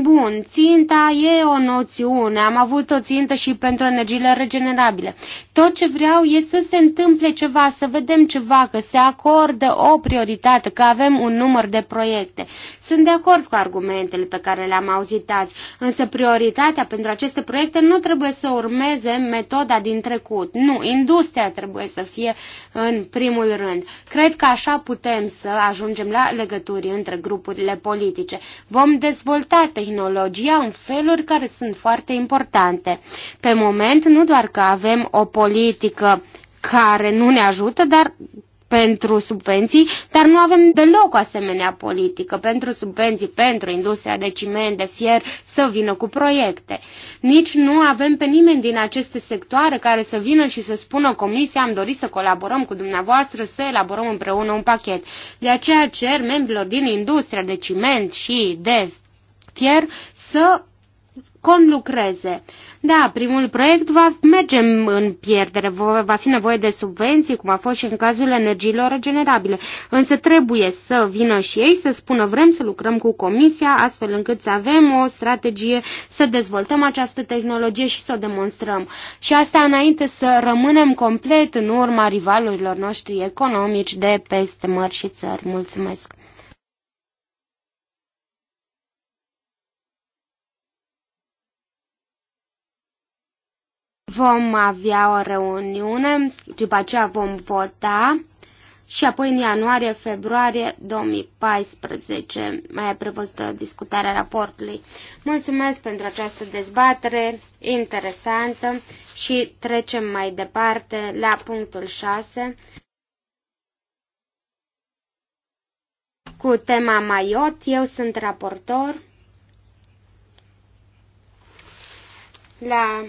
Bun, ținta e o noțiune, am avut o țintă și pentru energiile regenerabile. Tot ce vreau e să se întâmple ceva, să vedem ceva, că se acordă o prioritate, că avem un număr de proiecte. Sunt de acord cu argumentele pe care le-am auzit azi, însă prioritatea pentru aceste proiecte nu trebuie să urmeze metoda din trecut. Nu, industria trebuie să fie în primul rând. Cred că așa putem să ajungem la legături între grupurile politice. Vom dezvolta tehnologia în feluri care sunt foarte importante. Pe moment, nu doar că avem o politică care nu ne ajută, dar pentru subvenții, dar nu avem deloc o asemenea politică pentru subvenții, pentru industria de ciment, de fier, să vină cu proiecte. Nici nu avem pe nimeni din aceste sectoare care să vină și să spună comisia, am dorit să colaborăm cu dumneavoastră, să elaborăm împreună un pachet. De aceea cer membrilor din industria de ciment și de Fortier să conlucreze. Da, primul proiect va merge în pierdere, va fi nevoie de subvenții, cum a fost și în cazul energiilor regenerabile, însă trebuie să vină și ei să spună vrem să lucrăm cu Comisia astfel încât să avem o strategie, să dezvoltăm această tehnologie și să o demonstrăm. Și asta înainte să rămânem complet în urma rivalurilor noștri economici de peste mări și țări. Mulțumesc! Vom avea o reuniune, după aceea vom vota și apoi în ianuarie-februarie 2014 mai a prevăzută discutarea raportului. Mulțumesc pentru această dezbatere interesantă și trecem mai departe la punctul 6 cu tema Maiot. Eu sunt raportor la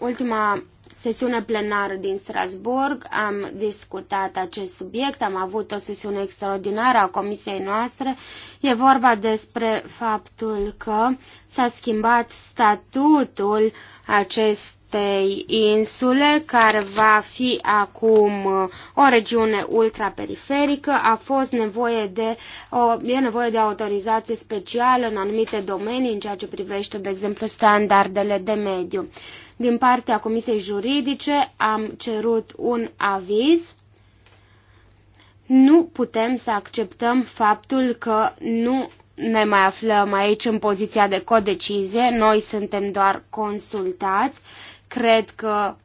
ultima sesiune plenară din Strasburg am discutat acest subiect, am avut o sesiune extraordinară a comisiei noastre. E vorba despre faptul că s-a schimbat statutul acestei insule, care va fi acum o regiune ultraperiferică. A fost nevoie de o, e nevoie de autorizație specială în anumite domenii, în ceea ce privește, de exemplu, standardele de mediu. Din partea Comisiei Juridice am cerut un aviz. Nu putem să acceptăm faptul că nu ne mai aflăm aici în poziția de codecizie, noi suntem doar consultați. Cred că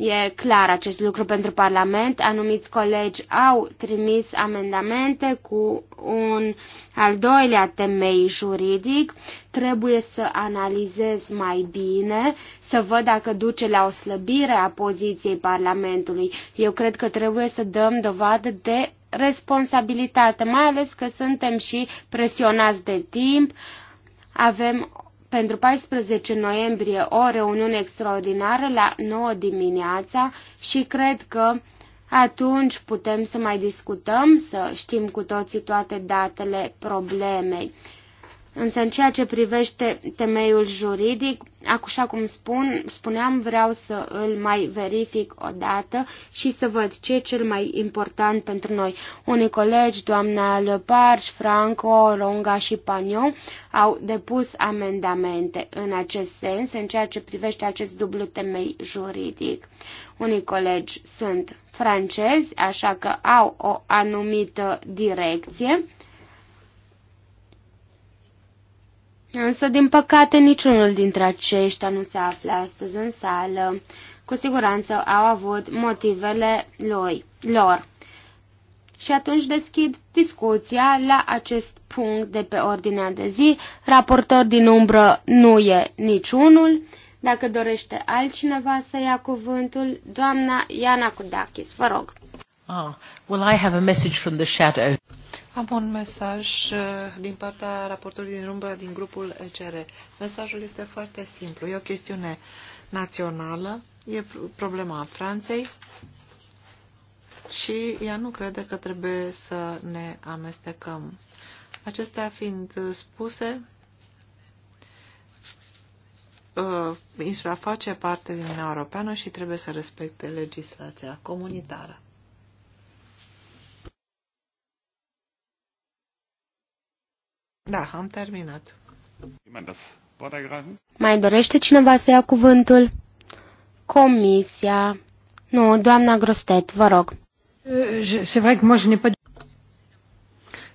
E clar acest lucru pentru Parlament. Anumiți colegi au trimis amendamente cu un al doilea temei juridic. Trebuie să analizez mai bine, să văd dacă duce la o slăbire a poziției Parlamentului. Eu cred că trebuie să dăm dovadă de responsabilitate, mai ales că suntem și presionați de timp. Avem pentru 14 noiembrie o reuniune extraordinară la 9 dimineața și cred că atunci putem să mai discutăm, să știm cu toții toate datele problemei Însă în ceea ce privește temeiul juridic, așa cum spun, spuneam, vreau să îl mai verific o dată și să văd ce e cel mai important pentru noi. Unii colegi, doamna Leparge, Franco, Ronga și Pagnon, au depus amendamente în acest sens, în ceea ce privește acest dublu temei juridic. Unii colegi sunt francezi, așa că au o anumită direcție Însă, din păcate, niciunul dintre aceștia nu se află astăzi în sală. Cu siguranță au avut motivele lui, lor. Și atunci deschid discuția la acest punct de pe ordinea de zi. Raportor din umbră nu e niciunul. Dacă dorește altcineva să ia cuvântul, doamna Iana Kudakis, vă rog. Ah, well, I have a message from the shadow. Am un mesaj eh, din partea raportului din rumbă din grupul ECR. Mesajul este foarte simplu. E o chestiune națională, e problema Franței și ea nu crede că trebuie să ne amestecăm. Acestea fiind spuse, eh, insula face parte din Uniunea Europeană și trebuie să respecte legislația comunitară. Da, am terminat. Mai dorește cineva să ia cuvântul? Comisia. Nu, doamna Grostet, vă rog. Euh,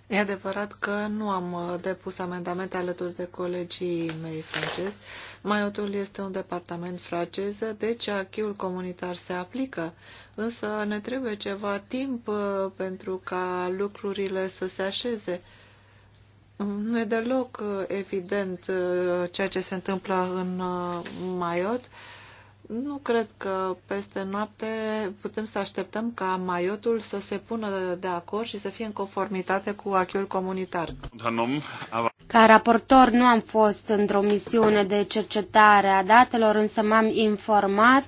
e adevărat că nu am uh, depus amendamente alături de colegii mei francezi. Maiotul este un departament francez, deci achiul comunitar se aplică, însă ne trebuie ceva timp uh, pentru ca lucrurile să se așeze. Nu e deloc uh, evident uh, ceea ce se întâmplă în uh, Maiot. Nu cred că peste noapte putem să așteptăm ca Maiotul să se pună de acord și să fie în conformitate cu acquis comunitar. Ca raportor nu am fost într-o misiune de cercetare a datelor, însă m-am informat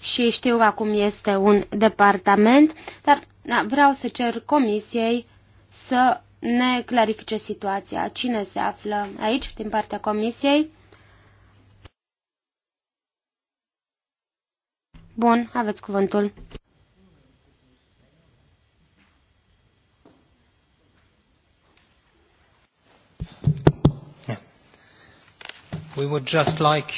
și știu că acum este un departament, dar vreau să cer comisiei să ne clarifice situația. Cine se află aici din partea comisiei? Bun, aveți cuvântul. We would just like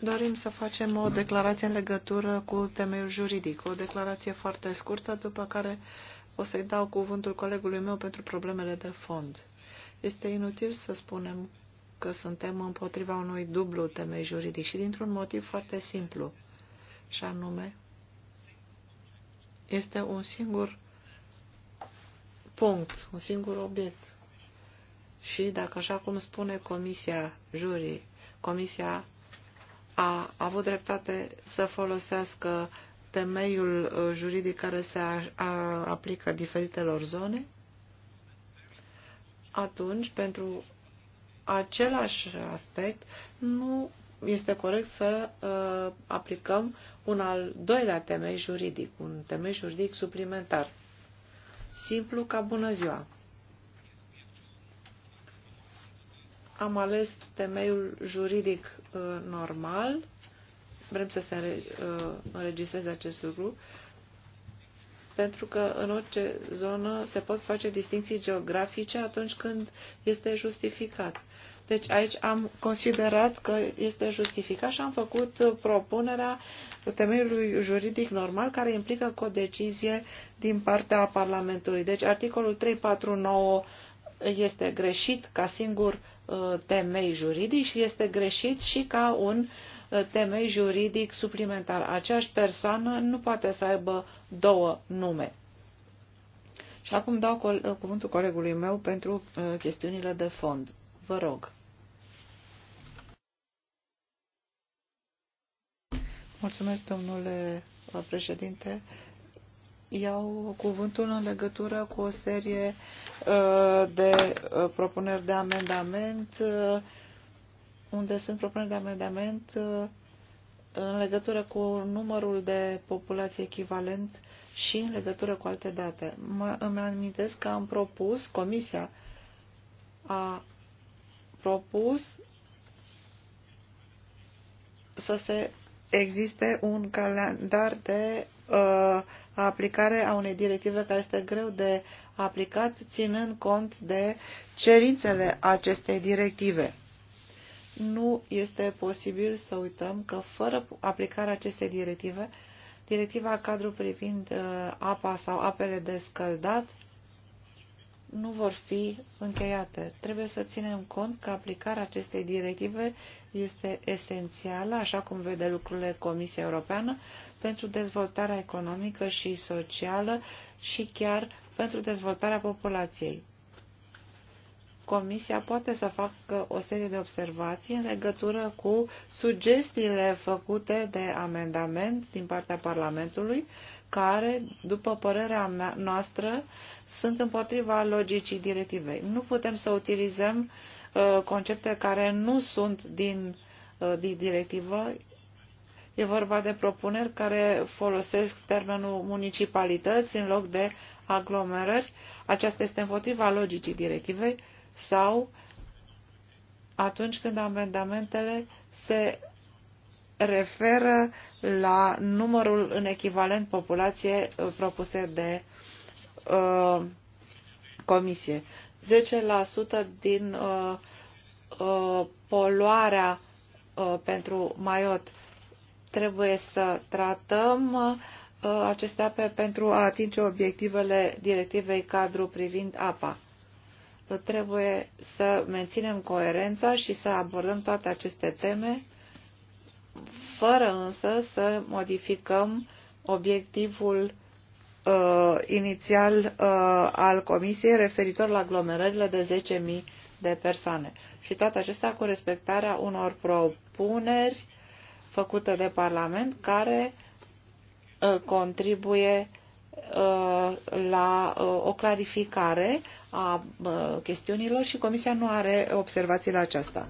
Dorim să facem o declarație în legătură cu temeiul juridic, o declarație foarte scurtă, după care uh, o să-i dau cuvântul colegului meu pentru problemele de fond. Este inutil să spunem că suntem împotriva unui dublu temei juridic și dintr-un motiv foarte simplu, și anume, este un singur punct, un singur obiect. Și dacă, așa cum spune comisia jurii, comisia a avut dreptate să folosească temeiul uh, juridic care se aplică diferitelor zone, atunci, pentru același aspect, nu este corect să uh, aplicăm un al doilea temei juridic, un temei juridic suplimentar. Simplu ca bună ziua. Am ales temeiul juridic uh, normal, vrem să se uh, înregistreze acest lucru, pentru că în orice zonă se pot face distinții geografice atunci când este justificat. Deci aici am considerat că este justificat și am făcut propunerea temeiului juridic normal care implică o decizie din partea Parlamentului. Deci articolul 349 este greșit ca singur uh, temei juridic și este greșit și ca un uh, Uh, temei juridic suplimentar. Aceeași persoană nu poate să aibă două nume. Și acum dau uh, cuvântul colegului meu pentru uh, chestiunile de fond. Vă rog. Mulțumesc, domnule președinte. Iau cuvântul în legătură cu o serie de propuneri de amendament unde sunt propuneri de amendament uh, în legătură cu numărul de populație echivalent și în legătură cu alte date. Mă, îmi amintesc că am propus, Comisia a propus să se existe un calendar de uh, aplicare a unei directive care este greu de aplicat, ținând cont de cerințele acestei directive nu este posibil să uităm că fără aplicarea acestei directive, directiva cadru privind uh, apa sau apele de scăldat nu vor fi încheiate. Trebuie să ținem cont că aplicarea acestei directive este esențială, așa cum vede lucrurile Comisia Europeană, pentru dezvoltarea economică și socială și chiar pentru dezvoltarea populației. Comisia poate să facă o serie de observații în legătură cu sugestiile făcute de amendament din partea Parlamentului, care, după părerea mea, noastră, sunt împotriva logicii directivei. Nu putem să utilizăm uh, concepte care nu sunt din, uh, din directivă. E vorba de propuneri care folosesc termenul municipalități în loc de aglomerări. Aceasta este împotriva logicii directivei sau atunci când amendamentele se referă la numărul în echivalent populație uh, propuse de uh, comisie. 10% din uh, uh, poluarea uh, pentru maiot. Trebuie să tratăm uh, aceste ape pentru a atinge obiectivele directivei cadru privind apa trebuie să menținem coerența și să abordăm toate aceste teme, fără însă să modificăm obiectivul uh, inițial uh, al Comisiei referitor la aglomerările de 10.000 de persoane. Și toate acestea cu respectarea unor propuneri făcute de Parlament care uh, contribuie Uh, la uh, o clarificare a uh, chestiunilor și Comisia nu are observații la aceasta.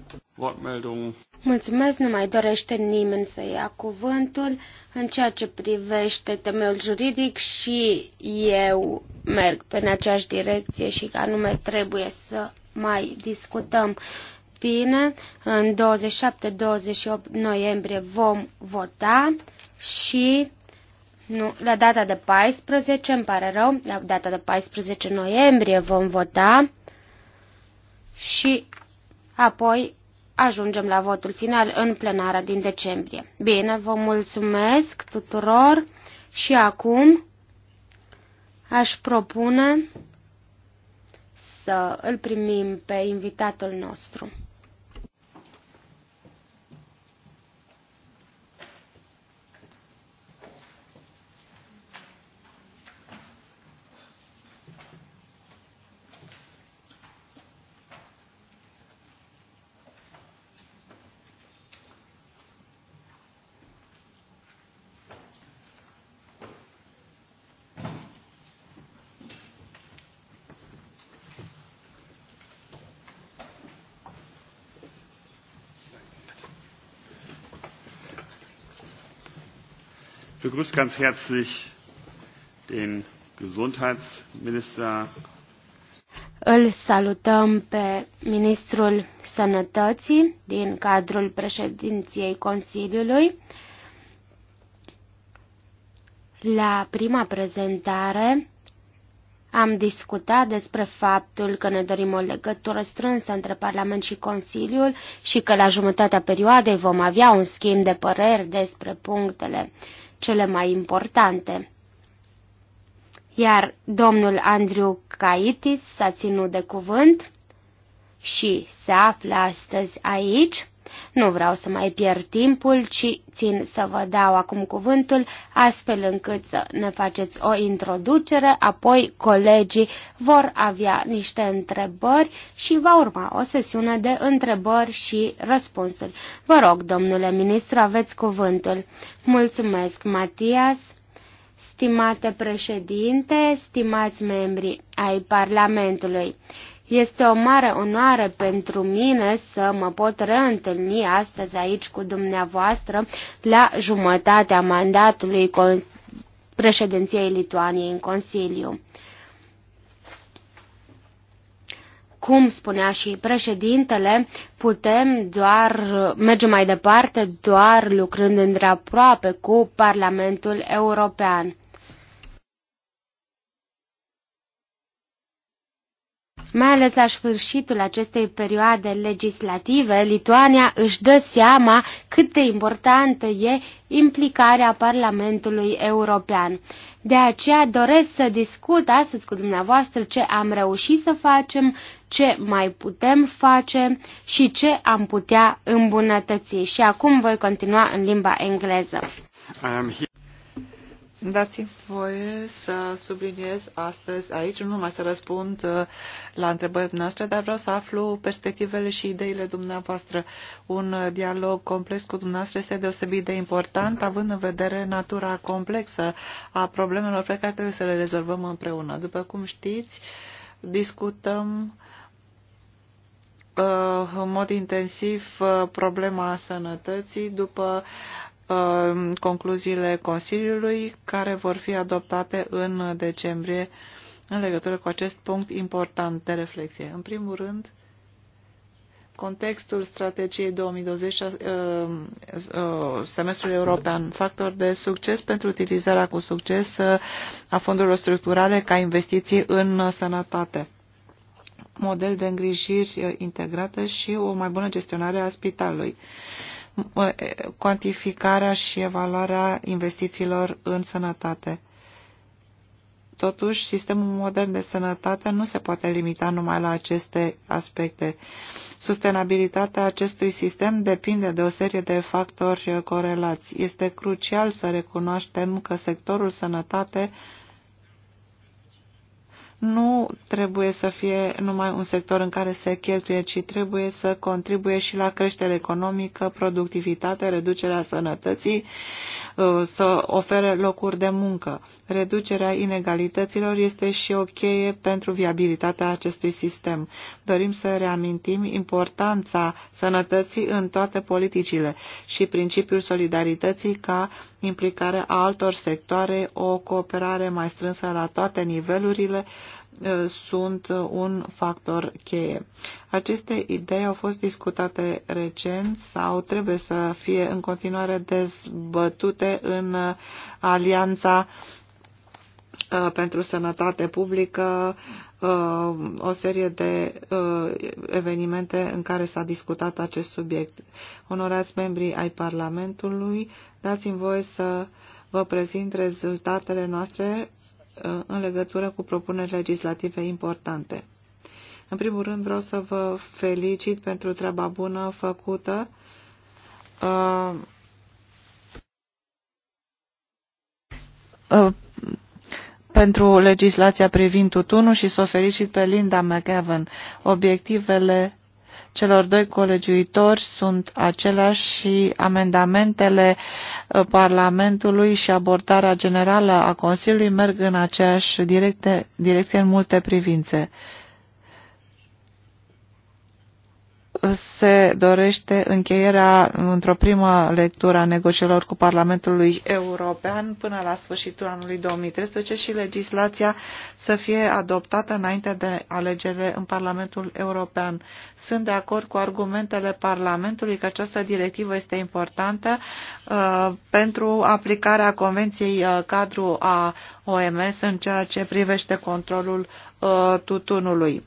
Mulțumesc, nu mai dorește nimeni să ia cuvântul în ceea ce privește temeiul juridic și eu merg pe aceeași direcție și anume trebuie să mai discutăm bine. În 27-28 noiembrie vom vota și nu, la data de 14, îmi pare rău, la data de 14 noiembrie vom vota și apoi ajungem la votul final în plenara din decembrie. Bine, vă mulțumesc tuturor și acum aș propune să îl primim pe invitatul nostru. begrüße ganz herzlich den Gesundheitsminister. Îl salutăm pe Ministrul Sănătății din cadrul președinției Consiliului. La prima prezentare am discutat despre faptul că ne dorim o legătură strânsă între Parlament și Consiliul și că la jumătatea perioadei vom avea un schimb de păreri despre punctele cele mai importante. Iar domnul Andrew Caitis s-a ținut de cuvânt și se află astăzi aici. Nu vreau să mai pierd timpul, ci țin să vă dau acum cuvântul, astfel încât să ne faceți o introducere, apoi colegii vor avea niște întrebări și va urma o sesiune de întrebări și răspunsuri. Vă rog, domnule ministru, aveți cuvântul. Mulțumesc, Matias. Stimate președinte, stimați membri ai Parlamentului, este o mare onoare pentru mine să mă pot reîntâlni astăzi aici cu dumneavoastră la jumătatea mandatului președinției Lituaniei în Consiliu. cum spunea și președintele, putem doar merge mai departe doar lucrând îndreaproape cu Parlamentul European. Mai ales la sfârșitul acestei perioade legislative, Lituania își dă seama cât de importantă e implicarea Parlamentului European. De aceea doresc să discut astăzi cu dumneavoastră ce am reușit să facem, ce mai putem face și ce am putea îmbunătăți. Și acum voi continua în limba engleză. Dați-mi voie să subliniez astăzi aici, nu numai să răspund uh, la întrebările noastre, dar vreau să aflu perspectivele și ideile dumneavoastră. Un uh, dialog complex cu dumneavoastră este deosebit de important, având în vedere natura complexă a problemelor pe care trebuie să le rezolvăm împreună. După cum știți, discutăm uh, în mod intensiv problema sănătății după Uh, concluziile Consiliului care vor fi adoptate în decembrie în legătură cu acest punct important de reflexie. În primul rând, contextul strategiei 2020 uh, uh, semestrul european, factor de succes pentru utilizarea cu succes a fondurilor structurale ca investiții în sănătate model de îngrijiri integrată și o mai bună gestionare a spitalului cuantificarea și evaluarea investițiilor în sănătate. Totuși, sistemul modern de sănătate nu se poate limita numai la aceste aspecte. Sustenabilitatea acestui sistem depinde de o serie de factori corelați. Este crucial să recunoaștem că sectorul sănătate nu trebuie să fie numai un sector în care se cheltuie, ci trebuie să contribuie și la creștere economică, productivitate, reducerea sănătății, Uh, să ofere locuri de muncă. Reducerea inegalităților este și o cheie pentru viabilitatea acestui sistem. Dorim să reamintim importanța sănătății în toate politicile și principiul solidarității ca implicare a altor sectoare, o cooperare mai strânsă la toate nivelurile, sunt un factor cheie. Aceste idei au fost discutate recent sau trebuie să fie în continuare dezbătute în alianța pentru sănătate publică, o serie de evenimente în care s-a discutat acest subiect. Onorați membrii ai Parlamentului, dați-mi voie să vă prezint rezultatele noastre Uh, în legătură cu propuneri legislative importante. În primul rând vreau să vă felicit pentru treaba bună făcută. Uh, uh, pentru legislația privind tutunul și să o felicit pe Linda McGavin. Obiectivele celor doi colegiuitori sunt aceleași și amendamentele uh, Parlamentului și abordarea generală a Consiliului merg în aceeași direcție în multe privințe. se dorește încheierea într-o primă lectură a negocierilor cu Parlamentul European până la sfârșitul anului 2013 și legislația să fie adoptată înainte de alegerile în Parlamentul European. Sunt de acord cu argumentele Parlamentului că această directivă este importantă uh, pentru aplicarea Convenției uh, cadru a OMS în ceea ce privește controlul uh, tutunului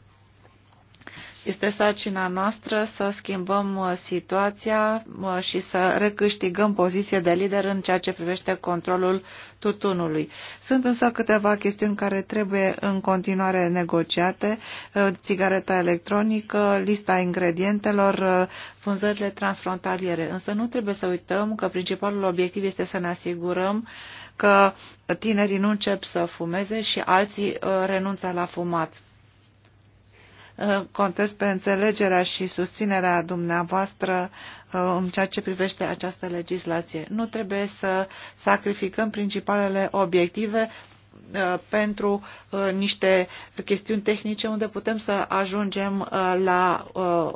este sarcina noastră să schimbăm uh, situația uh, și să recâștigăm poziție de lider în ceea ce privește controlul tutunului. Sunt însă câteva chestiuni care trebuie în continuare negociate. Uh, țigareta electronică, lista ingredientelor, vânzările transfrontaliere. Însă nu trebuie să uităm că principalul obiectiv este să ne asigurăm că tinerii nu încep să fumeze și alții renunță la fumat Uh, contez pe înțelegerea și susținerea dumneavoastră uh, în ceea ce privește această legislație. Nu trebuie să sacrificăm principalele obiective Uh, pentru uh, niște chestiuni tehnice unde putem să ajungem uh, la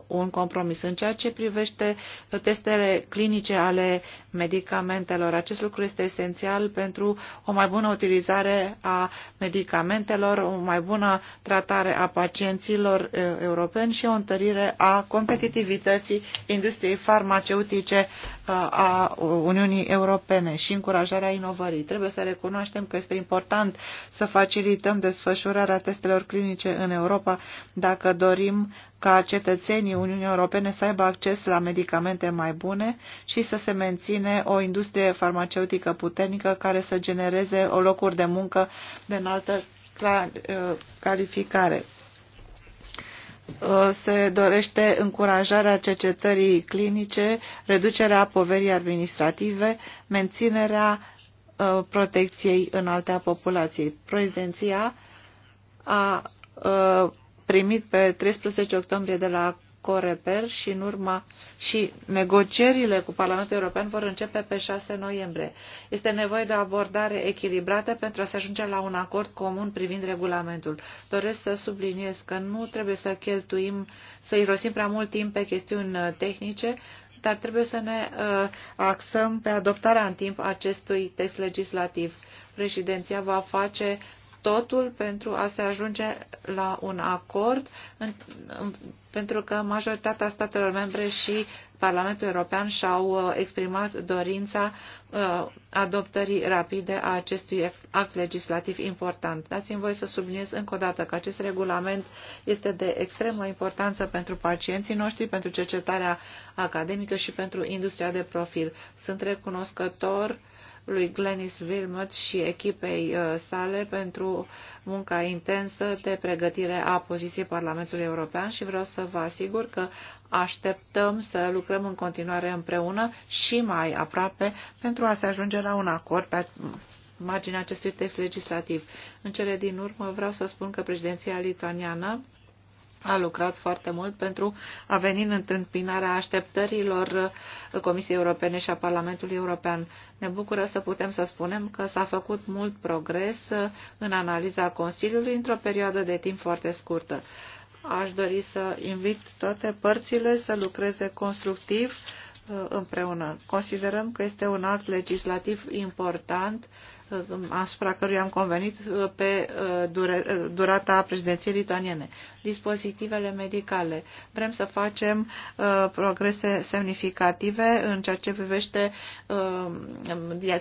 un compromis. În ceea ce privește testele clinice ale medicamentelor, acest lucru este esențial pentru o mai bună utilizare a medicamentelor, o mai bună tratare a pacienților europeni și o întărire a competitivității industriei farmaceutice a Uniunii Europene și încurajarea inovării. Trebuie să recunoaștem că este important important să facilităm desfășurarea testelor clinice în Europa dacă dorim ca cetățenii Uniunii Europene să aibă acces la medicamente mai bune și să se menține o industrie farmaceutică puternică care să genereze o locuri de muncă de înaltă uh, calificare uh, se dorește încurajarea cercetării clinice, reducerea poverii administrative, menținerea Uh, protecției în a populației. Prezidenția a uh, primit pe 13 octombrie de la Coreper și în urma și negocierile cu Parlamentul European vor începe pe 6 noiembrie. Este nevoie de o abordare echilibrată pentru a se ajunge la un acord comun privind regulamentul. Doresc să subliniez că nu trebuie să cheltuim, să irosim prea mult timp pe chestiuni uh, tehnice, dar trebuie să ne uh, axăm pe adoptarea în timp acestui text legislativ. Președinția va face totul pentru a se ajunge la un acord, în, în, pentru că majoritatea statelor membre și Parlamentul European și-au uh, exprimat dorința uh, adoptării rapide a acestui act legislativ important. Dați-mi voi să subliniez încă o dată că acest regulament este de extremă importanță pentru pacienții noștri, pentru cercetarea academică și pentru industria de profil. Sunt recunoscător uh, lui Glenis Wilmot și echipei uh, sale pentru munca intensă de pregătire a poziției Parlamentului European și vreau să vă asigur că așteptăm să lucrăm în continuare împreună și mai aproape pentru a se ajunge la un acord pe marginea acestui text legislativ. În cele din urmă vreau să spun că președinția lituaniană a lucrat foarte mult pentru a veni în întâmpinarea așteptărilor Comisiei Europene și a Parlamentului European. Ne bucură să putem să spunem că s-a făcut mult progres în analiza Consiliului într-o perioadă de timp foarte scurtă. Aș dori să invit toate părțile să lucreze constructiv uh, împreună. Considerăm că este un act legislativ important asupra căruia am convenit uh, pe uh, uh, durata președinției lituaniene. Dispozitivele medicale. Vrem să facem progrese semnificative în ceea ce privește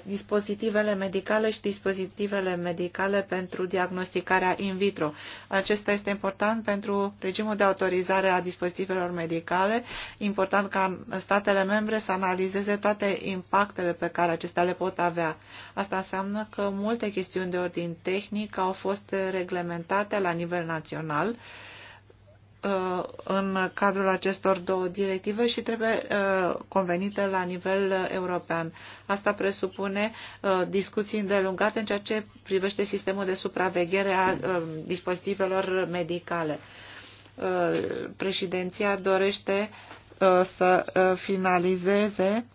dispozitivele medicale și dispozitivele medicale pentru diagnosticarea in vitro. Acesta este important pentru regimul de autorizare a dispozitivelor medicale. Important ca statele membre să analizeze toate impactele pe care acestea le pot avea. Asta înseamnă înseamnă că multe chestiuni de ordin tehnic au fost reglementate la nivel național uh, în cadrul acestor două directive și trebuie uh, convenite la nivel european. Asta presupune uh, discuții îndelungate în ceea ce privește sistemul de supraveghere a dispozitivelor medicale. Președinția dorește să finalizeze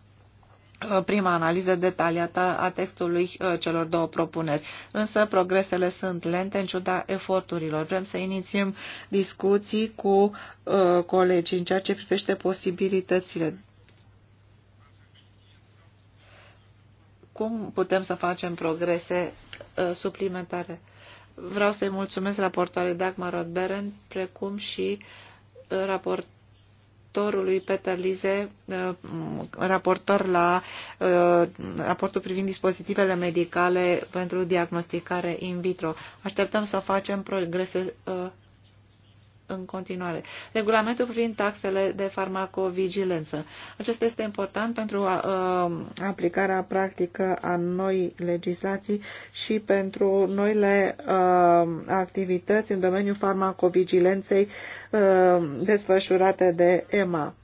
Uh, prima analiză detaliată a textului uh, celor două propuneri. Însă progresele sunt lente în ciuda eforturilor. Vrem să inițiem discuții cu uh, colegii în ceea ce privește posibilitățile. Cum putem să facem progrese uh, suplimentare? Vreau să-i mulțumesc raportoarei Dagmar Rodberen, precum și uh, raportoarei raportorului Peter Lize, uh, raportor la uh, raportul privind dispozitivele medicale pentru diagnosticare in vitro. Așteptăm să facem progrese uh, în continuare. Regulamentul privind taxele de farmacovigilență. Acesta este important pentru a, uh, a, aplicarea practică a noi legislații și pentru noile a, uh, activități în domeniul farmacovigilenței a, uh, desfășurate de EMA.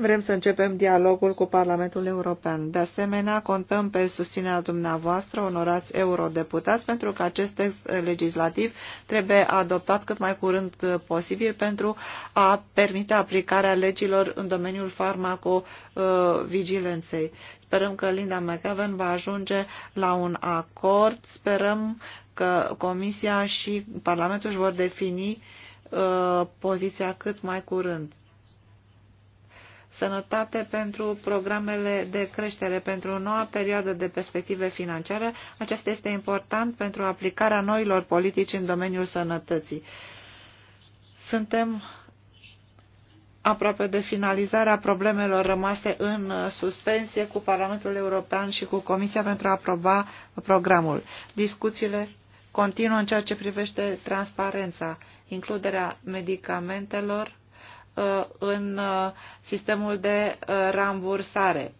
Vrem să începem dialogul cu Parlamentul European. De asemenea, contăm pe susținerea dumneavoastră, onorați eurodeputați, pentru că acest text legislativ trebuie adoptat cât mai curând posibil pentru a permite aplicarea legilor în domeniul farmacovigilenței. Uh, Sperăm că Linda McEwen va ajunge la un acord. Sperăm că Comisia și Parlamentul își vor defini uh, poziția cât mai curând sănătate pentru programele de creștere, pentru noua perioadă de perspective financiare. Aceasta este important pentru aplicarea noilor politici în domeniul sănătății. Suntem aproape de finalizarea problemelor rămase în suspensie cu Parlamentul European și cu Comisia pentru a aproba programul. Discuțiile continuă în ceea ce privește transparența, includerea medicamentelor Uh, în uh, sistemul de uh, rambursare.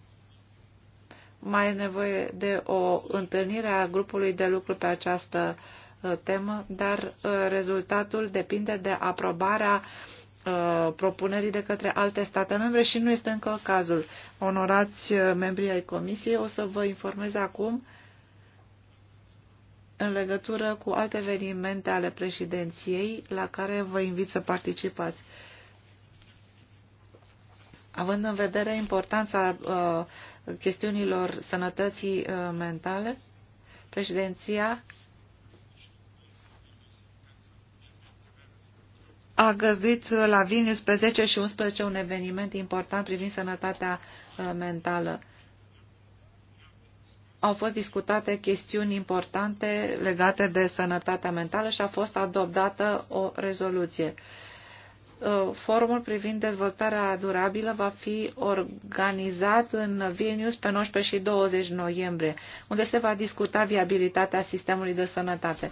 Mai e nevoie de o întâlnire a grupului de lucru pe această temă, dar rezultatul depinde de aprobarea propunerii de către alte state membre și nu este încă cazul. Onorați membrii ai Comisiei, o să vă informez acum în legătură cu alte evenimente ale președinției la care vă invit să participați având în vedere importanța uh, chestiunilor sănătății uh, mentale, președinția a găzduit la Vilnius pe 10 și 11 un eveniment important privind sănătatea uh, mentală. Au fost discutate chestiuni importante legate de sănătatea mentală și a fost adoptată o rezoluție. Uh, Uh, forumul privind dezvoltarea durabilă va fi organizat în Vilnius pe 19 și 20 noiembrie, unde se va discuta viabilitatea sistemului de sănătate.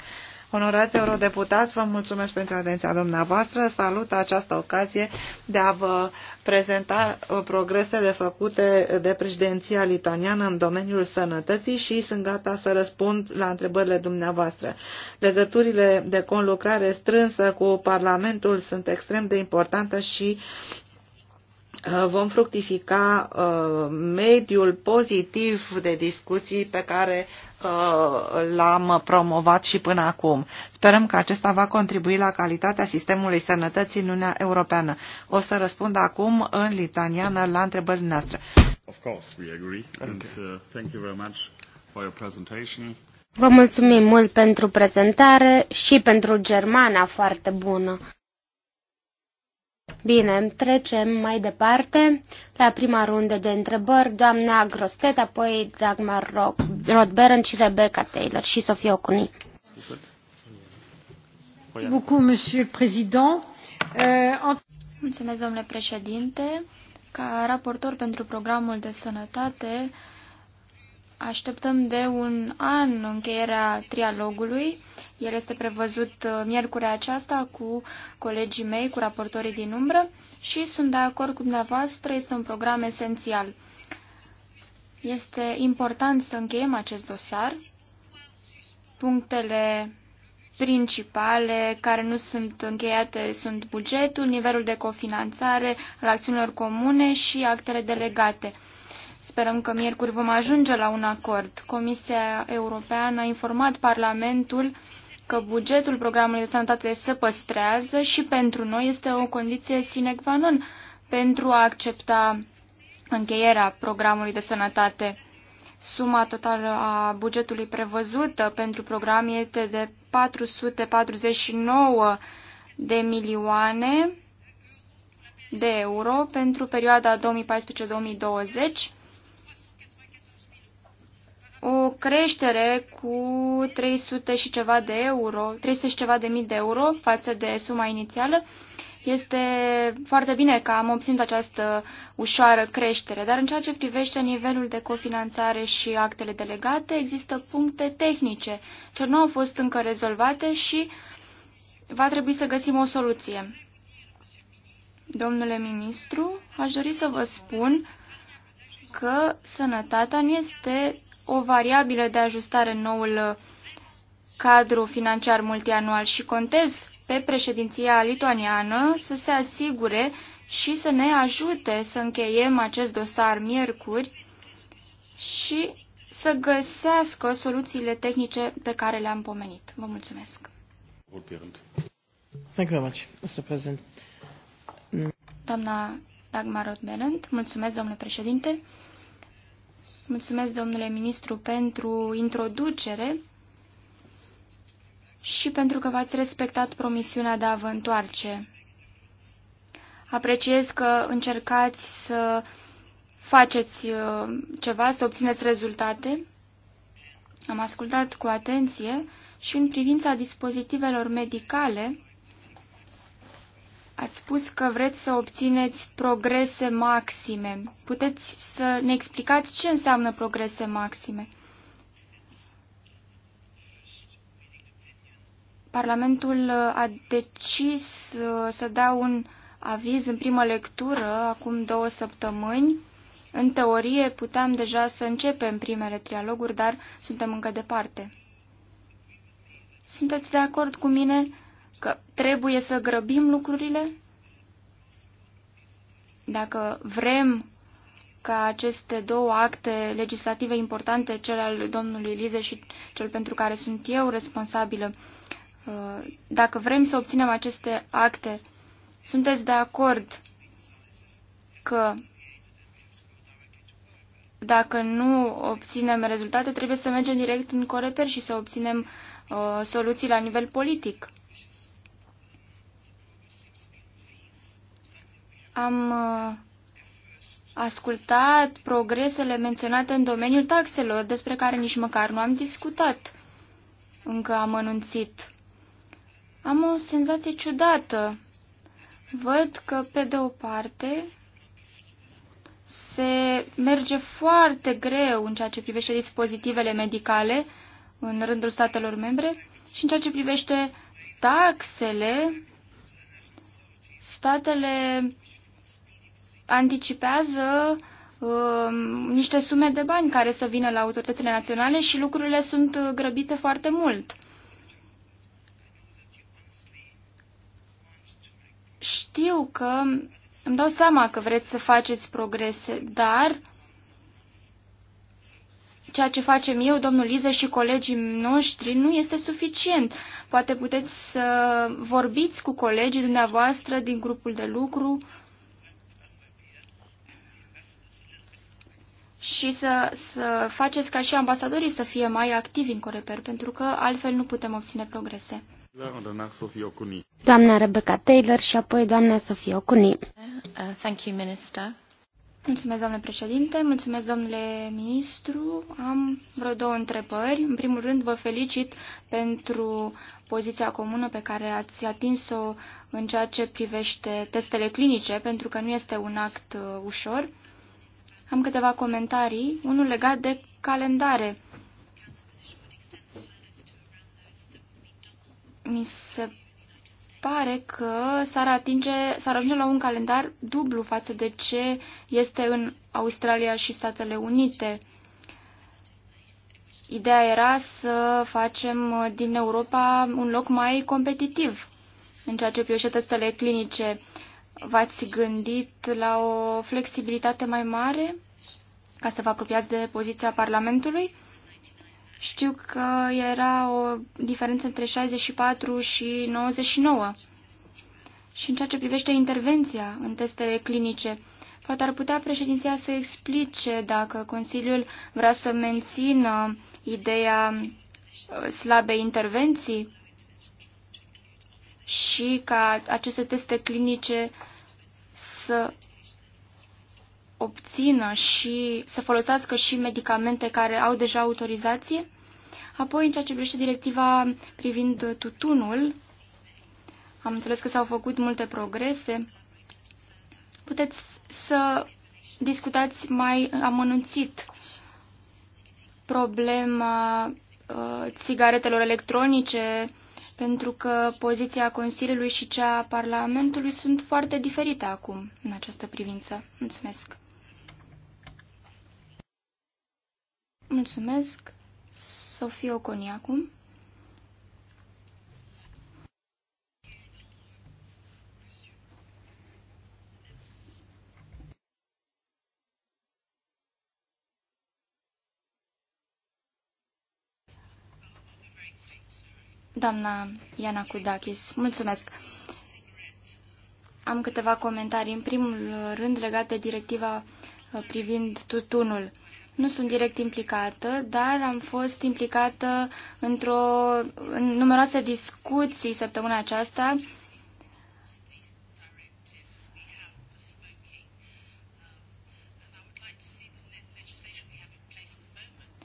Onorați eurodeputați, vă mulțumesc pentru atenția dumneavoastră. Salut această ocazie de a vă prezenta progresele făcute de președinția litaniană în domeniul sănătății și sunt gata să răspund la întrebările dumneavoastră. Legăturile de conlucrare strânsă cu Parlamentul sunt extrem de importante și uh, vom fructifica uh, mediul pozitiv de discuții pe care Uh, l-am promovat și până acum. Sperăm că acesta va contribui la calitatea sistemului sănătății în Uniunea Europeană. O să răspund acum în litaniană la întrebările noastre. Of course, we agree. And, uh, thank you very much for your presentation. Vă mulțumim mult pentru prezentare și pentru germana foarte bună. Bine, trecem mai departe la prima rundă de întrebări. Doamna Grostet, apoi Dagmar Rock Rod Barron și Rebecca Taylor și Sofia Ocuni. Euh, Mulțumesc, domnule președinte. Ca raportor pentru programul de sănătate, așteptăm de un an încheierea trialogului. El este prevăzut uh, miercurea aceasta cu colegii mei, cu raportorii din umbră și sunt de acord cu dumneavoastră, este un program esențial. Este important să încheiem acest dosar. Punctele principale care nu sunt încheiate sunt bugetul, nivelul de cofinanțare acțiunilor comune și actele delegate. Sperăm că miercuri vom ajunge la un acord. Comisia Europeană a informat Parlamentul că bugetul programului de sănătate se păstrează și pentru noi este o condiție sine qua non pentru a accepta încheierea programului de sănătate. Suma totală a bugetului prevăzută pentru program este de 449 de milioane de euro pentru perioada 2014-2020, o creștere cu 300 și ceva de euro, 300 și ceva de mii de euro față de suma inițială, este foarte bine că am obținut această ușoară creștere, dar în ceea ce privește nivelul de cofinanțare și actele delegate, există puncte tehnice ce nu au fost încă rezolvate și va trebui să găsim o soluție. Domnule ministru, aș dori să vă spun că sănătatea nu este o variabilă de ajustare în noul cadru financiar multianual și contez pe președinția lituaniană să se asigure și să ne ajute să încheiem acest dosar miercuri și să găsească soluțiile tehnice pe care le-am pomenit. Vă mulțumesc. Thank you very much, Mr. President. Doamna Dagmar Rodmerent, mulțumesc, domnule președinte. Mulțumesc, domnule ministru, pentru introducere și pentru că v-ați respectat promisiunea de a vă întoarce. Apreciez că încercați să faceți uh, ceva, să obțineți rezultate. Am ascultat cu atenție și în privința dispozitivelor medicale, ați spus că vreți să obțineți progrese maxime. Puteți să ne explicați ce înseamnă progrese maxime? Parlamentul uh, a decis uh, să dea un aviz în primă lectură acum două săptămâni. În teorie puteam deja să începem primele trialoguri, dar suntem încă departe. Sunteți de acord cu mine că trebuie să grăbim lucrurile? Dacă vrem ca aceste două acte legislative importante, cel al domnului Lize și cel pentru care sunt eu responsabilă, Uh, dacă vrem să obținem aceste acte, sunteți de acord că dacă nu obținem rezultate, trebuie să mergem direct în Coreper și să obținem uh, soluții la nivel politic. Am uh, ascultat progresele menționate în domeniul taxelor, despre care nici măcar nu am discutat. Încă am anunțit am o senzație ciudată. Văd că, pe de o parte, se merge foarte greu în ceea ce privește dispozitivele medicale în rândul statelor membre și în ceea ce privește taxele, statele anticipează uh, niște sume de bani care să vină la autoritățile naționale și lucrurile sunt grăbite foarte mult. știu că îmi dau seama că vreți să faceți progrese, dar ceea ce facem eu, domnul Liză și colegii noștri nu este suficient. Poate puteți să vorbiți cu colegii dumneavoastră din grupul de lucru și să, să faceți ca și ambasadorii să fie mai activi în Coreper, pentru că altfel nu putem obține progrese. Doamna Rebecca Taylor și apoi doamna Sofia Ocuni. Uh, thank you, Minister. Mulțumesc, doamne președinte, mulțumesc, domnule ministru. Am vreo două întrebări. În primul rând, vă felicit pentru poziția comună pe care ați atins-o în ceea ce privește testele clinice, pentru că nu este un act uh, ușor. Am câteva comentarii, unul legat de calendare. mi se pare că s-ar, atinge, s-ar ajunge la un calendar dublu față de ce este în Australia și Statele Unite. Ideea era să facem din Europa un loc mai competitiv în ceea ce privește testele clinice. V-ați gândit la o flexibilitate mai mare ca să vă apropiați de poziția Parlamentului? Știu că era o diferență între 64 și 99. Și în ceea ce privește intervenția în testele clinice, poate ar putea președinția să explice dacă Consiliul vrea să mențină ideea uh, slabei intervenții și ca aceste teste clinice să obțină și să folosească și medicamente care au deja autorizație. Apoi, în ceea ce privește directiva privind tutunul, am înțeles că s-au făcut multe progrese. Puteți să discutați mai amănunțit problema uh, țigaretelor electronice, pentru că poziția Consiliului și cea a Parlamentului sunt foarte diferite acum în această privință. Mulțumesc! Mulțumesc, Sofie Oconiacu. Doamna Iana Kudakis, mulțumesc. Am câteva comentarii. În primul rând, legate de directiva uh, privind tutunul. Nu sunt direct implicată, dar am fost implicată într-o în numeroase discuții săptămâna aceasta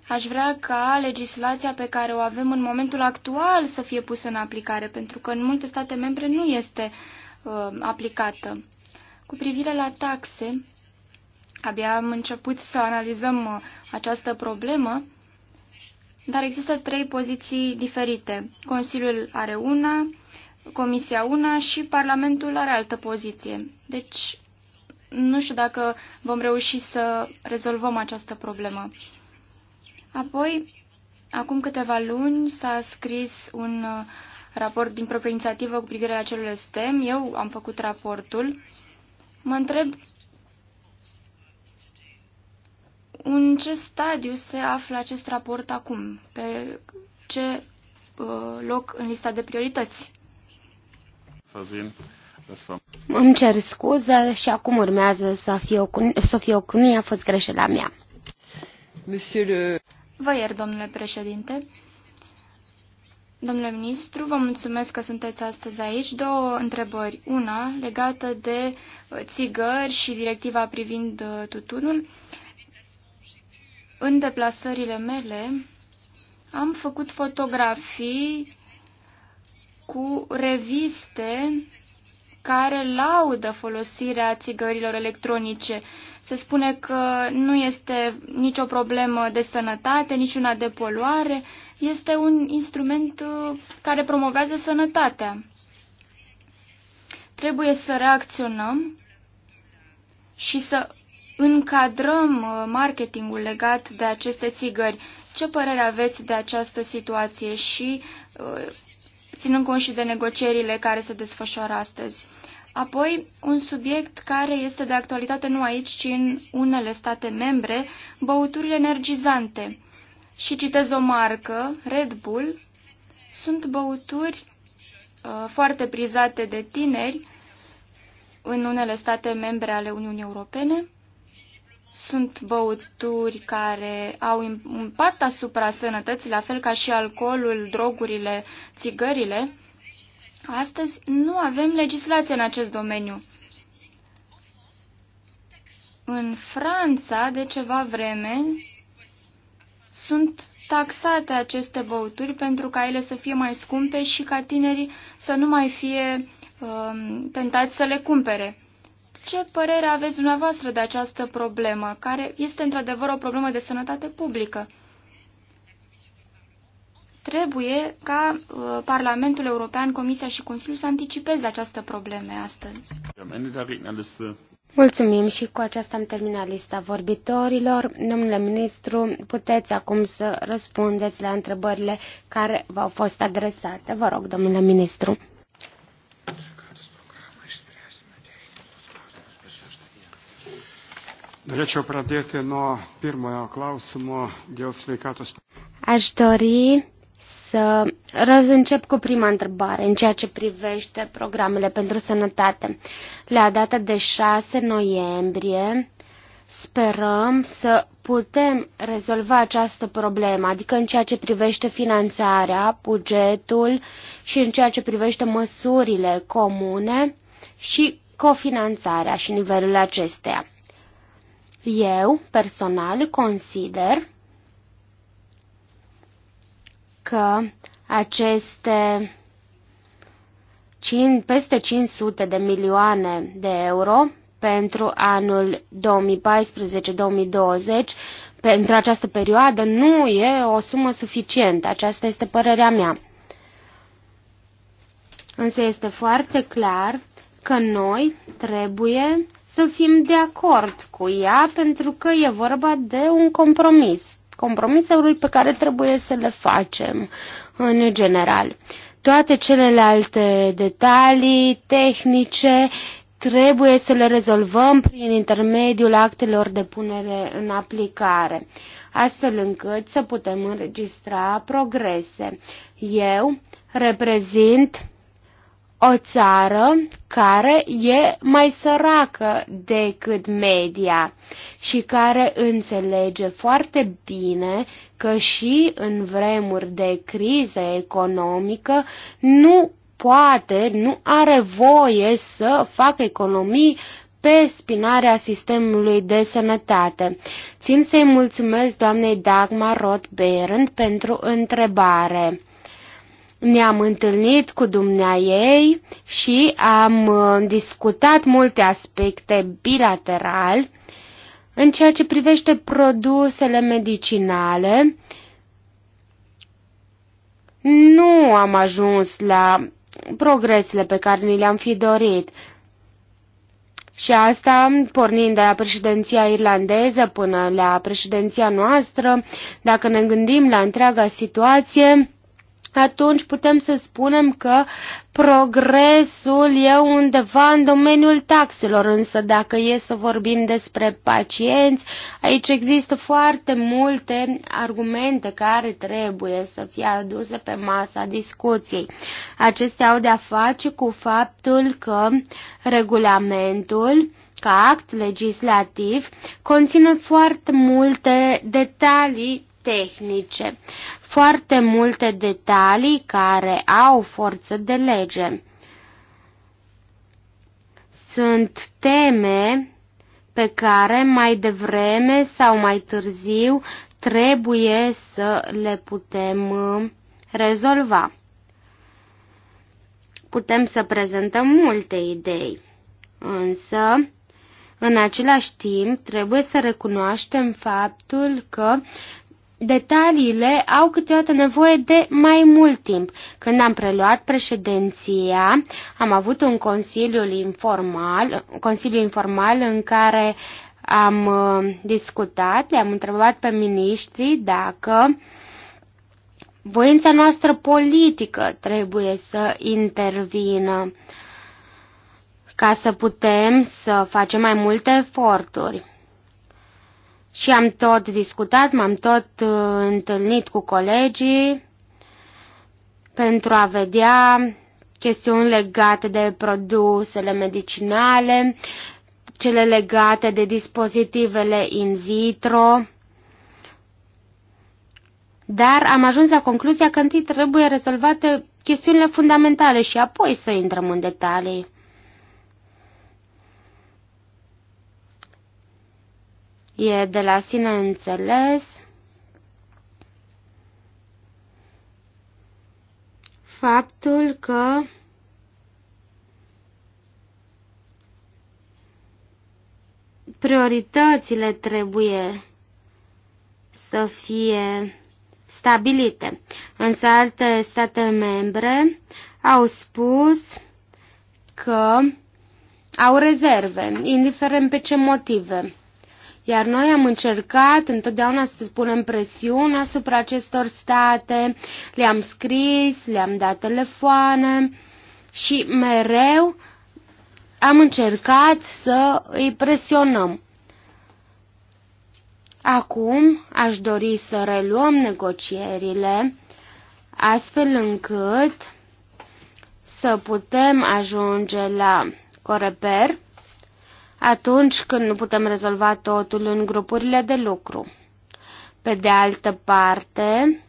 Aș vrea ca legislația pe care o avem în momentul actual să fie pusă în aplicare, pentru că în multe state membre nu este uh, aplicată. Cu privire la taxe, Abia am început să analizăm uh, această problemă, dar există trei poziții diferite. Consiliul are una, Comisia una și Parlamentul are altă poziție. Deci, nu știu dacă vom reuși să rezolvăm această problemă. Apoi, acum câteva luni s-a scris un uh, raport din proprie inițiativă cu privire la celule STEM. Eu am făcut raportul. Mă întreb în ce stadiu se află acest raport acum? Pe ce uh, loc în lista de priorități? Îmi cer scuză și acum urmează să să fie fie o, o Ocuni, a fost greșeala mea. Monsieur le... Vă ier, domnule președinte. Domnule ministru, vă mulțumesc că sunteți astăzi aici. Două întrebări. Una legată de uh, țigări și directiva privind uh, tutunul. În deplasările mele am făcut fotografii cu reviste care laudă folosirea țigărilor electronice. Se spune că nu este nicio problemă de sănătate, nici una de poluare, este un instrument uh, care promovează sănătatea. Trebuie să reacționăm și să încadrăm uh, marketingul legat de aceste țigări. Ce părere aveți de această situație și uh, ținând cont și de negocierile care se desfășoară astăzi? Apoi, un subiect care este de actualitate nu aici, ci în unele state membre, băuturile energizante. Și citez o marcă, Red Bull, sunt băuturi uh, foarte prizate de tineri în unele state membre ale Uniunii Europene. Sunt băuturi care au impact asupra sănătății, la fel ca și alcoolul, drogurile, țigările. Astăzi nu avem legislație în acest domeniu. În Franța, de ceva vreme, sunt taxate aceste băuturi pentru ca ele să fie mai scumpe și ca tinerii să nu mai fie uh, tentați să le cumpere. Ce părere aveți dumneavoastră de această problemă, care este într-adevăr o problemă de sănătate publică? Trebuie ca uh, Parlamentul European, Comisia și Consiliul să anticipeze această probleme astăzi. Mulțumim și cu aceasta am terminat lista vorbitorilor. Domnule ministru, puteți acum să răspundeți la întrebările care v-au fost adresate. Vă rog, domnule ministru. Norėčiau pradėti nuo pirmojo klausimo dėl sveikatos. Aș dori să răzîncep cu prima întrebare în ceea ce privește programele pentru sănătate. La data de 6 noiembrie sperăm să putem rezolva această problemă, adică în ceea ce privește finanțarea, bugetul și în ceea ce privește măsurile comune și cofinanțarea și nivelul acesteia. Eu, personal, consider că aceste peste 500 de milioane de euro pentru anul 2014-2020, pentru această perioadă, nu e o sumă suficientă. Aceasta este părerea mea. Însă este foarte clar că noi trebuie să fim de acord cu ea, pentru că e vorba de un compromis, compromisul pe care trebuie să le facem în general. Toate celelalte detalii tehnice trebuie să le rezolvăm prin intermediul actelor de punere în aplicare, astfel încât să putem înregistra progrese. Eu reprezint o țară care e mai săracă decât media și care înțelege foarte bine că și în vremuri de criză economică nu poate, nu are voie să facă economii pe spinarea sistemului de sănătate. Țin să-i mulțumesc doamnei Dagmar Roth-Berend pentru întrebare ne-am întâlnit cu dumneaei și am uh, discutat multe aspecte bilateral în ceea ce privește produsele medicinale. Nu am ajuns la progresele pe care ni le-am fi dorit. Și asta pornind de la președinția irlandeză până la președinția noastră, dacă ne gândim la întreaga situație, atunci putem să spunem că progresul e undeva în domeniul taxelor, însă dacă e să vorbim despre pacienți, aici există foarte multe argumente care trebuie să fie aduse pe masa discuției. Acestea au de-a face cu faptul că regulamentul ca act legislativ conține foarte multe detalii tehnice foarte multe detalii care au forță de lege. Sunt teme pe care mai devreme sau mai târziu trebuie să le putem uh, rezolva. Putem să prezentăm multe idei, însă în același timp, trebuie să recunoaștem faptul că detaliile au câteodată nevoie de mai mult timp. Când am preluat președinția, am avut un consiliu informal, un consiliu informal în care am uh, discutat, le-am întrebat pe miniștri dacă voința noastră politică trebuie să intervină ca să putem să facem mai multe eforturi. Și am tot discutat, m-am tot uh, întâlnit cu colegii pentru a vedea chestiuni legate de produsele medicinale, cele legate de dispozitivele in vitro. Dar am ajuns la concluzia că întâi trebuie rezolvate chestiunile fundamentale și apoi să intrăm în detalii. E de la sine înțeles faptul că prioritățile trebuie să fie stabilite. Însă alte state membre au spus că au rezerve, indiferent pe ce motive. Iar noi am încercat întotdeauna să spunem presiune asupra acestor state, le-am scris, le-am dat telefoane și mereu am încercat să îi presionăm. Acum aș dori să reluăm negocierile astfel încât să putem ajunge la Coreper atunci când nu putem rezolva totul în grupurile de lucru. Pe de altă parte,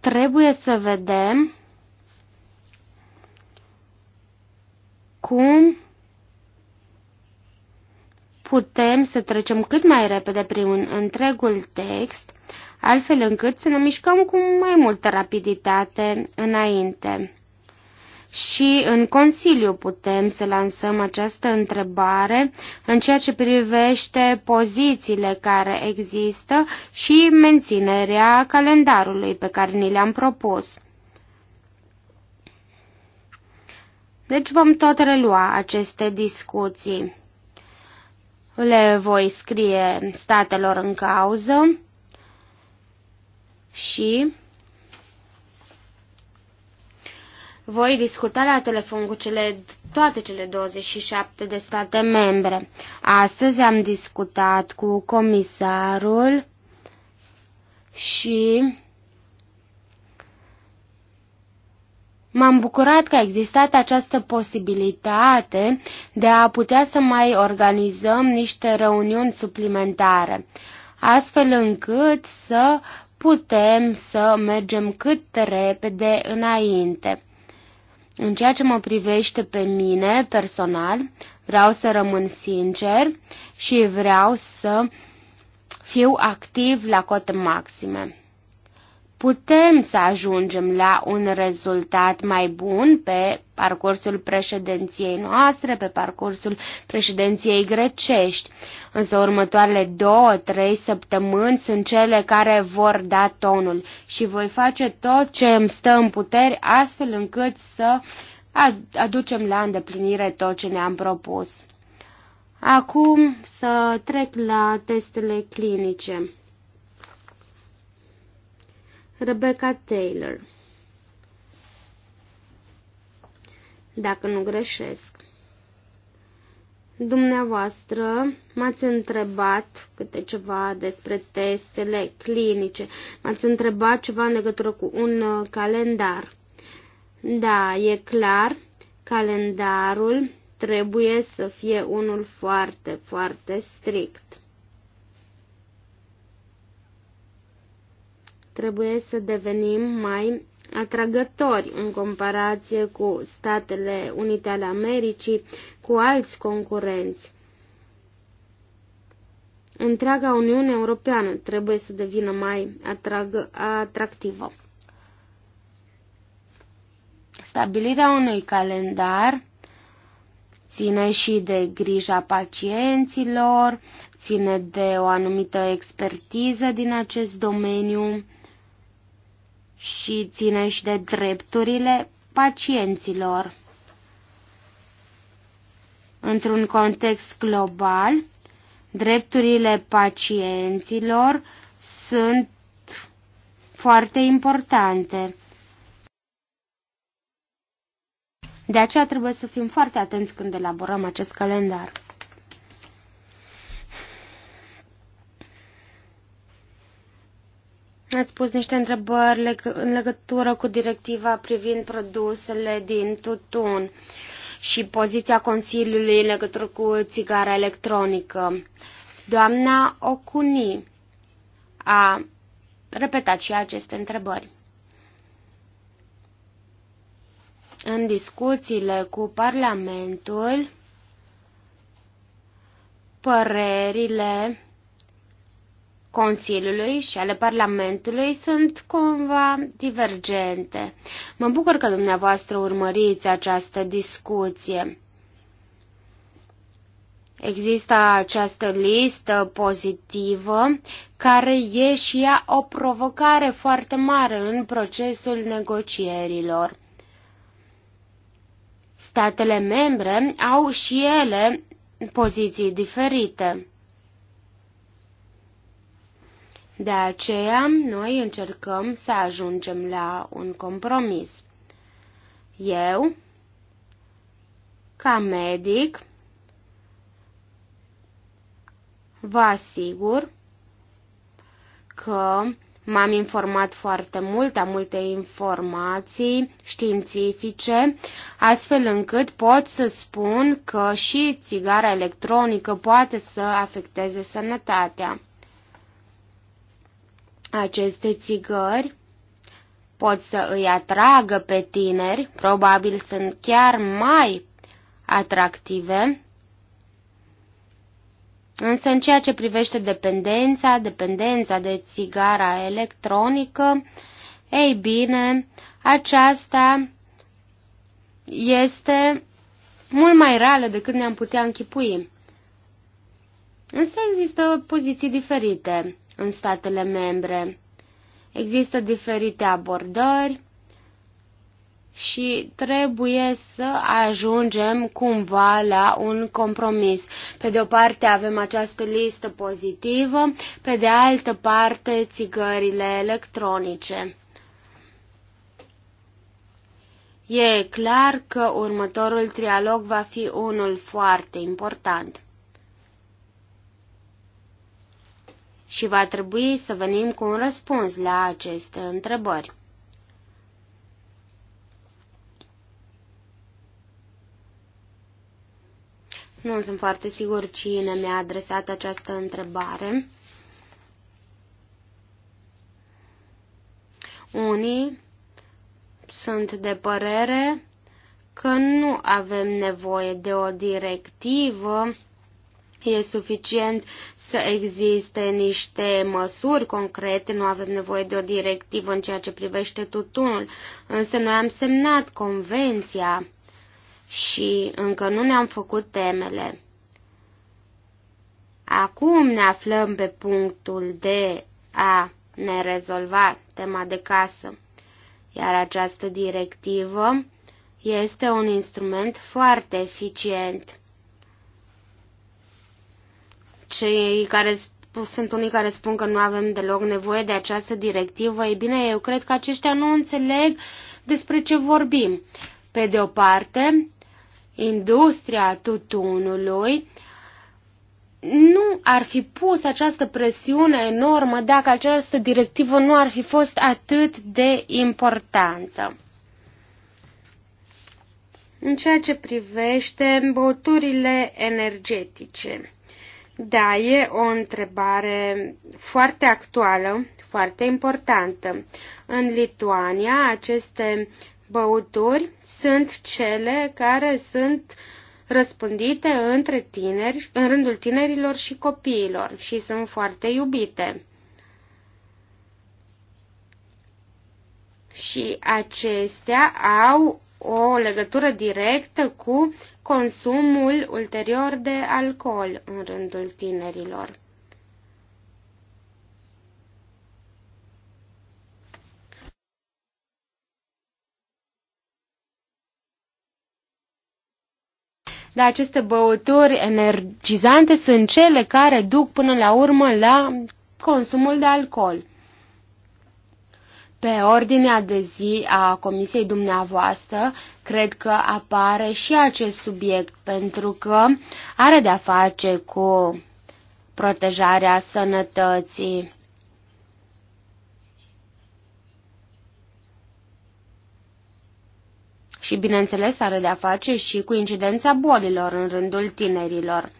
trebuie să vedem cum putem să trecem cât mai repede prin întregul text, altfel încât să ne mișcăm cu mai multă rapiditate înainte și în Consiliu putem să lansăm această întrebare în ceea ce privește pozițiile care există și menținerea calendarului pe care ni le-am propus. Deci vom tot relua aceste discuții. Le voi scrie statelor în cauză și Voi discuta la telefon cu cele, toate cele 27 de state membre. Astăzi am discutat cu comisarul și M-am bucurat că a existat această posibilitate de a putea să mai organizăm niște reuniuni suplimentare, astfel încât să putem să mergem cât repede înainte. În ceea ce mă privește pe mine personal, vreau să rămân sincer și vreau să fiu activ la cote maxime putem să ajungem la un rezultat mai bun pe parcursul președinției noastre, pe parcursul președinției grecești. Însă următoarele două, trei săptămâni sunt cele care vor da tonul și voi face tot ce îmi stă în puteri astfel încât să aducem la îndeplinire tot ce ne-am propus. Acum să trec la testele clinice. Rebecca Taylor. Dacă nu greșesc. Dumneavoastră m-ați întrebat câte ceva despre testele clinice, m-ați întrebat ceva în legătură cu un uh, calendar. Da, e clar, calendarul trebuie să fie unul foarte, foarte strict. Trebuie să devenim mai atragători în comparație cu Statele Unite ale Americii, cu alți concurenți. Întreaga Uniune Europeană trebuie să devină mai atrag atractivă. Stabilirea unui calendar ține și de grija pacienților, ține de o anumită expertiză din acest domeniu și ține și de drepturile pacienților. Într-un context global, drepturile pacienților sunt foarte importante. De aceea trebuie să fim foarte atenți când elaborăm acest calendar. Ați pus niște întrebări leg- în legătură cu directiva privind produsele din tutun și poziția Consiliului în legătură cu țigara electronică. Doamna Ocuni a repetat și aceste întrebări. În discuțiile cu Parlamentul, părerile Consiliului și ale Parlamentului sunt cumva divergente. Mă bucur că dumneavoastră urmăriți această discuție. Există această listă pozitivă care e și ea o provocare foarte mare în procesul negocierilor. Statele membre au și ele poziții diferite. De aceea, noi încercăm să ajungem la un compromis. Eu, ca medic, vă asigur că m-am informat foarte mult, am multe informații științifice, astfel încât pot să spun că și țigara electronică poate să afecteze sănătatea. Aceste țigări pot să îi atragă pe tineri, probabil sunt chiar mai atractive, însă în ceea ce privește dependența, dependența de țigara electronică, ei bine, aceasta este mult mai reală decât ne-am putea închipui. Însă există poziții diferite în statele membre. Există diferite abordări și trebuie să ajungem cumva la un compromis. Pe de o parte avem această listă pozitivă, pe de altă parte țigările electronice. E clar că următorul trialog va fi unul foarte important. și va trebui să venim cu un răspuns la aceste întrebări. Nu sunt foarte sigur cine mi-a adresat această întrebare. Unii sunt de părere că nu avem nevoie de o directivă E suficient să existe niște măsuri concrete, nu avem nevoie de o directivă în ceea ce privește tutunul, însă noi am semnat convenția și încă nu ne-am făcut temele. Acum ne aflăm pe punctul de a ne rezolva tema de casă, iar această directivă este un instrument foarte eficient cei care sunt unii care spun că nu avem deloc nevoie de această directivă. Ei bine, eu cred că aceștia nu înțeleg despre ce vorbim. Pe de o parte, industria tutunului nu ar fi pus această presiune enormă dacă această directivă nu ar fi fost atât de importantă. În ceea ce privește băuturile energetice. Da, e o întrebare foarte actuală, foarte importantă. În Lituania, aceste băuturi sunt cele care sunt răspândite între tineri, în rândul tinerilor și copiilor și sunt foarte iubite. Și acestea au o legătură directă cu consumul ulterior de alcool în rândul tinerilor. Dar aceste băuturi energizante sunt cele care duc până la urmă la consumul de alcool. Pe ordinea de zi a comisiei dumneavoastră, cred că apare și acest subiect, pentru că are de-a face cu protejarea sănătății. Și, bineînțeles, are de-a face și cu incidența bolilor în rândul tinerilor.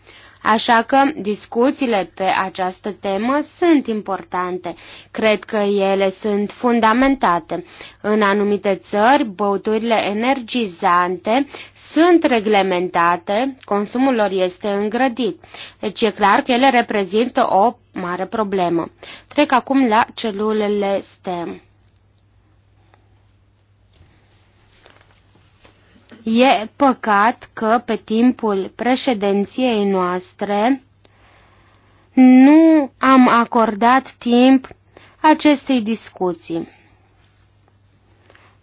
Așa că discuțiile pe această temă sunt importante. Cred că ele sunt fundamentate. În anumite țări, băuturile energizante sunt reglementate, consumul lor este îngrădit. Deci e clar că ele reprezintă o mare problemă. Trec acum la celulele STEM. E păcat că pe timpul președinției noastre nu am acordat timp acestei discuții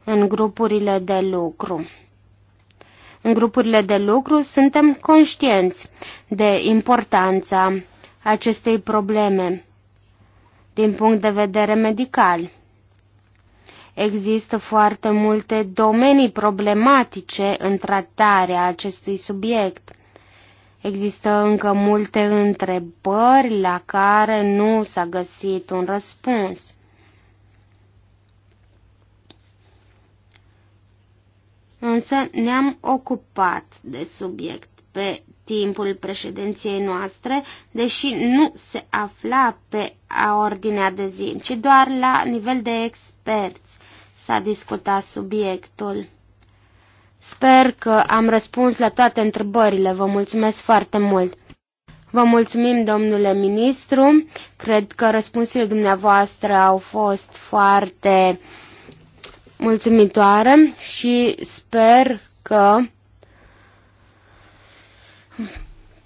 în grupurile de lucru. În grupurile de lucru suntem conștienți de importanța acestei probleme din punct de vedere medical. Există foarte multe domenii problematice în tratarea acestui subiect. Există încă multe întrebări la care nu s-a găsit un răspuns. Însă ne-am ocupat de subiect pe timpul președinției noastre, deși nu se afla pe a ordinea de zi, ci doar la nivel de experți s-a discutat subiectul. Sper că am răspuns la toate întrebările. Vă mulțumesc foarte mult! Vă mulțumim, domnule ministru. Cred că răspunsurile dumneavoastră au fost foarte mulțumitoare și sper că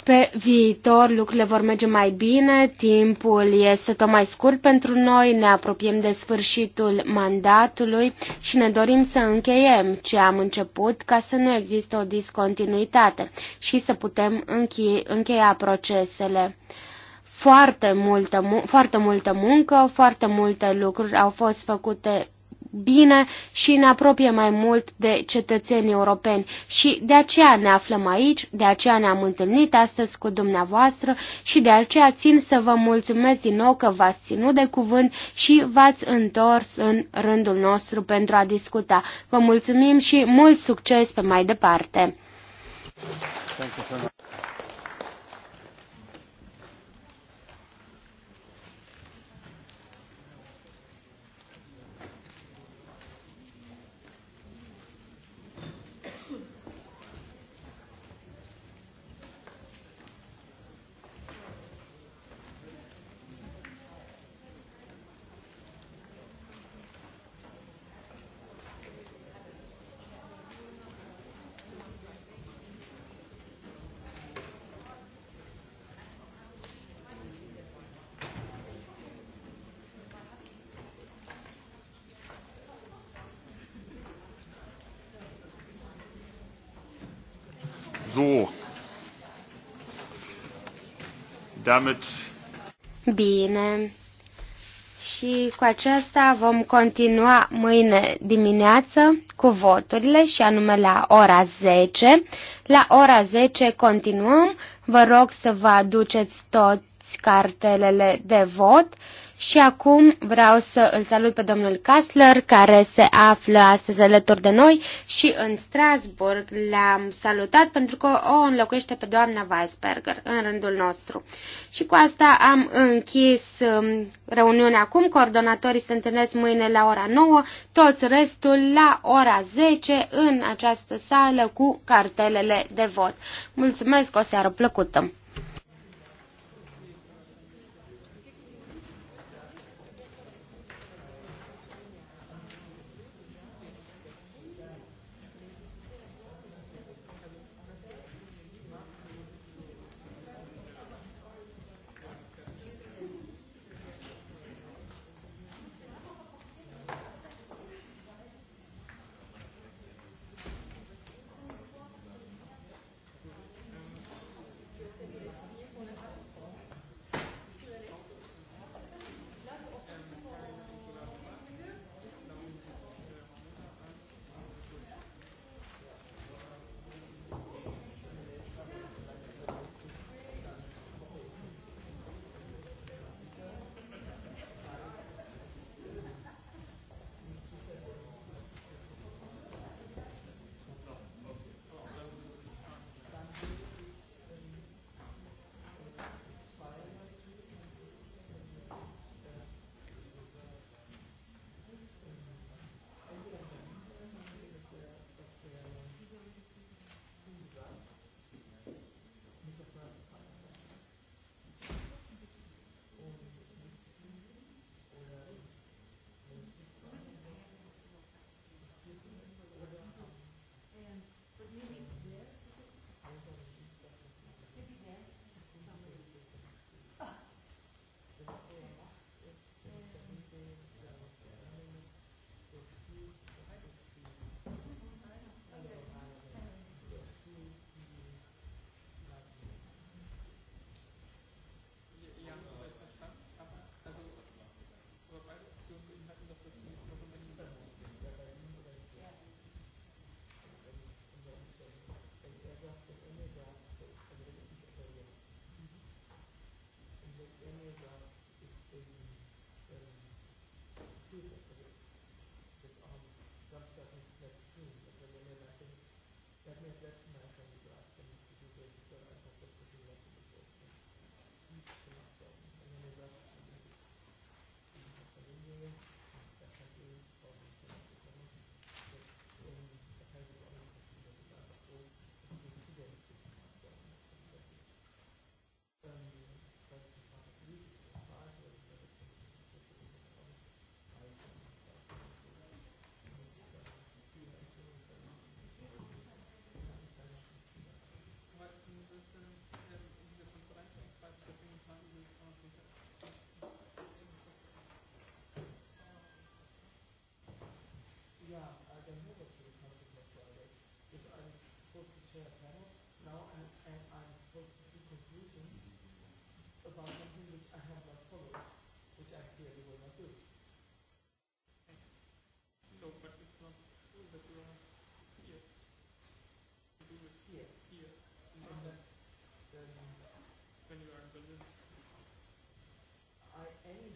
pe viitor lucrurile vor merge mai bine, timpul este tot mai scurt pentru noi, ne apropiem de sfârșitul mandatului și ne dorim să încheiem ce am început ca să nu există o discontinuitate și să putem încheia procesele foarte multă, foarte multă muncă, foarte multe lucruri au fost făcute bine și ne apropie mai mult de cetățenii europeni. Și de aceea ne aflăm aici, de aceea ne-am întâlnit astăzi cu dumneavoastră și de aceea țin să vă mulțumesc din nou că v-ați ținut de cuvânt și v-ați întors în rândul nostru pentru a discuta. Vă mulțumim și mult succes pe mai departe! Thank you so much. damit... Bine. Și cu aceasta vom continua mâine dimineață cu voturile și anume la ora 10. La ora 10 continuăm. Vă rog să vă aduceți toți cartelele de vot și acum vreau să îl salut pe domnul Kassler, care se află astăzi alături de noi și în Strasburg l-am salutat pentru că o înlocuiește pe doamna Weisberger în rândul nostru. Și cu asta am închis um, reuniunea acum. Coordonatorii se întâlnesc mâine la ora 9, toți restul la ora 10 în această sală cu cartelele de vot. Mulțumesc, o seară plăcută! any